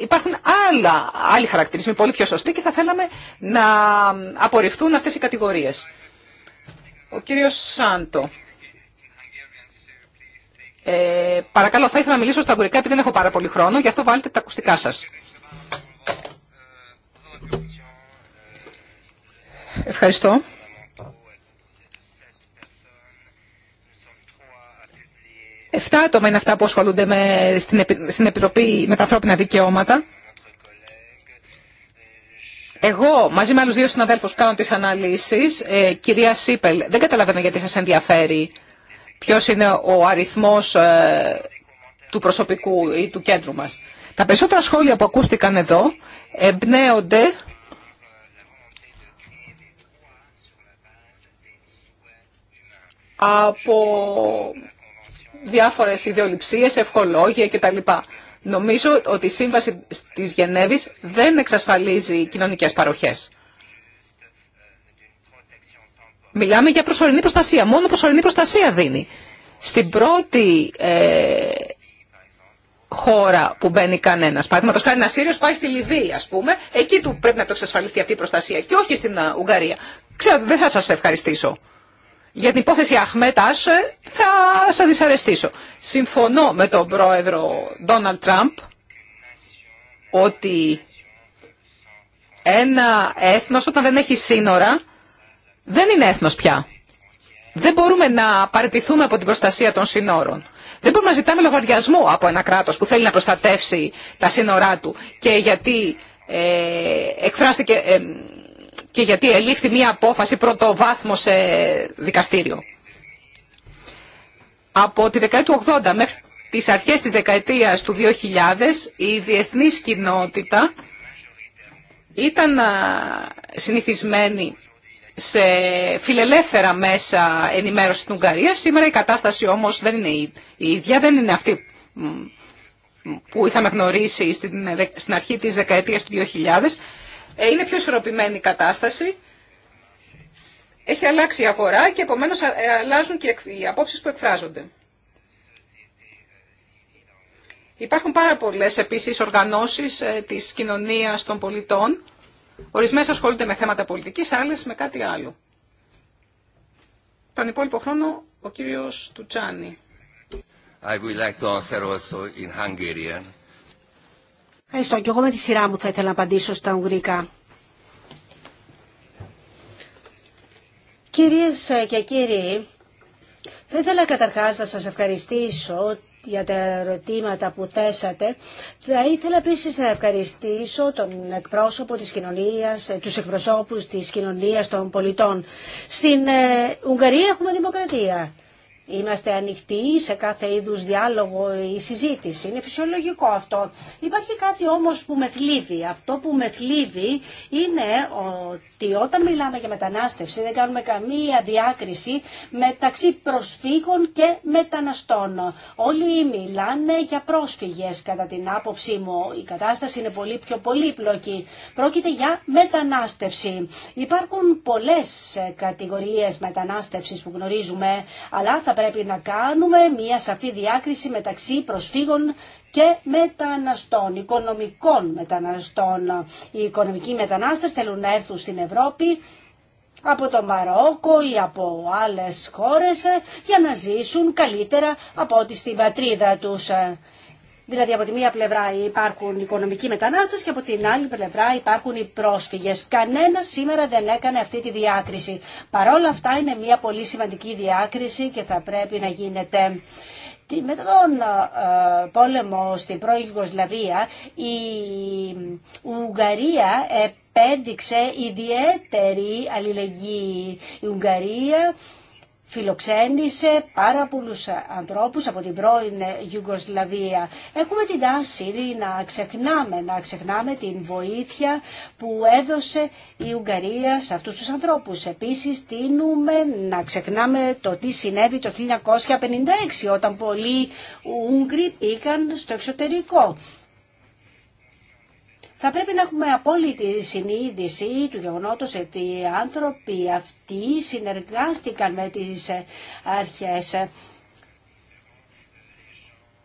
Υπάρχουν άλλα, άλλοι χαρακτηρισμοί πολύ πιο σωστοί και θα θέλαμε να απορριφθούν αυτέ οι κατηγορίε. Ο κύριος Σάντο. Ε, παρακαλώ, θα ήθελα να μιλήσω στα αγγλικά επειδή δεν έχω πάρα πολύ χρόνο, γι' αυτό βάλτε τα ακουστικά σας. Ευχαριστώ. Εφτά άτομα είναι αυτά που ασχολούνται με, στην, στην Επιτροπή με τα ανθρώπινα δικαιώματα. Εγώ, μαζί με άλλους δύο συναδέλφους, κάνω τις αναλύσεις. Ε, κυρία Σίπελ, δεν καταλαβαίνω γιατί σας ενδιαφέρει ποιος είναι ο αριθμός ε, του προσωπικού ή του κέντρου μας. Τα περισσότερα σχόλια που ακούστηκαν εδώ εμπνέονται από διάφορες ιδεολειψίες, ευχολόγια κτλ. Νομίζω ότι η σύμβαση της Γενέβης δεν εξασφαλίζει κοινωνικές παροχές. Μιλάμε για προσωρινή προστασία. Μόνο προσωρινή προστασία δίνει. Στην πρώτη ε, χώρα που μπαίνει κανένα. Παραδείγματο χάρη, ένα Σύριο πάει στη Λιβύη, α πούμε. Εκεί του πρέπει να το εξασφαλίσει αυτή η προστασία και όχι στην ε, Ουγγαρία. Ξέρω ότι δεν θα σα ευχαριστήσω. Για την υπόθεση Αχμέτα, θα σα δυσαρεστήσω. Συμφωνώ με τον πρόεδρο Ντόναλτ Τραμπ ότι ένα έθνος όταν δεν έχει σύνορα δεν είναι έθνος πια. Δεν μπορούμε να παραιτηθούμε από την προστασία των συνόρων. Δεν μπορούμε να ζητάμε λογαριασμό από ένα κράτος που θέλει να προστατεύσει τα σύνορά του και γιατί ε, εκφράστηκε... Ε, και γιατί ελήφθη μία απόφαση πρώτο σε δικαστήριο. Από τη δεκαετία του 80 μέχρι τις αρχές της δεκαετίας του 2000 η διεθνής κοινότητα ήταν συνηθισμένη σε φιλελεύθερα μέσα ενημέρωση στην Ουγγαρία. Σήμερα η κατάσταση όμως δεν είναι η ίδια, δεν είναι αυτή που είχαμε γνωρίσει στην αρχή της δεκαετίας του 2000. Ε, είναι πιο ισορροπημένη η κατάσταση. Έχει αλλάξει η αγορά και επομένως ε, αλλάζουν και οι απόψεις που εκφράζονται. Υπάρχουν πάρα πολλές επίσης οργανώσεις ε, της κοινωνίας των πολιτών Ορισμένες ασχολούνται με θέματα πολιτική άλλε με κάτι άλλο. Τον υπόλοιπο χρόνο ο κύριο Τουτσάνη. I would like to
Ευχαριστώ. Και εγώ με τη σειρά μου θα ήθελα να απαντήσω στα Ουγγρικά. Κυρίες ε, και κύριοι, θα ήθελα καταρχάς να σας ευχαριστήσω για τα ερωτήματα που θέσατε. Θα ήθελα επίσης να ευχαριστήσω τον εκπρόσωπο της κοινωνίας, ε, τους εκπροσώπους της κοινωνίας των πολιτών. Στην ε, Ουγγαρία έχουμε δημοκρατία. Είμαστε ανοιχτοί σε κάθε είδους διάλογο ή συζήτηση. Είναι φυσιολογικό αυτό. Υπάρχει κάτι όμως που με θλίβει. Αυτό που με θλίβει είναι ότι όταν μιλάμε για μετανάστευση δεν κάνουμε καμία διάκριση μεταξύ προσφύγων και μεταναστών. Όλοι μιλάνε για πρόσφυγες κατά την άποψή μου. Η κατάσταση είναι πολύ πιο πολύπλοκη. Πρόκειται για μετανάστευση. Υπάρχουν πολλές κατηγορίες μετανάστευσης που γνωρίζουμε, αλλά θα πρέπει να κάνουμε μια σαφή διάκριση μεταξύ προσφύγων και μεταναστών, οικονομικών μεταναστών. Οι οικονομικοί μετανάστες θέλουν να έρθουν στην Ευρώπη από το Μαρόκο ή από άλλες χώρες για να ζήσουν καλύτερα από ό,τι στην πατρίδα τους. Δηλαδή από τη μία πλευρά υπάρχουν οικονομικοί μετανάστες και από την άλλη πλευρά υπάρχουν οι πρόσφυγες. Κανένα σήμερα δεν έκανε αυτή τη διάκριση. Παρόλα αυτά είναι μια πολύ σημαντική διάκριση και θα πρέπει να γίνεται. Με τον πόλεμο στην πρώην Ιουγκοσλαβία, η Ουγγαρία επέδειξε ιδιαίτερη αλληλεγγύη. Η Ουγγαρία φιλοξένησε πάρα πολλούς ανθρώπους από την πρώην Ιουγκοσλαβία. Έχουμε την τάση να ξεχνάμε, να ξεχνάμε την βοήθεια που έδωσε η Ουγγαρία σε αυτούς τους ανθρώπους. Επίσης τίνουμε να ξεχνάμε το τι συνέβη το 1956 όταν πολλοί Ούγγροι πήγαν στο εξωτερικό. Θα πρέπει να έχουμε απόλυτη συνείδηση του γεγονότος ότι οι άνθρωποι αυτοί συνεργάστηκαν με τις ε, αρχές.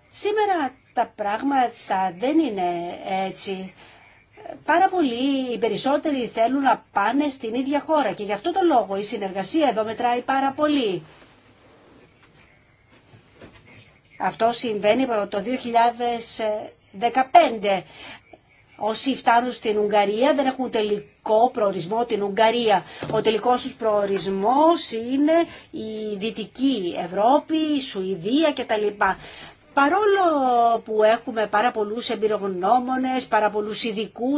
Σήμερα τα πράγματα δεν είναι έτσι. Πάρα πολλοί, οι περισσότεροι θέλουν να πάνε στην ίδια χώρα και γι' αυτό το λόγο η συνεργασία εδώ μετράει πάρα πολύ. Αυτό συμβαίνει το 2015. Όσοι φτάνουν στην Ουγγαρία δεν έχουν τελικό προορισμό την Ουγγαρία. Ο τελικός τους προορισμός είναι η Δυτική Ευρώπη, η Σουηδία κτλ. Παρόλο που έχουμε πάρα πολλούς εμπειρογνώμονες, πάρα πολλούς ειδικού.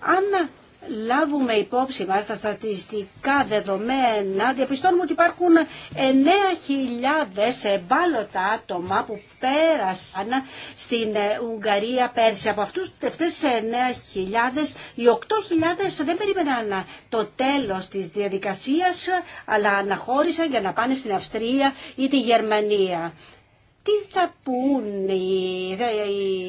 αν λάβουμε υπόψη μας τα στατιστικά δεδομένα, διαπιστώνουμε ότι υπάρχουν 9.000 εμπάλωτα άτομα που πέρασαν στην ε, Ουγγαρία πέρσι. Από αυτούς αυτές 9.000, οι 8.000 δεν περίμεναν το τέλος της διαδικασίας, αλλά αναχώρησαν για να πάνε στην Αυστρία ή τη Γερμανία τι θα πούν οι,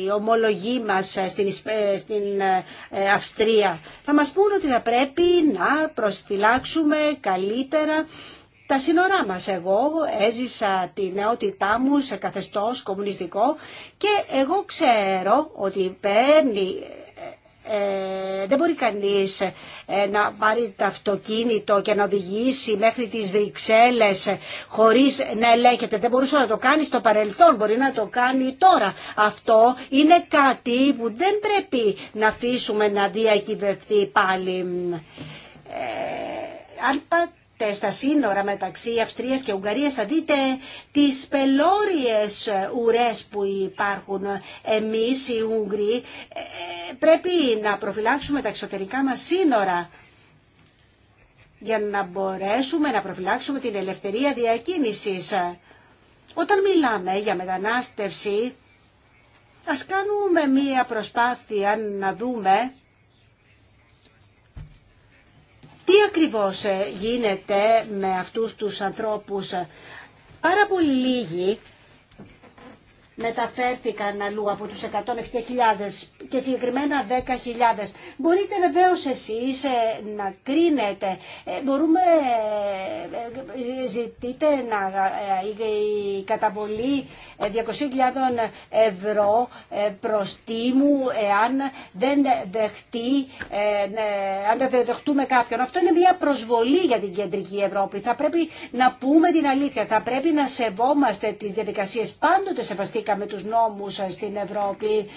οι ομολογοί μας ε, στην, στην ε, ε, Αυστρία. Θα μας πούν ότι θα πρέπει να προσφυλάξουμε καλύτερα τα σύνορά μας. Εγώ έζησα τη νεότητά μου σε καθεστώς κομμουνιστικό και εγώ ξέρω ότι παίρνει ε, δεν μπορεί κανείς ε, να πάρει το αυτοκίνητο και να οδηγήσει μέχρι τις Βρυξέλλες χωρίς να ελέγχεται. Δεν μπορούσε να το κάνει στο παρελθόν, μπορεί να το κάνει τώρα. Αυτό είναι κάτι που δεν πρέπει να αφήσουμε να διακυβευτεί πάλι. Ε, αν πάτε στα σύνορα μεταξύ Αυστρίας και Ουγγαρίας θα δείτε τις πελώριες ουρές που υπάρχουν εμείς οι Ούγγροι ε, πρέπει να προφυλάξουμε τα εξωτερικά μας σύνορα για να μπορέσουμε να προφυλάξουμε την ελευθερία διακίνησης. Όταν μιλάμε για μετανάστευση, ας κάνουμε μία προσπάθεια να δούμε τι ακριβώς ε, γίνεται με αυτούς τους ανθρώπους. Πάρα πολύ λίγοι μεταφέρθηκαν αλλού από τους 160.000 και συγκεκριμένα 10.000. Μπορείτε βεβαίως εσείς ε, να κρίνετε, ε, μπορούμε, ε, ζητείτε να, η καταβολή 200.000 ευρώ προς τίμου εάν δεν δεχτεί, αν δεν δεχτούμε κάποιον. Αυτό είναι μια προσβολή για την κεντρική Ευρώπη. Θα πρέπει να πούμε την αλήθεια, θα πρέπει να σεβόμαστε τις διαδικασίες πάντοτε σεβαστή με τους νόμους στην Ευρώπη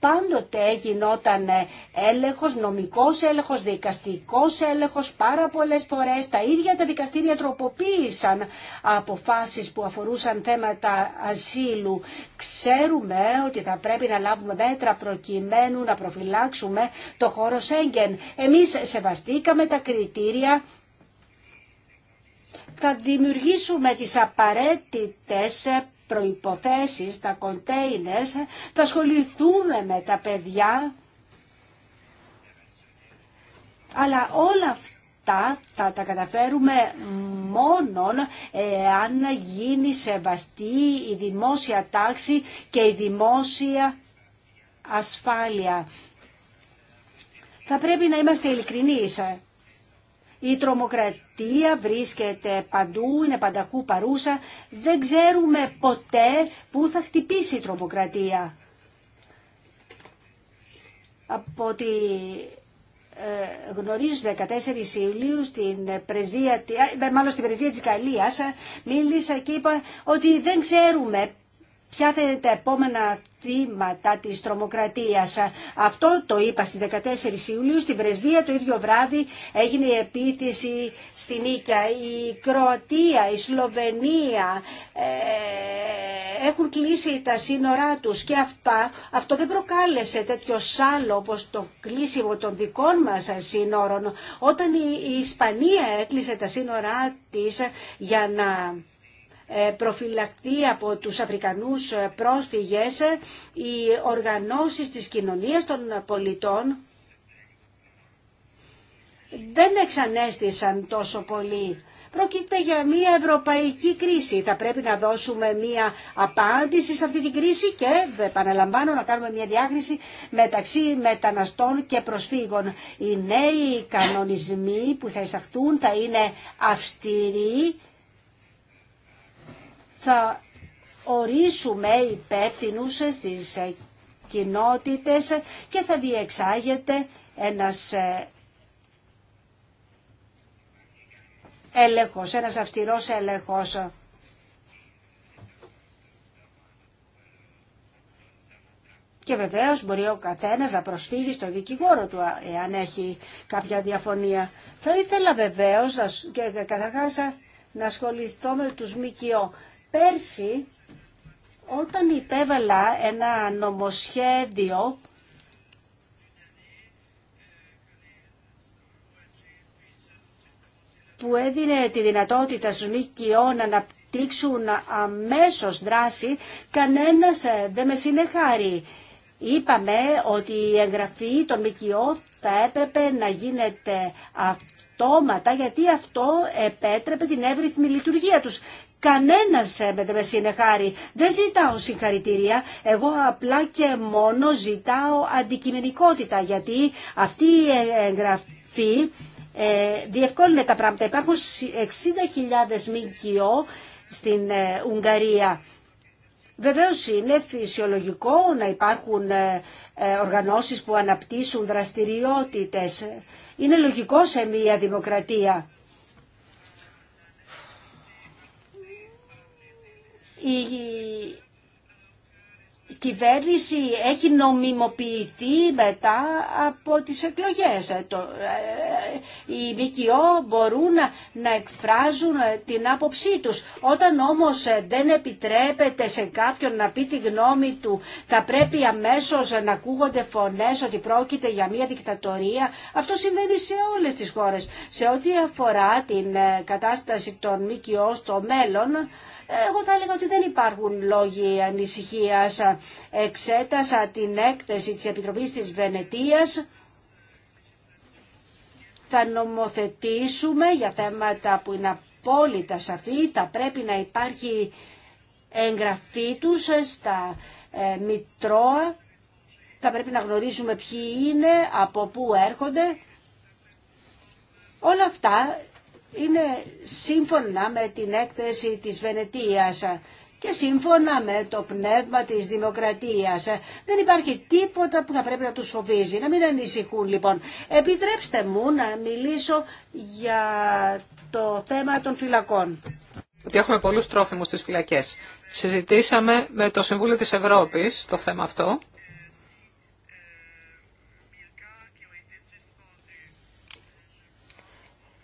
πάντοτε γινόταν έλεγχος, νομικός έλεγχος, δικαστικός έλεγχος, πάρα πολλές φορές τα ίδια τα δικαστήρια τροποποίησαν αποφάσεις που αφορούσαν θέματα ασύλου. Ξέρουμε ότι θα πρέπει να λάβουμε μέτρα προκειμένου να προφυλάξουμε το χώρο Σέγγεν. Εμείς σεβαστήκαμε τα κριτήρια θα δημιουργήσουμε τις απαραίτητες προϋποθέσεις, τα κοντέινες. θα ασχοληθούμε με τα παιδιά, αλλά όλα αυτά θα τα καταφέρουμε μόνον εάν γίνει σεβαστή η δημόσια τάξη και η δημόσια ασφάλεια. Θα πρέπει να είμαστε ειλικρινείς. Η τρομοκρατία τια βρίσκεται παντού, είναι πανταχού παρούσα. Δεν ξέρουμε ποτέ πού θα χτυπήσει η τρομοκρατία. Από ότι ε, γνωρίζω 14 Ιουλίου στην πρεσβεία, μάλλον στην πρεσβεία της Γαλλίας, μίλησα και είπα ότι δεν ξέρουμε ποια θα είναι τα επόμενα θύματα της τρομοκρατίας. Αυτό το είπα στις 14 Ιουλίου, στην Πρεσβεία το ίδιο βράδυ έγινε η επίθεση στη Νίκια. Η Κροατία, η Σλοβενία ε, έχουν κλείσει τα σύνορά τους και αυτά, αυτό δεν προκάλεσε τέτοιο σάλο όπως το κλείσιμο των δικών μας σύνορων. Όταν η Ισπανία έκλεισε τα σύνορά της για να ε, προφυλακτεί από τους Αφρικανούς ε, πρόσφυγες ε, οι οργανώσεις της κοινωνίας των πολιτών δεν εξανέστησαν τόσο πολύ. Πρόκειται για μια ευρωπαϊκή κρίση. Θα πρέπει να δώσουμε μια απάντηση σε αυτή την κρίση και, επαναλαμβάνω, να κάνουμε μια διάκριση μεταξύ μεταναστών και προσφύγων. Οι νέοι κανονισμοί που θα εισαχθούν θα είναι αυστηροί θα ορίσουμε υπεύθυνου στις κοινότητες και θα διεξάγεται ένας ε, έλεγχος, ένας αυστηρός έλεγχος. Και βεβαίως μπορεί ο καθένας να προσφύγει στο δικηγόρο του, εάν έχει κάποια διαφωνία. Θα ήθελα βεβαίως, και καταρχάς, να ασχοληθώ με τους ΜΚΟ. Πέρσι, όταν υπέβαλα ένα νομοσχέδιο που έδινε τη δυνατότητα στους ΜΚΟ να αναπτύξουν αμέσως δράση, κανένας ε, δεν με συνεχάρει. Είπαμε ότι η εγγραφή των ΜΚΟ θα έπρεπε να γίνεται αυτόματα, γιατί αυτό επέτρεπε την εύρυθμη λειτουργία τους. Κανένας ε, δεν με συνεχάρει. Δεν ζητάω συγχαρητήρια. Εγώ απλά και μόνο ζητάω αντικειμενικότητα γιατί αυτή η ε, εγγραφή ε, διευκόλυνε τα πράγματα. Υπάρχουν 60.000 ΜΚΟ στην Ουγγαρία. Βεβαίως είναι φυσιολογικό να υπάρχουν οργανώσεις που αναπτύσσουν δραστηριότητες. Είναι λογικό σε μια δημοκρατία. η κυβέρνηση έχει νομιμοποιηθεί μετά από τις εκλογές. Ε, ε, οι ΜΚΟ μπορούν να εκφράζουν ε, την άποψή τους. Όταν όμως δεν επιτρέπεται σε κάποιον να πει τη γνώμη του, θα πρέπει αμέσως να ακούγονται φωνές ότι πρόκειται για μια δικτατορία. Αυτό συμβαίνει σε όλες τις χώρες. Σε ό,τι αφορά την κατάσταση των ΜΚΟ στο μέλλον, εγώ θα έλεγα ότι δεν υπάρχουν λόγοι ανησυχίας. Εξέτασα την έκθεση της Επιτροπής της Βενετίας θα νομοθετήσουμε για θέματα που είναι απόλυτα σαφή, θα πρέπει να υπάρχει εγγραφή τους στα ε, μητρώα, θα πρέπει να γνωρίζουμε ποιοι είναι, από πού έρχονται. Όλα αυτά είναι σύμφωνα με την έκθεση της Βενετίας και σύμφωνα με το πνεύμα της δημοκρατίας. Δεν υπάρχει τίποτα που θα πρέπει να τους φοβίζει, να μην ανησυχούν λοιπόν. Επιτρέψτε μου να μιλήσω για το θέμα των φυλακών.
Ότι έχουμε πολλούς τρόφιμους στις φυλακές. Συζητήσαμε με το Συμβούλιο της Ευρώπης το θέμα αυτό.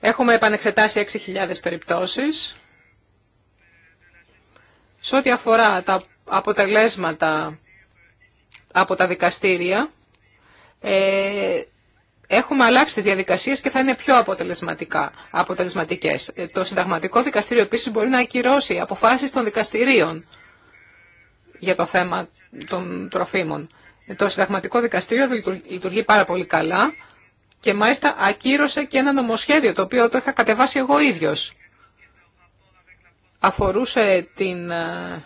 Έχουμε επανεξετάσει 6.000 περιπτώσεις. Σε ό,τι αφορά τα αποτελέσματα από τα δικαστήρια, ε, έχουμε αλλάξει τις διαδικασίες και θα είναι πιο αποτελεσματικά, αποτελεσματικές. Ε, το Συνταγματικό Δικαστήριο επίσης μπορεί να ακυρώσει αποφάσεις των δικαστηρίων για το θέμα των τροφίμων. Ε, το Συνταγματικό Δικαστήριο λειτουργεί πάρα πολύ καλά και μάλιστα ακύρωσε και ένα νομοσχέδιο το οποίο το είχα κατεβάσει εγώ ίδιος. Αφορούσε την ε,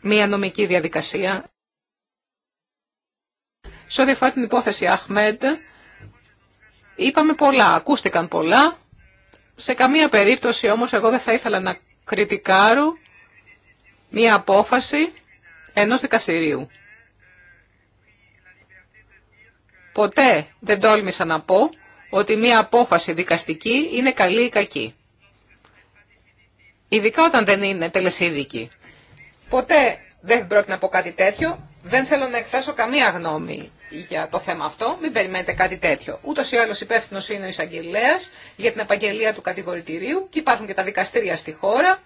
μία νομική διαδικασία. Σε ό,τι αφορά την υπόθεση Αχμέντ, είπαμε πολλά, ακούστηκαν πολλά. Σε καμία περίπτωση όμως εγώ δεν θα ήθελα να κριτικάρω μία απόφαση ενός δικαστηρίου. Ποτέ δεν τόλμησα να πω ότι μία απόφαση δικαστική είναι καλή ή κακή. Ειδικά όταν δεν είναι τελεσίδικη. Ποτέ δεν πρόκειται να πω κάτι τέτοιο. Δεν θέλω να εκφράσω καμία γνώμη για το θέμα αυτό. Μην περιμένετε κάτι τέτοιο. Ούτω ή άλλω υπεύθυνο είναι ο εισαγγελέα για την επαγγελία του κατηγορητηρίου και υπάρχουν και τα δικαστήρια στη χώρα.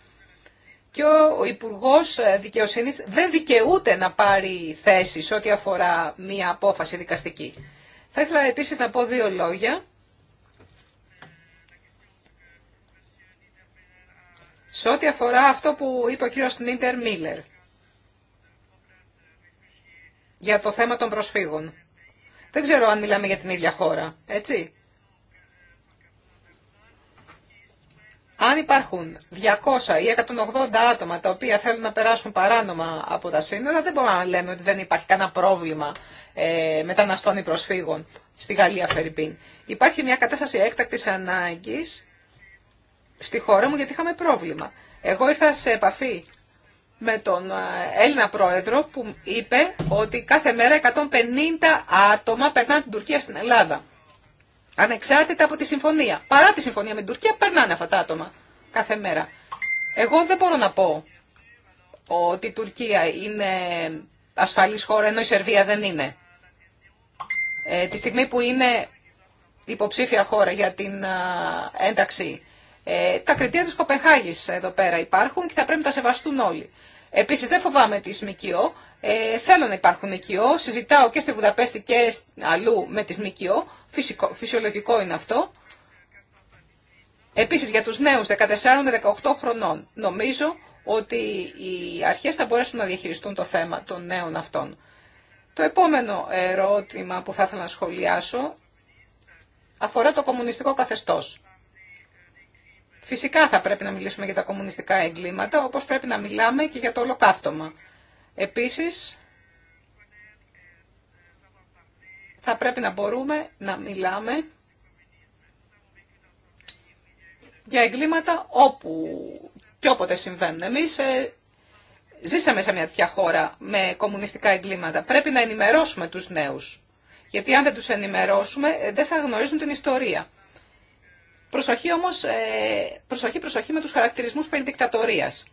Και ο Υπουργό ε, Δικαιοσύνη δεν δικαιούται να πάρει θέση σε ό,τι αφορά μία απόφαση δικαστική. Θα ήθελα επίσης να πω δύο λόγια. Σε ό,τι αφορά αυτό που είπε ο κύριος Νίντερ Μίλλερ για το θέμα των προσφύγων. Δεν ξέρω αν μιλάμε για την ίδια χώρα, έτσι. Αν υπάρχουν 200 ή 180 άτομα τα οποία θέλουν να περάσουν παράνομα από τα σύνορα, δεν μπορούμε να λέμε ότι δεν υπάρχει κανένα πρόβλημα ε, μεταναστών ή προσφύγων στη Γαλλία Φερρυπίν. Υπάρχει μια κατάσταση έκτακτης ανάγκης στη χώρα μου γιατί είχαμε πρόβλημα. Εγώ ήρθα σε επαφή με τον ε, Έλληνα πρόεδρο που είπε ότι κάθε μέρα 150 άτομα περνάνε την Τουρκία στην Ελλάδα. Ανεξάρτητα από τη συμφωνία. Παρά τη συμφωνία με την Τουρκία περνάνε αυτά τα άτομα κάθε μέρα. Εγώ δεν μπορώ να πω ότι η Τουρκία είναι ασφαλής χώρα ενώ η Σερβία δεν είναι. Ε, τη στιγμή που είναι υποψήφια χώρα για την ένταξη, ε, τα κριτήρια της Κοπενχάγης εδώ πέρα υπάρχουν και θα πρέπει να τα σεβαστούν όλοι. Επίσης δεν φοβάμαι τις ΜΚΟ, ε, θέλω να υπάρχουν ΜΚΟ, συζητάω και στη Βουδαπέστη και αλλού με τις ΜΚΟ, φυσιολογικό είναι αυτό. Επίσης για τους νέους 14 με 18 χρονών νομίζω ότι οι αρχές θα μπορέσουν να διαχειριστούν το θέμα των νέων αυτών. Το επόμενο ερώτημα που θα ήθελα να σχολιάσω αφορά το κομμουνιστικό καθεστώς. Φυσικά θα πρέπει να μιλήσουμε για τα κομμουνιστικά εγκλήματα, όπως πρέπει να μιλάμε και για το ολοκαύτωμα. Επίσης, θα πρέπει να μπορούμε να μιλάμε για εγκλήματα όπου και όποτε συμβαίνουν. Εμείς ε, ζήσαμε σε μια τέτοια χώρα με κομμουνιστικά εγκλήματα. Πρέπει να ενημερώσουμε τους νέους. Γιατί αν δεν τους ενημερώσουμε ε, δεν θα γνωρίζουν την ιστορία. Προσοχή όμως, ε, προσοχή, προσοχή με τους χαρακτηρισμούς περί δικτατορίας.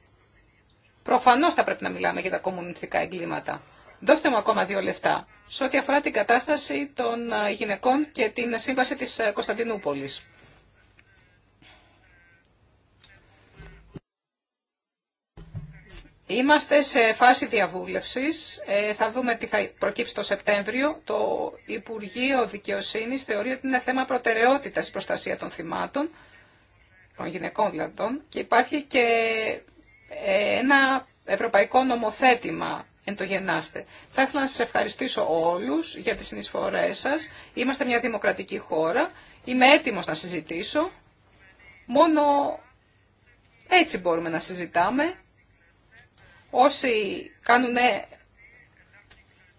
Προφανώς θα πρέπει να μιλάμε για τα κομμουνιστικά εγκλήματα. Δώστε μου ακόμα δύο λεφτά σε ό,τι αφορά την κατάσταση των ε, γυναικών και την σύμβαση της ε, Κωνσταντινούπολης. Είμαστε σε φάση διαβούλευσης. Ε, θα δούμε τι θα προκύψει το Σεπτέμβριο. Το Υπουργείο Δικαιοσύνης θεωρεί ότι είναι θέμα προτεραιότητας η προστασία των θυμάτων, των γυναικών δηλαδή, και υπάρχει και ένα ευρωπαϊκό νομοθέτημα εν το γεννάστε. Θα ήθελα να σας ευχαριστήσω όλους για τις συνεισφορές σας. Είμαστε μια δημοκρατική χώρα. Είμαι έτοιμος να συζητήσω. Μόνο έτσι μπορούμε να συζητάμε. Όσοι κάνουνε...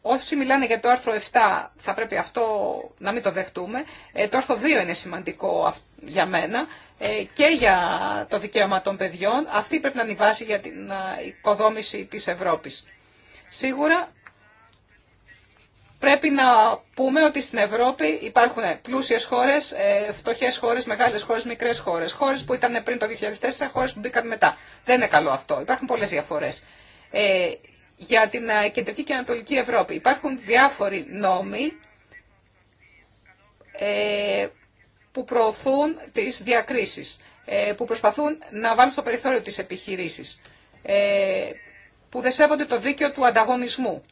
Όσοι μιλάνε για το άρθρο 7 θα πρέπει αυτό να μην το δεχτούμε. Ε, το άρθρο 2 είναι σημαντικό για μένα ε, και για το δικαίωμα των παιδιών. Αυτή πρέπει να είναι η βάση για την ε, οικοδόμηση της Ευρώπης. Σίγουρα πρέπει να πούμε ότι στην Ευρώπη υπάρχουν πλούσιες χώρες, ε, φτωχές χώρες, μεγάλες χώρες, μικρές χώρες. Χώρες που ήταν πριν το 2004, χώρες που μπήκαν μετά. Δεν είναι καλό αυτό. Υπάρχουν πολλές διαφορές. Ε, για την ε, Κεντρική και Ανατολική Ευρώπη υπάρχουν διάφοροι νόμοι ε, που προωθούν τις διακρίσεις, ε, που προσπαθούν να βάλουν στο περιθώριο τις επιχειρήσεις. Ε, που δεν σέβονται το δίκαιο του ανταγωνισμού.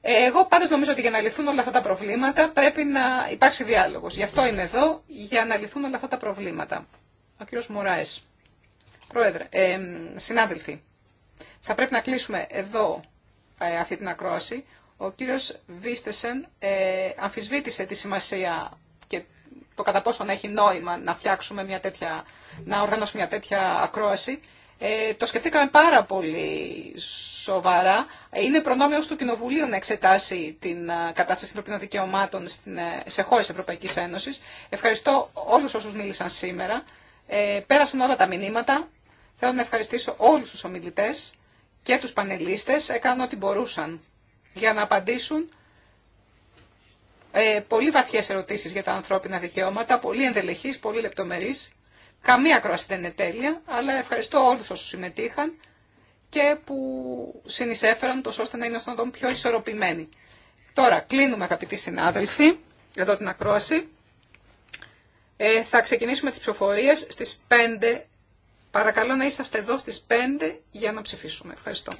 Ε, εγώ πάντως νομίζω ότι για να λυθούν όλα αυτά τα προβλήματα πρέπει να υπάρξει διάλογος. Γι' αυτό είμαι εδώ, για να λυθούν όλα αυτά τα προβλήματα. Ο κύριος Μωράες. Πρόεδρε, ε, συνάδελφοι, θα πρέπει να κλείσουμε εδώ ε, αυτή την ακρόαση. Ο κύριος Βίστεσεν ε, αμφισβήτησε τη σημασία το κατά πόσο να έχει νόημα να φτιάξουμε μια τέτοια, να οργανώσουμε μια τέτοια ακρόαση. Ε, το σκεφτήκαμε πάρα πολύ σοβαρά. Είναι προνόμιο του Κοινοβουλίου να εξετάσει την ε, κατάσταση των δικαιωμάτων στην, ε, σε χώρε Ευρωπαϊκή Ένωση. Ευχαριστώ όλου όσου μίλησαν σήμερα. Ε, πέρασαν όλα τα μηνύματα. Θέλω να ευχαριστήσω όλου του ομιλητέ και του πανελίστε. Έκαναν ό,τι μπορούσαν για να απαντήσουν ε, πολύ βαθίε ερωτήσει για τα ανθρώπινα δικαιώματα, πολύ ενδελεχείς, πολύ λεπτομερεί. Καμία ακρόαση δεν είναι τέλεια, αλλά ευχαριστώ όλου όσου συμμετείχαν και που συνεισέφεραν τόσο ώστε να είναι στον δόν πιο ισορροπημένοι. Τώρα κλείνουμε αγαπητοί συνάδελφοι, εδώ την ακρόαση. Ε, θα ξεκινήσουμε τις ψηφοφορίες στις 5. Παρακαλώ να είσαστε εδώ στις 5 για να ψηφίσουμε. Ευχαριστώ.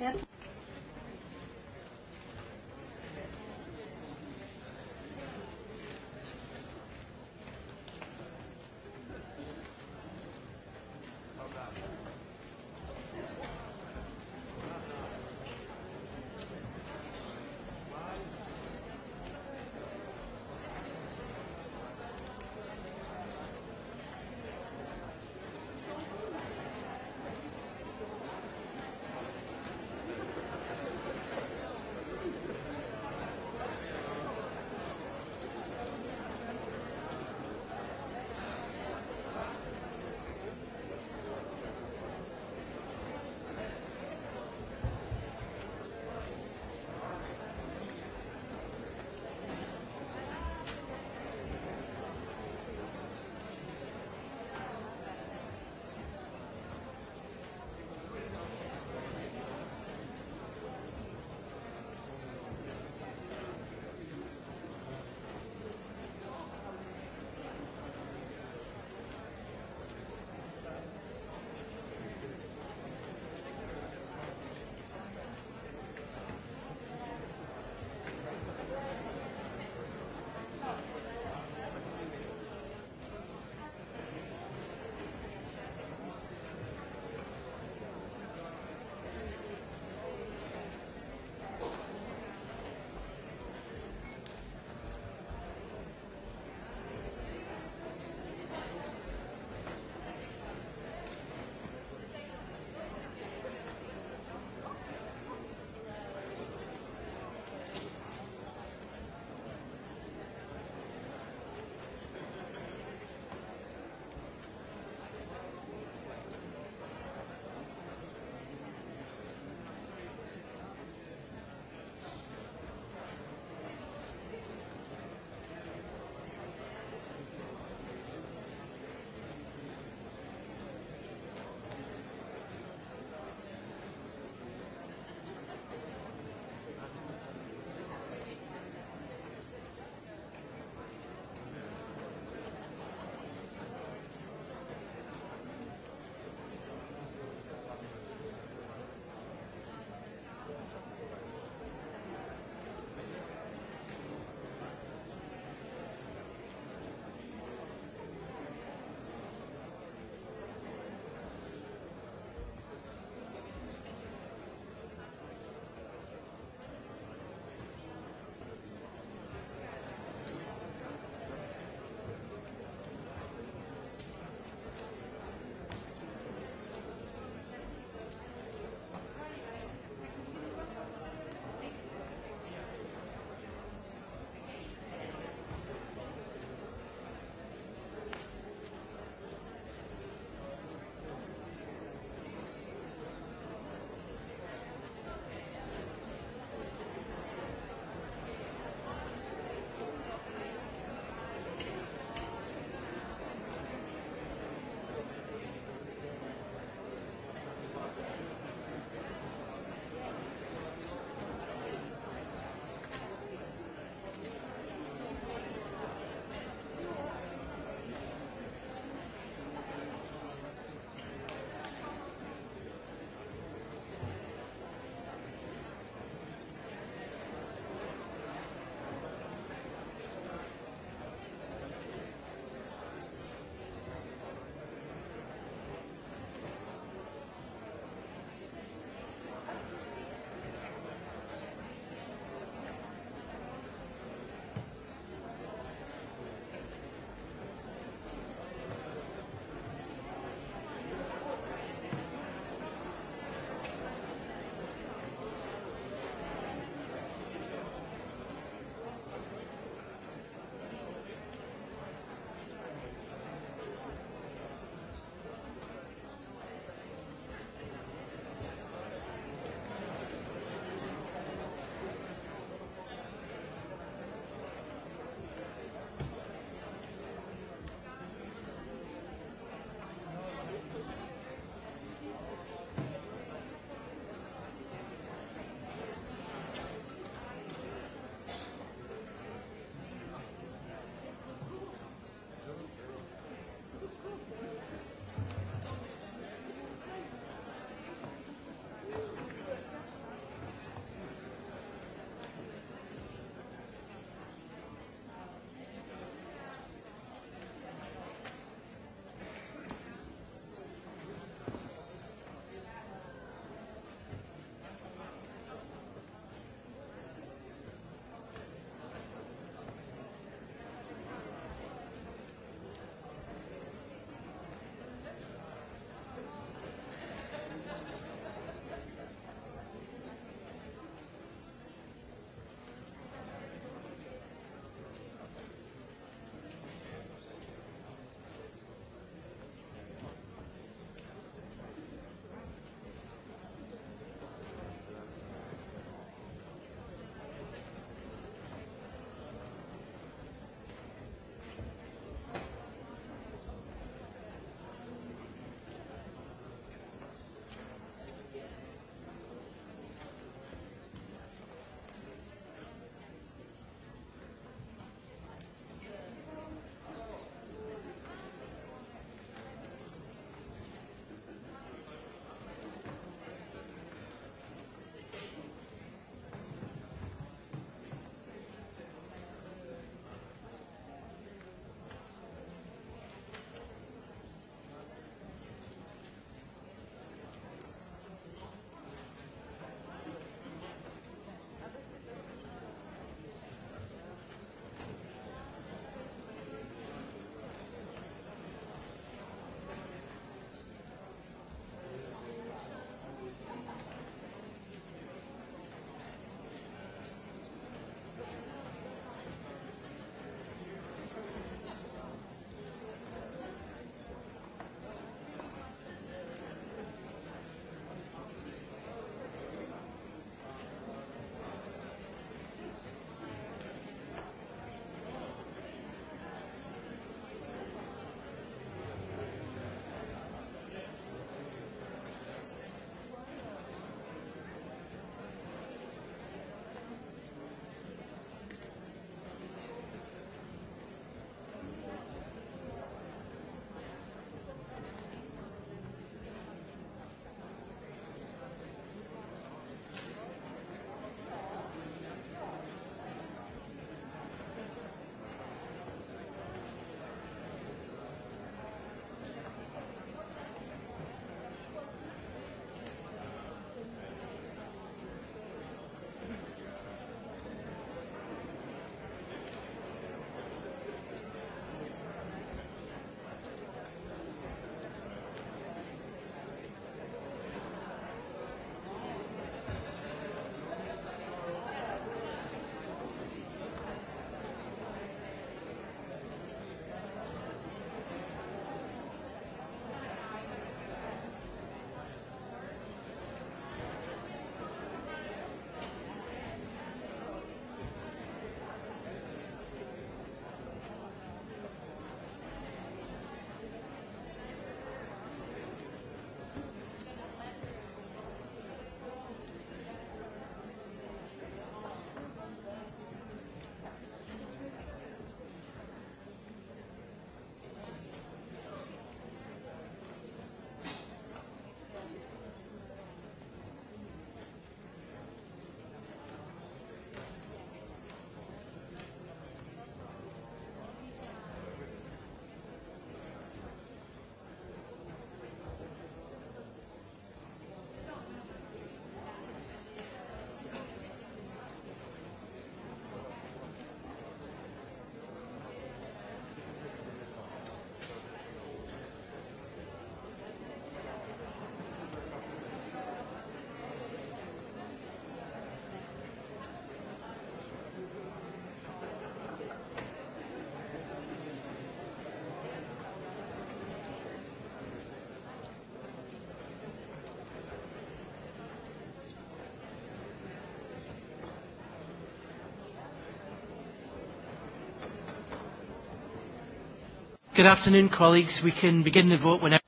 Good afternoon, colleagues. We can begin the vote
whenever...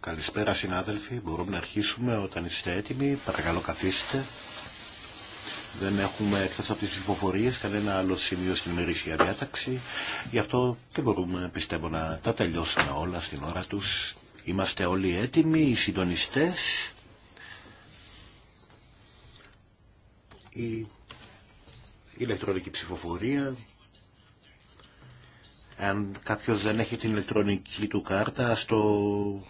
Καλησπέρα συνάδελφοι, μπορούμε να αρχίσουμε όταν είστε έτοιμοι, παρακαλώ καθίστε. Δεν έχουμε εκτός από τις ψηφοφορίες κανένα άλλο σημείο στην ημερήσια διάταξη, γι' αυτό και μπορούμε πιστεύω να τα τελειώσουμε όλα στην ώρα τους. Είμαστε όλοι έτοιμοι, οι συντονιστές, η ηλεκτρονική ψηφοφορία, αν κάποιο δεν έχει την ηλεκτρονική του κάρτα,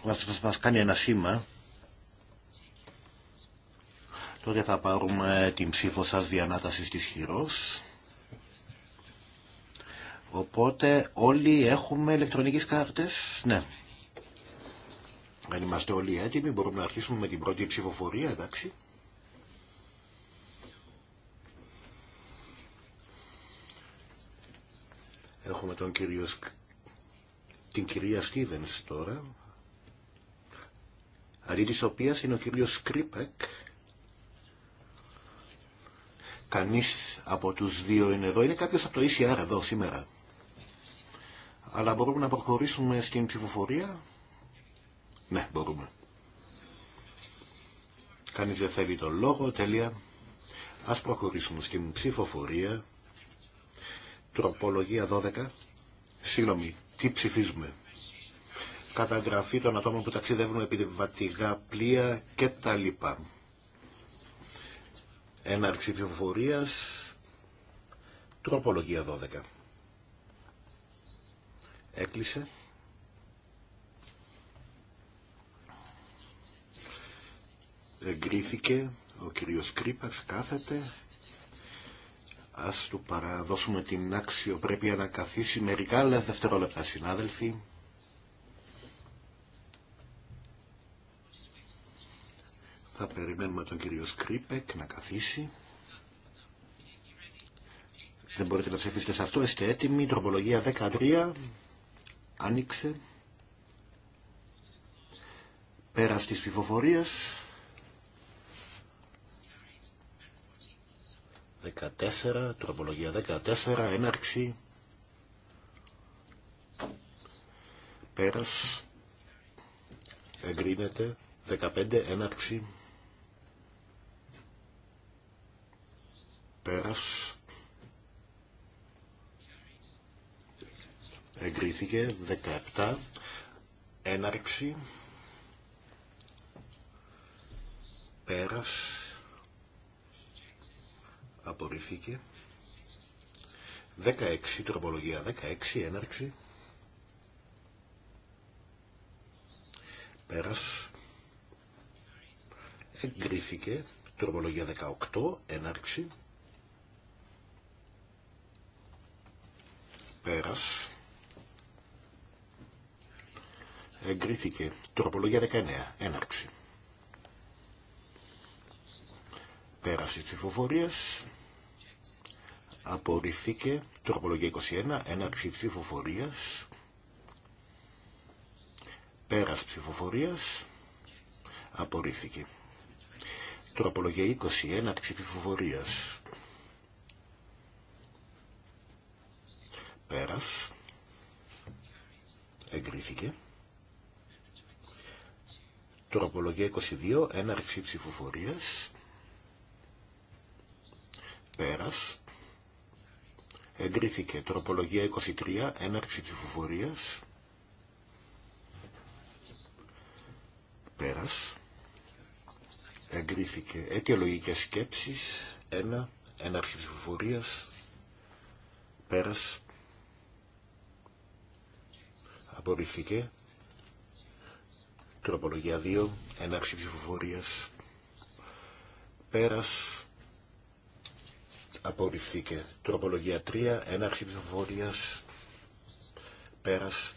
ας μας κάνει ένα σήμα. Τότε θα πάρουμε την ψήφο σας διανάτασης της χειρός. Οπότε όλοι έχουμε ηλεκτρονικές κάρτες. Ναι. Αν είμαστε όλοι έτοιμοι μπορούμε να αρχίσουμε με την πρώτη ψηφοφορία, εντάξει. Έχουμε τον κύριο, την κυρία Στίβενς τώρα, αντί της οποίας είναι ο κύριος Σκρίπεκ. Κανείς από τους δύο είναι εδώ. Είναι κάποιος από το ECR εδώ σήμερα. Αλλά μπορούμε να προχωρήσουμε στην ψηφοφορία. Ναι, μπορούμε. Κανείς δεν θέλει τον λόγο, τέλεια. Ας προχωρήσουμε στην ψηφοφορία. Τροπολογία 12. Συγγνώμη, τι ψηφίζουμε. Καταγραφή των ατόμων που ταξιδεύουν επί βατηγά πλοία λοιπά. Έναρξη ψηφοφορία. Τροπολογία 12. Έκλεισε. Εγκρίθηκε. Ο κύριος Κρύπας κάθεται. Ας του παραδώσουμε την άξιο. Πρέπει να καθίσει μερικά λεπτά δευτερόλεπτα, συνάδελφοι. Θα περιμένουμε τον κύριο Σκρίπεκ να καθίσει. Δεν μπορείτε να ψηφίσετε σε αυτό, είστε έτοιμοι. Τροπολογία 13. Άνοιξε. Πέρα στις ψηφοφορίες. 14, τροπολογία 14, έναρξη, πέρας, εγκρίνεται, 15, έναρξη, πέρας, εγκρίθηκε, 17, έναρξη, πέρας, απορρίφθηκε. 16, τροπολογία 16, έναρξη. Πέρας. Εγκρίθηκε. Τροπολογία 18, έναρξη. Πέρας. Εγκρίθηκε. Τροπολογία 19, έναρξη. Πέραση ψηφοφορίας απορρίφθηκε τροπολογία 21, έναρξη ψηφοφορίας, πέρας ψηφοφορίας, απορρίφθηκε. Τροπολογία 21 έναρξη ψηφοφορίας, πέρας, εγκρίθηκε. Τροπολογία 22, έναρξη ψηφοφορίας, πέρας, Εγκρίθηκε τροπολογία 23, έναρξη ψηφοφορίας. Πέρας. Εγκρίθηκε αιτιολογικές σκέψεις, ένα, έναρξη ψηφοφορίας. Πέρας. Απορρίφθηκε. Τροπολογία 2, έναρξη ψηφοφορίας. Πέρας απορριφθήκε. Τροπολογία 3, έναρξη ψηφοφορίας, πέρας,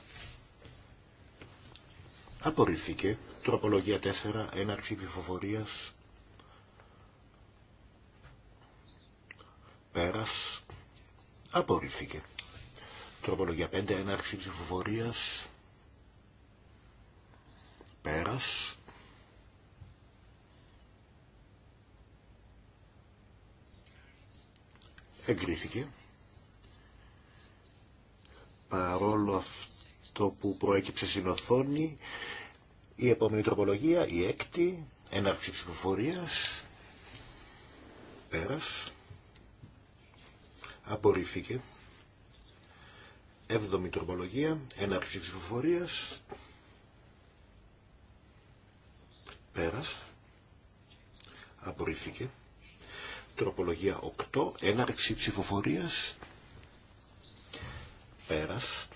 απορριφθήκε. Τροπολογία 4, έναρξη ψηφοφορίας, πέρας, απορριφθήκε. Τροπολογία 5, έναρξη ψηφοφορίας, πέρας, εγκρίθηκε. Παρόλο αυτό που προέκυψε στην οθόνη, η επόμενη τροπολογία, η έκτη, έναρξη ψηφοφορίας, πέρας, απορρίφθηκε. Έβδομη τροπολογία, έναρξη ψηφοφορίας, πέρας, απορρίφθηκε. Τροπολογία 8. Έναρξη ψηφοφορίας. Πέρας.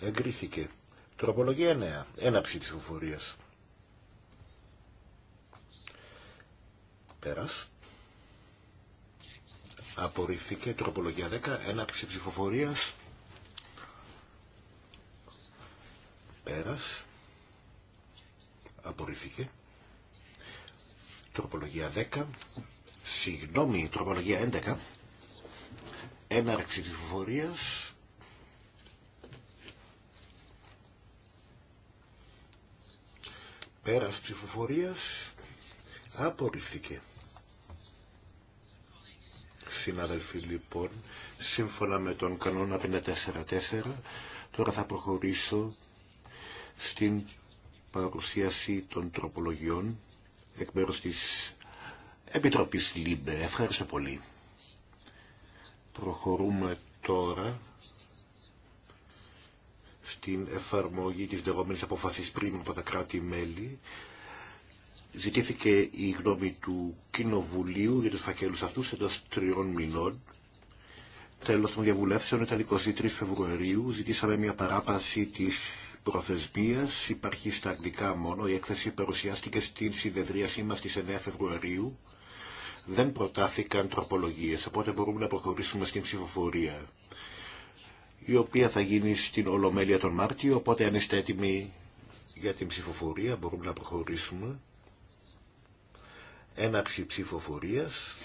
Εγκρίθηκε. Τροπολογία 9. Έναρξη ψηφοφορίας. Πέρας. Απορρίφθηκε. Τροπολογία 10. Έναρξη ψηφοφορίας. Πέρας. Απορρίφθηκε. Τροπολογία 10. Συγγνώμη, τροπολογία 11. Έναρξη ψηφοφορίας. Πέρας ψηφοφορίας απορριφθήκε. Συνάδελφοι λοιπόν, σύμφωνα με τον κανόνα 544, τώρα θα προχωρήσω στην παρουσίαση των τροπολογιών εκ μέρους της Επιτροπής ΛΥΜΠΕ. Ευχαριστώ πολύ. Προχωρούμε τώρα στην εφαρμογή της δεγόμενης αποφασής πριν από τα κράτη-μέλη. Ζητήθηκε η γνώμη του Κοινοβουλίου για τους φακέλους αυτούς εντός τριών μηνών. Τέλος των διαβουλεύσεων ήταν 23 Φεβρουαρίου. Ζητήσαμε μια παράπαση της προθεσμίας υπάρχει στα αγγλικά μόνο. Η έκθεση παρουσιάστηκε στην συνεδρίασή μας της 9 Φεβρουαρίου. Δεν προτάθηκαν τροπολογίες, οπότε μπορούμε να προχωρήσουμε στην ψηφοφορία, η οποία θα γίνει στην Ολομέλεια τον Μάρτιο, οπότε αν είστε έτοιμοι για την ψηφοφορία μπορούμε να προχωρήσουμε. Έναρξη ψηφοφορίας.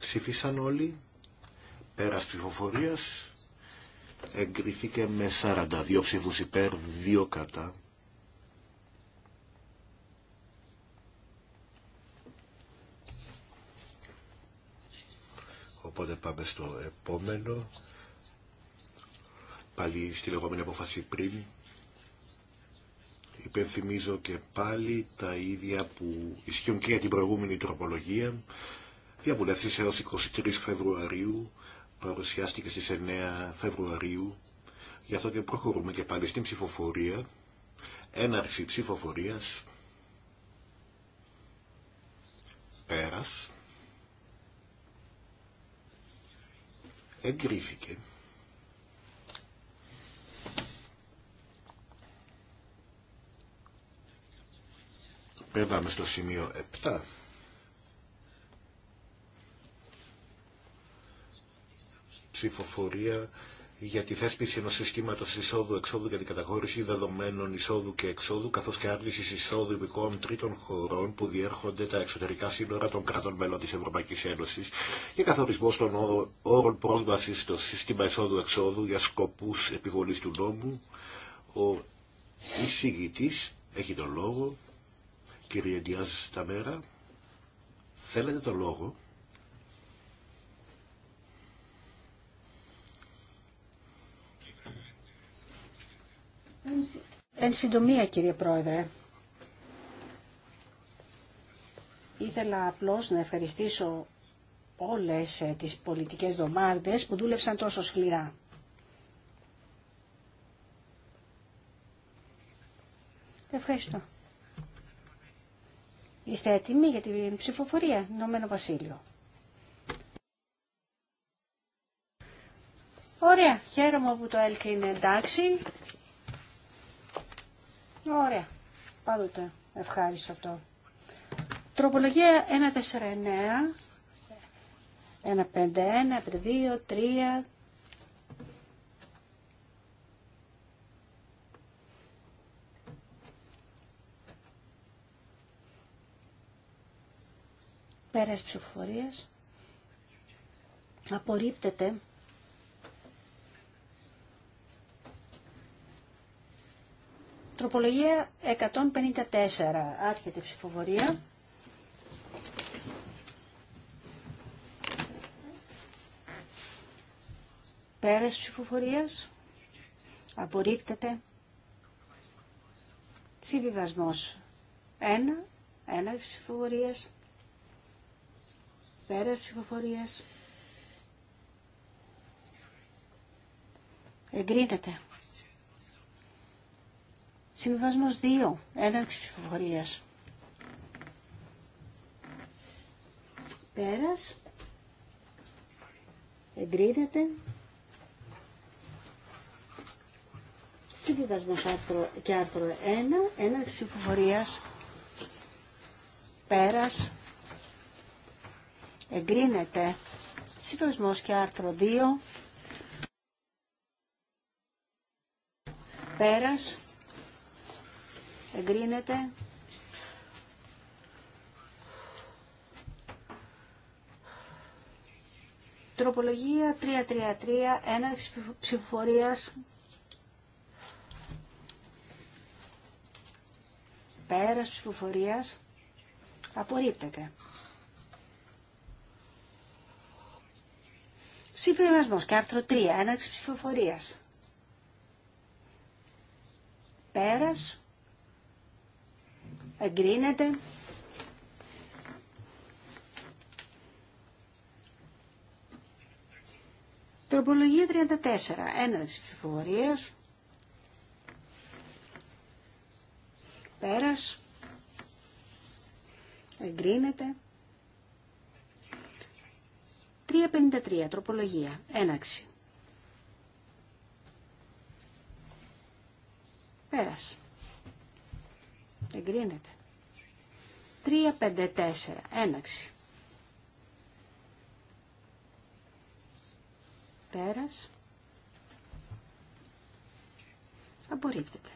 Ψήφισαν όλοι. Πέρας ψηφοφορίας εγκρίθηκε με 42 ψήφους υπέρ, 2 κατά. Οπότε πάμε στο επόμενο. Πάλι στη λεγόμενη απόφαση πριν. Υπενθυμίζω και πάλι τα ίδια που ισχύουν και για την προηγούμενη τροπολογία. Διαβουλεύσεις έως 23 Φεβρουαρίου παρουσιάστηκε στις 9 Φεβρουαρίου, γι' αυτό και προχωρούμε και πάλι στην ψηφοφορία, έναρξη ψηφοφορίας, πέρας, εγκρίθηκε. Περνάμε στο σημείο 7. ψηφοφορία για τη θέσπιση ενός συστήματος εισόδου-εξόδου για την καταχώρηση δεδομένων εισόδου και εξόδου, καθώς και άρνηση εισόδου ειδικών τρίτων χωρών που διέρχονται τα εξωτερικά σύνορα των κρατών μελών της Ευρωπαϊκής Ένωσης και καθορισμός των όρων πρόσβασης στο σύστημα εισόδου-εξόδου για σκοπούς επιβολής του νόμου. Ο εισηγητής έχει τον λόγο. Κύριε Ντιάζ Ταμέρα, θέλετε τον λόγο.
Εν συντομία, κύριε Πρόεδρε, ήθελα απλώς να ευχαριστήσω όλες ε, τις πολιτικές δομάρτες που δούλεψαν τόσο σκληρά. Ευχαριστώ. Είστε έτοιμοι για την ψηφοφορία, Ηνωμένο Βασίλειο. Ωραία, χαίρομαι που το ΕΛΚ είναι εντάξει Ωραία. Πάντοτε ευχάριστο αυτό. Τροπολογία 149, 151, 152, 3. Πέρας ψηφοφορίας απορρίπτεται Τροπολογία 154. Άρχεται ψηφοφορία. Πέρας ψηφοφορίας. Απορρίπτεται. Συμβιβασμός. 1. Έναρξη ψηφοφορίας. Πέρας ψηφοφορίας. Εγκρίνεται. Συμβιβασμός 2. Έναρξη ψηφοφορίας. Πέρας. Εγκρίνεται. Συμβιβασμός και άρθρο 1. Έναρξη ψηφοφορίας. Πέρας. Εγκρίνεται. Συμβιβασμός και άρθρο 2. Πέρας εγκρίνεται. Τροπολογία 333, έναρξη ψηφοφορίας, πέρας ψηφοφορίας, απορρίπτεται. Συμπεριβασμός και άρθρο 3, έναρξη ψηφοφορίας. Πέρας, εγκρίνεται. Τροπολογία 34. Έναρξη ψηφοφορία. Πέρας. Εγκρίνεται. 353. Τροπολογία. Έναρξη. Πέρας. Εγκρίνεται. 3-5-4. Έναξη. τρία πέντε τέσσερα εναξη περας απορριπτεται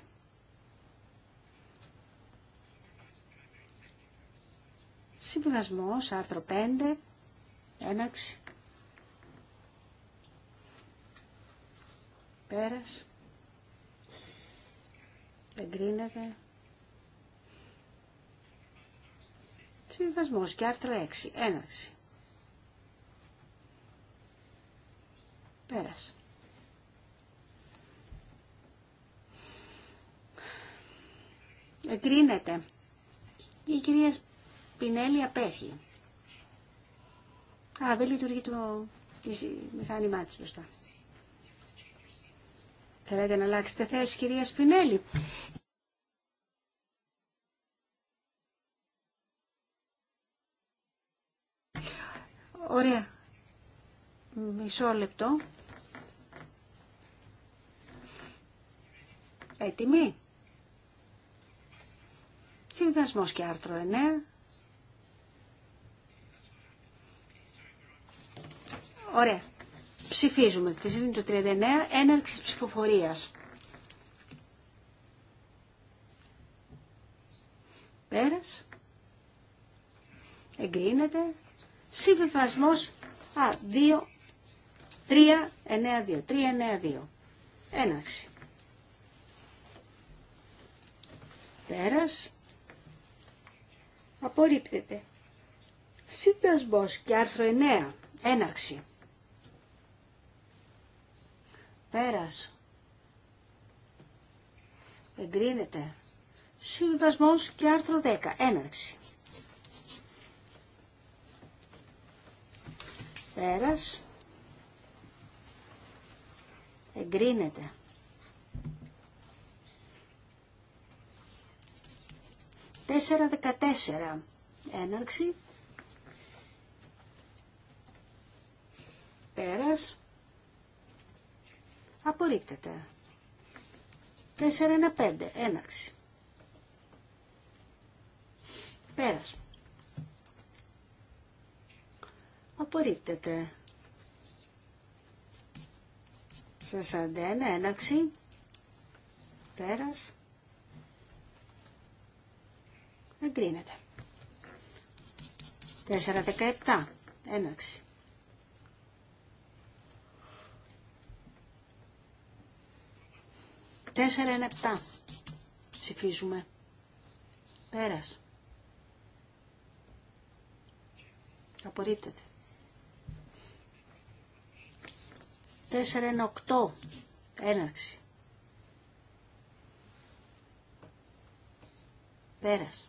Πέρας. Εγκρίνεται. Συμβασμός και άρθρο 6. Έναρξη. Πέρασε. Εγκρίνεται. Η κυρία Σπινέλη απέχει. Α, δεν λειτουργεί το μηχάνημά της μπροστά. Θέλετε να αλλάξετε θέση, κυρία Σπινέλη. Μισό λεπτό. Έτοιμοι. Συμβασμός και άρθρο 9. Ωραία. Ψηφίζουμε. Ψηφίζουμε το 39. Έναρξη ψηφοφορίας. Πέρας. Εγκρίνεται. Συμβιβασμός. Α, δύο 3, 9, 9, 2. Έναρξη. Πέρας. Απορρίπτεται. Σύπιος και άρθρο 9. Έναρξη. Πέρας. Εγκρίνεται. Συμβασμός και άρθρο 10. Έναρξη. Πέρας. Εγκρίνεται. Τέσσερα δεκατέσσερα. Έναρξη. Πέρας. Απορρίπτεται. Τέσσερα ένα πέντε. Έναρξη. Πέρας. Απορρίπτεται. 41, έναξι, πέρας, εγκρίνεται. 417, έναξι. Τέσσερα είναι επτά. Ψηφίζουμε. Πέρας. Απορρίπτεται. Έναρξη. Έναρξη. Πέρας.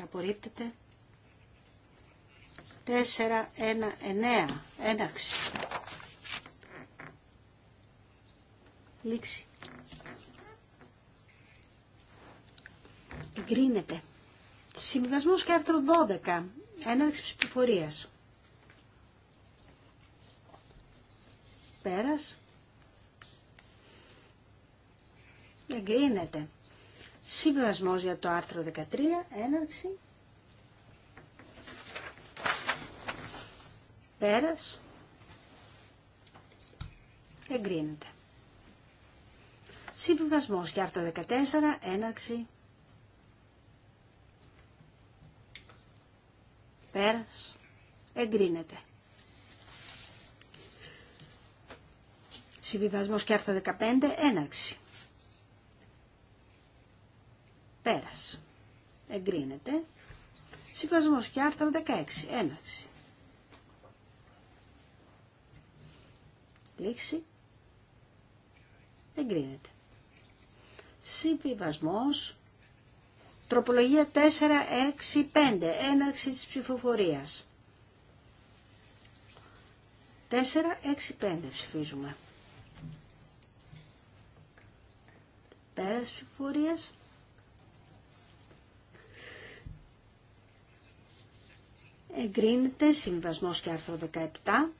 Απορρίπτεται. Έναρξη. Έναρξη. Λήξη. Εγκρίνεται. Συμβιβασμός και άρθρο 12. Έναρξη ψηφοφορίας. Πέρας. Εγκρίνεται. Σύμβασμός για το άρθρο 13. Έναρξη. Πέρας. Εγκρίνεται. Σύμβασμός για άρθρο 14. Έναρξη. Πέρας. Εγκρίνεται. Συμβιβασμός και άρθρο 15, έναρξη. Πέρας. Εγκρίνεται. Συμβιβασμός και άρθρο 16, έναρξη. Λήξη. Εγκρίνεται. Συμβιβασμός. Τροπολογία 4 Τροπολογία 4-6-5. έναρξη της ψηφοφορίας. 4-6-5 ψηφίζουμε. Πέρας φιγουρίες. Εγκρίνεται συμβασμός και άρθρο 17.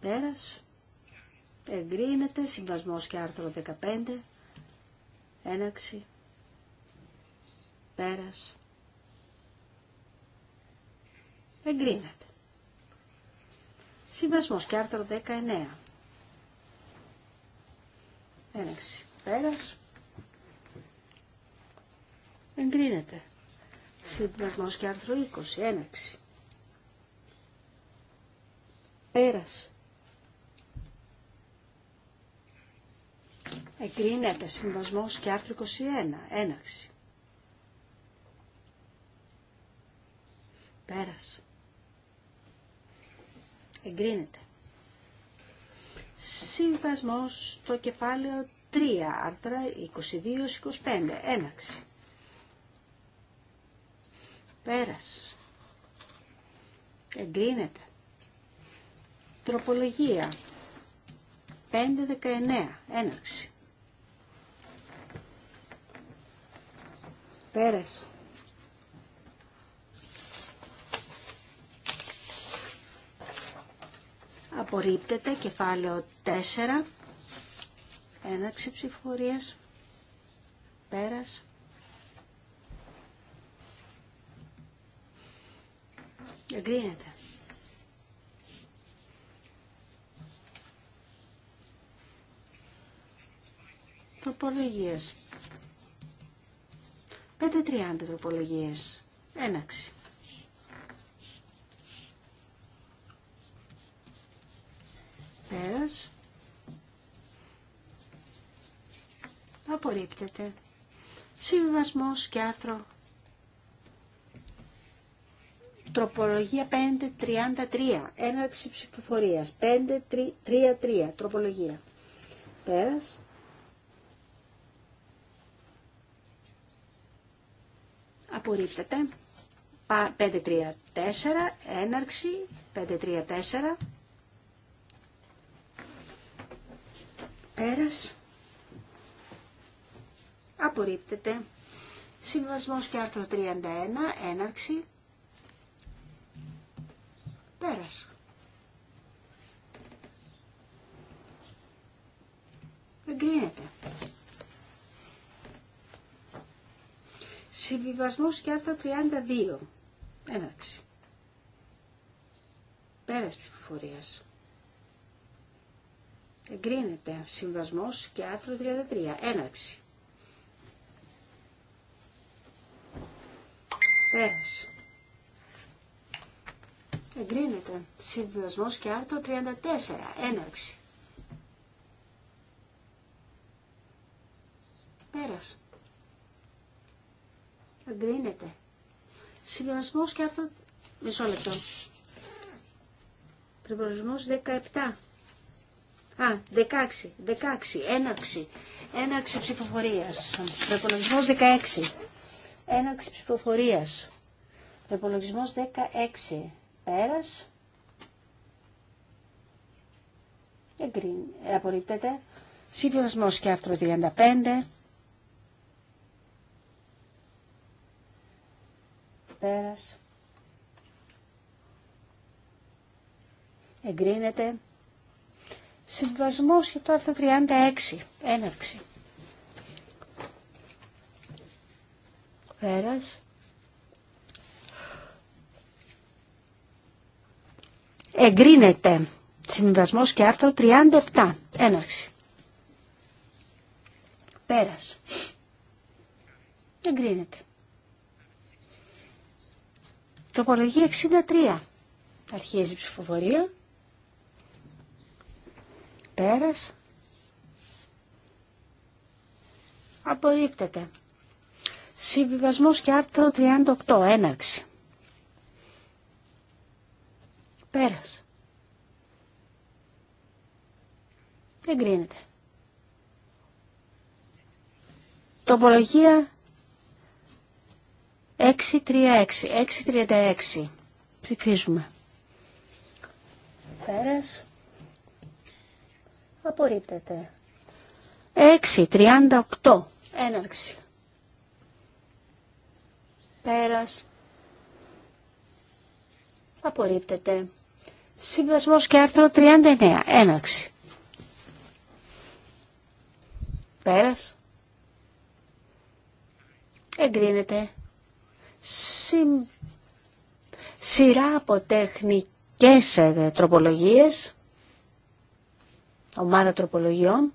Πέρας. Εγκρίνεται συμβασμός και άρθρο 15. Έναξη. Πέρας. Εγκρίνεται. Συμβασμός και άρθρο 19. έναξι, Πέρας. Εγκρίνεται. Συμβασμός και άρθρο 20. Έναξη. Πέρας. Εγκρίνεται συμβασμός και άρθρο 21. Έναξη. Πέρας. Εγκρίνεται. Συμβασμό στο κεφάλαιο 3, άρθρα 22-25. Έναξη. Πέρας. Εγκρίνεται. Τροπολογία. 5-19. Έναξη. Πέρας. Απορρίπτεται κεφάλαιο 4. Έναξη ψηφοφορίας. Πέρας. Εγκρίνεται. Τροπολογίες. 5-30 τροπολογίες. Έναξη. Πέρας. Απορρίπτεται. Συμβασμός και άρθρο. Τροπολογία 5.33. Έναρξη ψηφοφορίας. 5.33. Τροπολογία. Πέρας. Απορρίπτεται. 5.34. Έναρξη. 5.34. Πέρας. Απορρίπτεται. Συμβασμός και άρθρο 31. Έναρξη. Πέρας. Εγκρίνεται. Συμβιβασμός και άρθρο 32. Έναρξη. Πέρας ψηφοφορίας. Εγκρίνεται. Συμβασμός και άρθρο 33. Έναρξη. Πέρας. Εγκρίνεται. Συμβασμός και άρθρο 34. Έναρξη. Πέρας. Εγκρίνεται. Συμβασμός και άρθρο... Μισό λεπτό. Προπολογισμός 17. Α, 16, 16, έναρξη. Έναρξη ψηφοφορίας. υπολογισμό 16. Έναρξη ψηφοφορίας. Προπολογισμός 16. Πέρας. Εγκρίν. Απορρίπτεται. Συμβιβασμό και άρθρο 35. Πέρας. Εγκρίνεται. Συμβασμό για το άρθρο 36. Έναρξη. Πέρας. Εγκρίνεται συμβασμός και άρθρο 37. Έναρξη. Πέρας. Εγκρίνεται. Τροπολογία 63. Αρχίζει η ψηφοφορία. Πέρας. Απορρίπτεται. Συμβιβασμός και άρθρο 38. Έναρξη. Πέρας. Εγκρίνεται. Τοπολογία 636. 636. Ψηφίζουμε. Πέρας απορρίπτεται. 6.38 έναρξη. Πέρας. Απορρίπτεται. Συμβασμός και άρθρο 39 έναρξη. Πέρας. Εγκρίνεται. Σειρά από τεχνικές ε, τροπολογίες ομάδα τροπολογιών.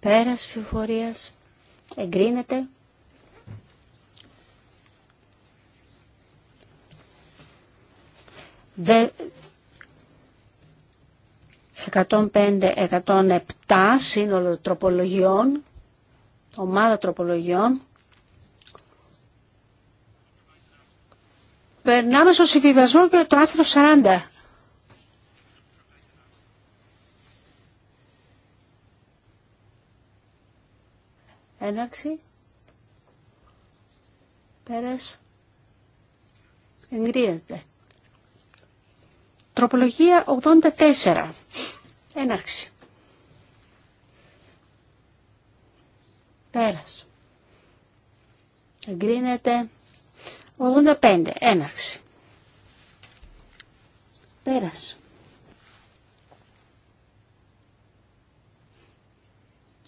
Πέρας φιουφορίας εγκρίνεται. Δε... 105-107 σύνολο τροπολογιών, ομάδα τροπολογιών. Περνάμε στο συμβιβασμό και το άρθρο 40. έναξι, πέρας, εγκρίνεται. Τροπολογία 84, έναξι, πέρας, εγκρίνεται. 85, έναρξη, πέρας.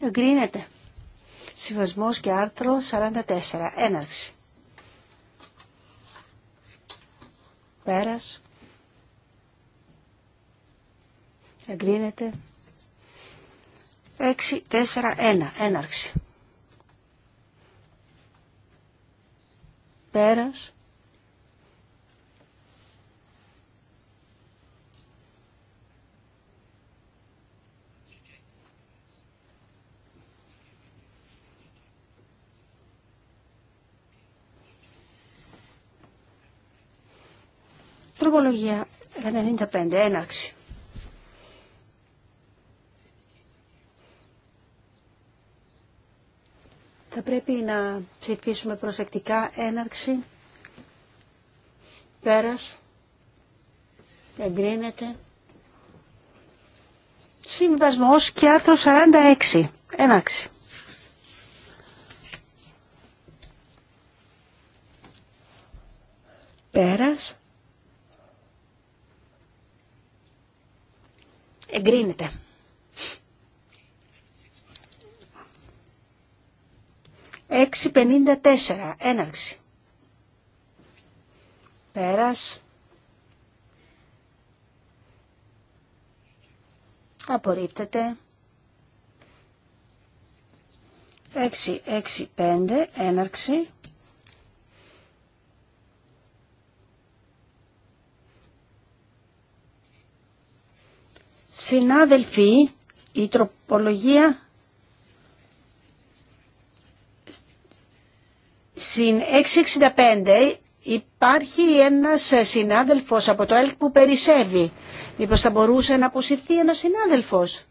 Εγκρίνεται. Συμβασμός και άρθρο 44. Έναρξη. Πέρας. Εγκρίνεται. 6-4-1. Έναρξη. Πέρας. Τροπολογία 95. Έναρξη. Θα πρέπει να ψηφίσουμε προσεκτικά έναρξη, πέρας, εγκρίνεται. Συμβασμός και άρθρο 46. Έναρξη. Πέρας. Εγκρίνεται. έξι τέσσερα Έναρξη. Πέρας. Απορρίπτεται. πέντε Έναρξη. Συνάδελφοι, η τροπολογία συν 665 υπάρχει ένας συνάδελφος από το ΕΛΚ που περισσεύει. Μήπως θα μπορούσε να αποσυρθεί ένας συνάδελφος.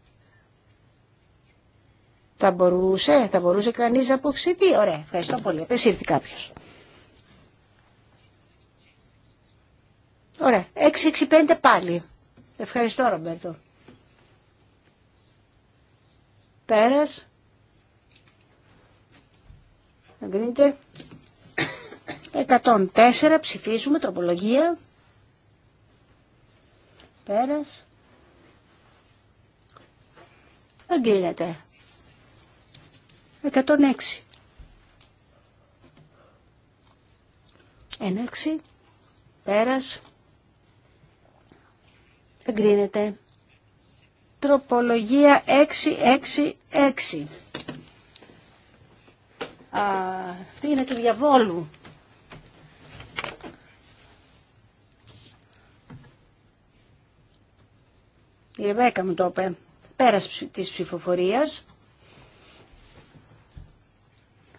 Θα μπορούσε, θα μπορούσε κανείς να αποσυρθεί. Ωραία, ευχαριστώ πολύ. Επεσύρθη κάποιος. Ωραία, 665 πάλι. Ευχαριστώ Ρομπέρτο. Πέρας. Εγκρίνεται. 104 ψηφίζουμε τροπολογία. Πέρας. Εγκρίνεται. 106. 106, Πέρας. Εγκρίνεται τροπολογία 666. Α, αυτή είναι του διαβόλου. Η Ρεβέκα μου το είπε. Πέρας της ψηφοφορίας.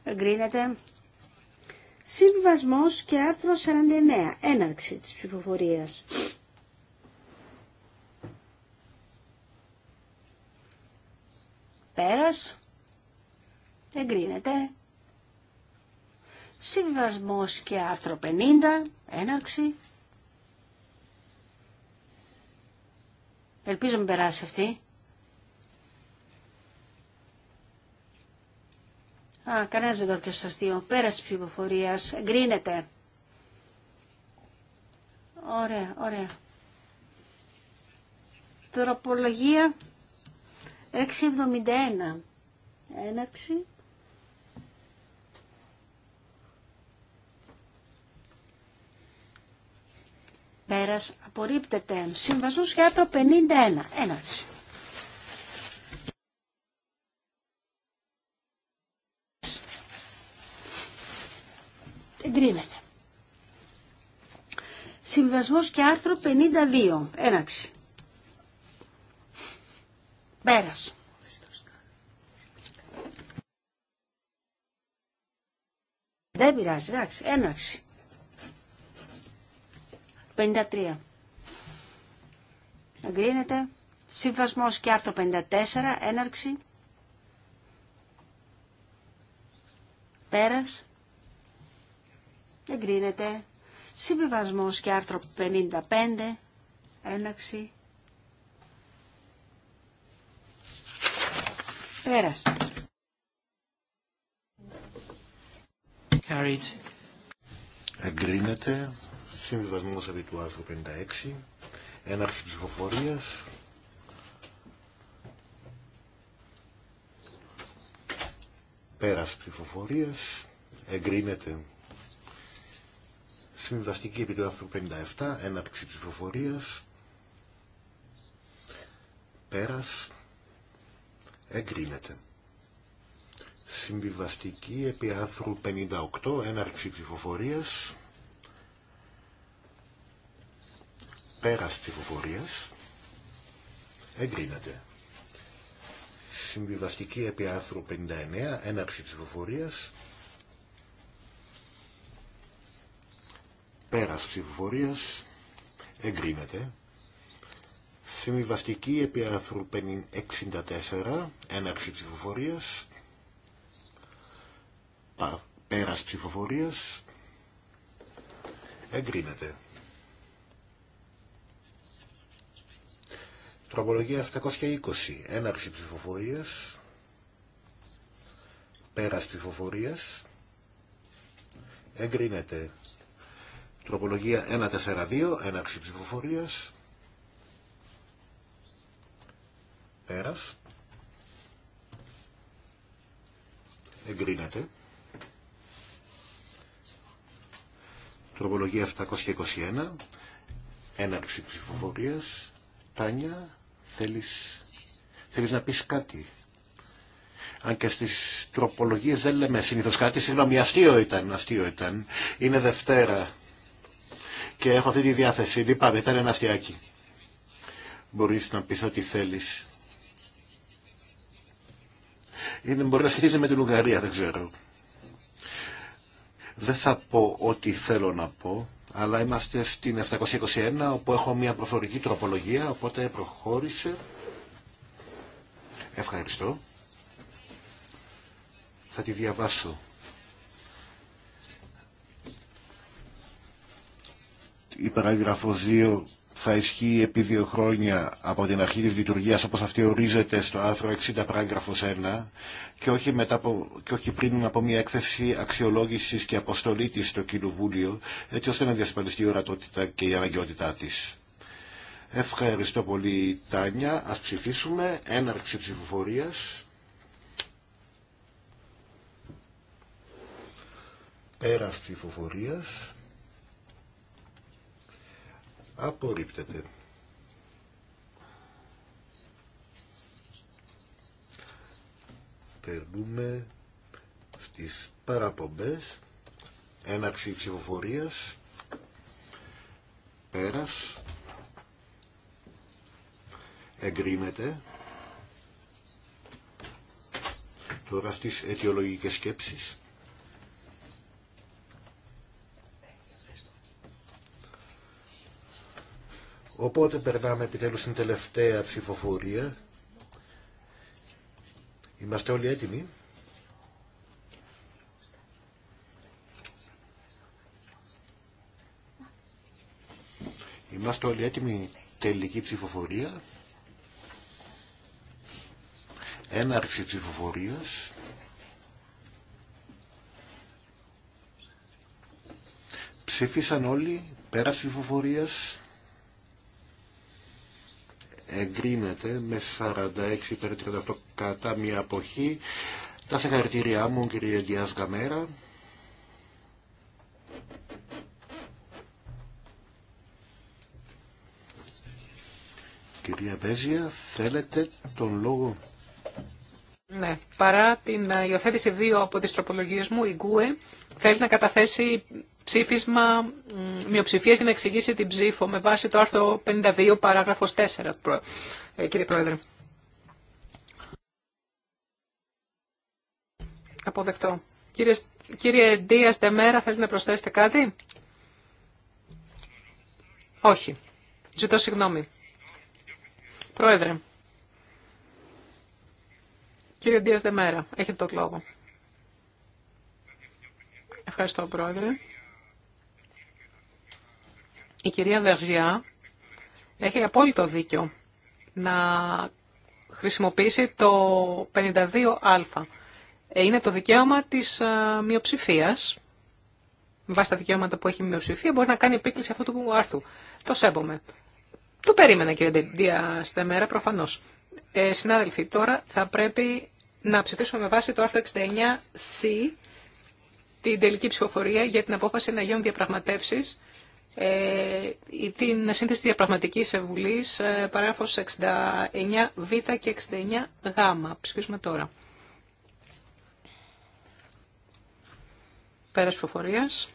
Εγκρίνεται. Συμβασμός και άρθρο 49. Έναρξη της ψηφοφορίας. Πέρας. Εγκρίνεται. Συμβασμός και άρθρο 50. Έναρξη. Ελπίζω να περάσει αυτή. Α, κανένα δεν το στο αστείο. Πέραση ψηφοφορία. Εγκρίνεται. Ωραία, ωραία. Τροπολογία 671. Έναρξη. Πέρας απορρίπτεται. Συμβασμός για άρθρο 51. Έναρξη. Εγκρίνεται. Συμβασμός και άρθρο 52. Έναρξη. Πέρας. Δεν πειράζει, εντάξει, έναρξη. 53. Εγκρίνεται. Σύμφασμός και άρθρο 54, έναρξη. Πέρας. Εγκρίνεται. Συμβιβασμός και άρθρο 55, έναρξη.
Πέρας. Carried.
Εγκρίνεται. Συμβιβασμός επί του άρθρου 56. Έναρξη ψηφοφορίας. Πέρας ψηφοφορίας. Εγκρίνεται. Συμβιβαστική επί του άρθρου 57. Έναρξη ψηφοφορίας. Πέρας εγκρίνεται. Συμβιβαστική επί άρθρου 58, έναρξη ψηφοφορίας, πέρας ψηφοφορίας, εγκρίνεται. Συμβιβαστική επί άρθρου 59, έναρξη ψηφοφορίας, πέρας ψηφοφορίας, εγκρίνεται. Συμβιβαστική επί άρθρου 64, έναρξη ψηφοφορίας, πέρας ψηφοφορίας, εγκρίνεται. Τροπολογία 720, έναρξη ψηφοφορίας, πέρας ψηφοφορίας, εγκρίνεται. Τροπολογία 142, έναρξη ψηφοφορίας, Πέρας. Εγκρίνεται. Τροπολογία 721. Έναρξη ψηφοφορίας. Τάνια, θέλεις, θέλεις να πεις κάτι. Αν και στις τροπολογίες δεν λέμε συνήθως κάτι, συγγνώμη, αστείο ήταν, αστείο ήταν. Είναι Δευτέρα και έχω αυτή τη διάθεση. Λυπάμαι, ήταν ένα αστείακι. Μπορείς να πεις ό,τι θέλεις. Είναι, μπορεί να σχετίζεται με την Ουγγαρία, δεν ξέρω. Δεν θα πω ό,τι θέλω να πω, αλλά είμαστε στην 721, όπου έχω μια προφορική τροπολογία, οπότε προχώρησε. Ευχαριστώ. Θα τη διαβάσω. Η παράγραφο 2 θα ισχύει επί δύο χρόνια από την αρχή της λειτουργίας όπως αυτή ορίζεται στο άρθρο 60 παράγραφος 1 και όχι, μετά και όχι πριν από μια έκθεση αξιολόγησης και αποστολή της στο Κοινοβούλιο έτσι ώστε να διασφαλιστεί η ορατότητα και η αναγκαιότητά της. Ευχαριστώ πολύ Τάνια. Ας ψηφίσουμε. Έναρξη ψηφοφορίας. Πέρας ψηφοφορίας απορρίπτεται. Περνούμε στις παραπομπές, έναρξη ψηφοφορίας, πέρας, εγκρίνεται. Τώρα στις αιτιολογικές σκέψεις. Οπότε περνάμε επιτέλους στην τελευταία ψηφοφορία. Είμαστε όλοι έτοιμοι. Είμαστε όλοι έτοιμοι τελική ψηφοφορία. Έναρξη ψηφοφορίας. Ψήφισαν όλοι πέρα ψηφοφορίας εγκρίνεται με 46 υπέρ 38 κατά μία αποχή. Τα συγχαρητήριά μου κύριε Διάς Γαμέρα. Κυρία Βέζια, θέλετε τον λόγο.
Ναι, παρά την ε, υιοθέτηση δύο από τις τροπολογίες μου, η Γκουε θέλει να καταθέσει ψήφισμα μειοψηφία για να εξηγήσει την ψήφο με βάση το άρθρο 52 παράγραφος 4, ε, κύριε Πρόεδρε. Αποδεκτό. Κύριε, κύριε Ντίας Δεμέρα, θέλετε να προσθέσετε κάτι? Όχι. Ζητώ συγγνώμη. Πρόεδρε. Κύριε Ντίας Δεμέρα, έχετε το λόγο. Ευχαριστώ, Πρόεδρε η κυρία Βεργιά έχει απόλυτο δίκιο να χρησιμοποιήσει το 52α. Ε, είναι το δικαίωμα της ε, μειοψηφίας. βάση τα δικαιώματα που έχει η μειοψηφία μπορεί να κάνει επίκληση αυτού του άρθρου. Το σέβομαι. Το περίμενα κύριε στα Στεμέρα προφανώς. Ε, συνάδελφοι, τώρα θα πρέπει να ψηφίσουμε με βάση το άρθρο 69C την τελική ψηφοφορία για την απόφαση να γίνουν διαπραγματεύσεις ε, την σύνθεση ε, Βουλής, παράγραφος 69β και 69γ. Ψηφίσουμε τώρα. Πέρας προφορίας.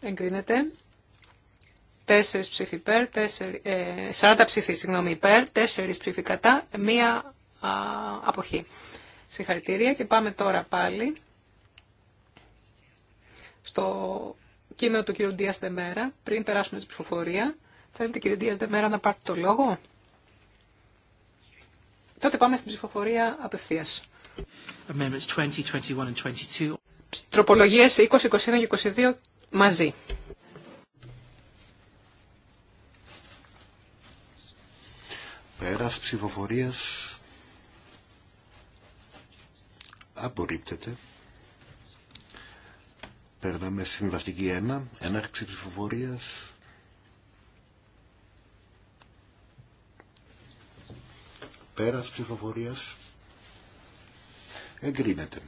Εγκρίνεται. 4 ψήφοι υπέρ, 40 ε, ψήφοι συγγνώμη, υπέρ, 4 ψήφοι κατά, μία α, αποχή. Συγχαρητήρια και πάμε τώρα πάλι στο κείμενο του κ. Ντία Δεμέρα, πριν περάσουμε στην ψηφοφορία. Θέλετε, κ. Ντία Δεμέρα, να πάρει το λόγο. Τότε πάμε στην ψηφοφορία απευθεία. Τροπολογίε 20, 21 και 22 μαζί.
Πέρας ψηφοφορίας απορρίπτεται. Περνάμε στη συμβαστική 1. Έναρξη ψηφοφορία. Πέρας ψηφοφορία. Εγκρίνεται.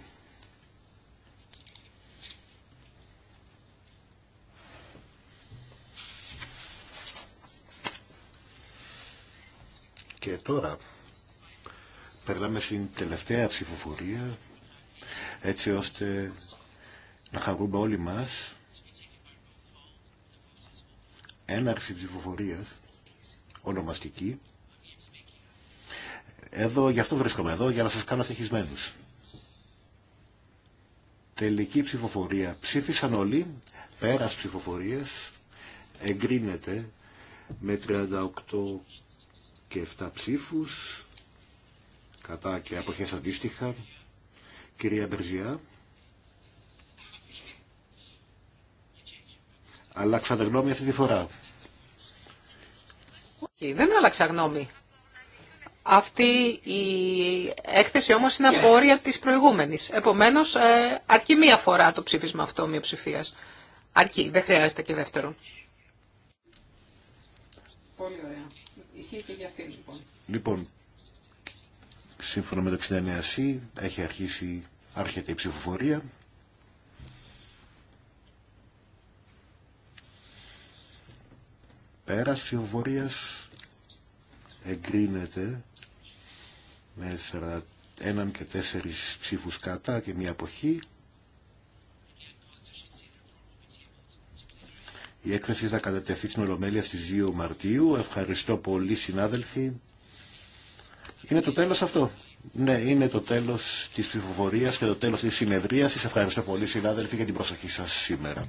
Και τώρα περνάμε στην τελευταία ψηφοφορία έτσι ώστε να χαρούμε όλοι μας έναρξη ψηφοφορίας ονομαστική. Εδώ, γι' αυτό βρίσκομαι εδώ, για να σας κάνω ευτυχισμένους. Τελική ψηφοφορία. Ψήφισαν όλοι, πέρας ψηφοφορίες, εγκρίνεται με 38 και 7 ψήφους, κατά και αποχές αντίστοιχα. Κυρία Μπερζιά, Αλλάξατε γνώμη αυτή τη φορά.
Όχι, δεν άλλαξα γνώμη. Αυτή η έκθεση όμως είναι απόρρια της προηγούμενης. Επομένως, ε, αρκεί μία φορά το ψήφισμα αυτό μειοψηφία. Αρκεί, δεν χρειάζεται και δεύτερο. Πολύ ωραία. Ισχύει και για αυτή, λοιπόν.
Λοιπόν, σύμφωνα με το 69C, έχει αρχίσει, άρχεται η ψηφοφορία. Πέρας ψηφοφορίας εγκρίνεται με έναν και τέσσερις ψήφους κατά και μία αποχή. Η έκθεση θα κατατεθεί στην Ολομέλεια στις 2 Μαρτίου. Ευχαριστώ πολύ συνάδελφοι. Είναι το τέλος αυτό. Ναι, είναι το τέλος της ψηφοφορίας και το τέλος της συνεδρίασης. Ευχαριστώ πολύ συνάδελφοι για την προσοχή σας σήμερα.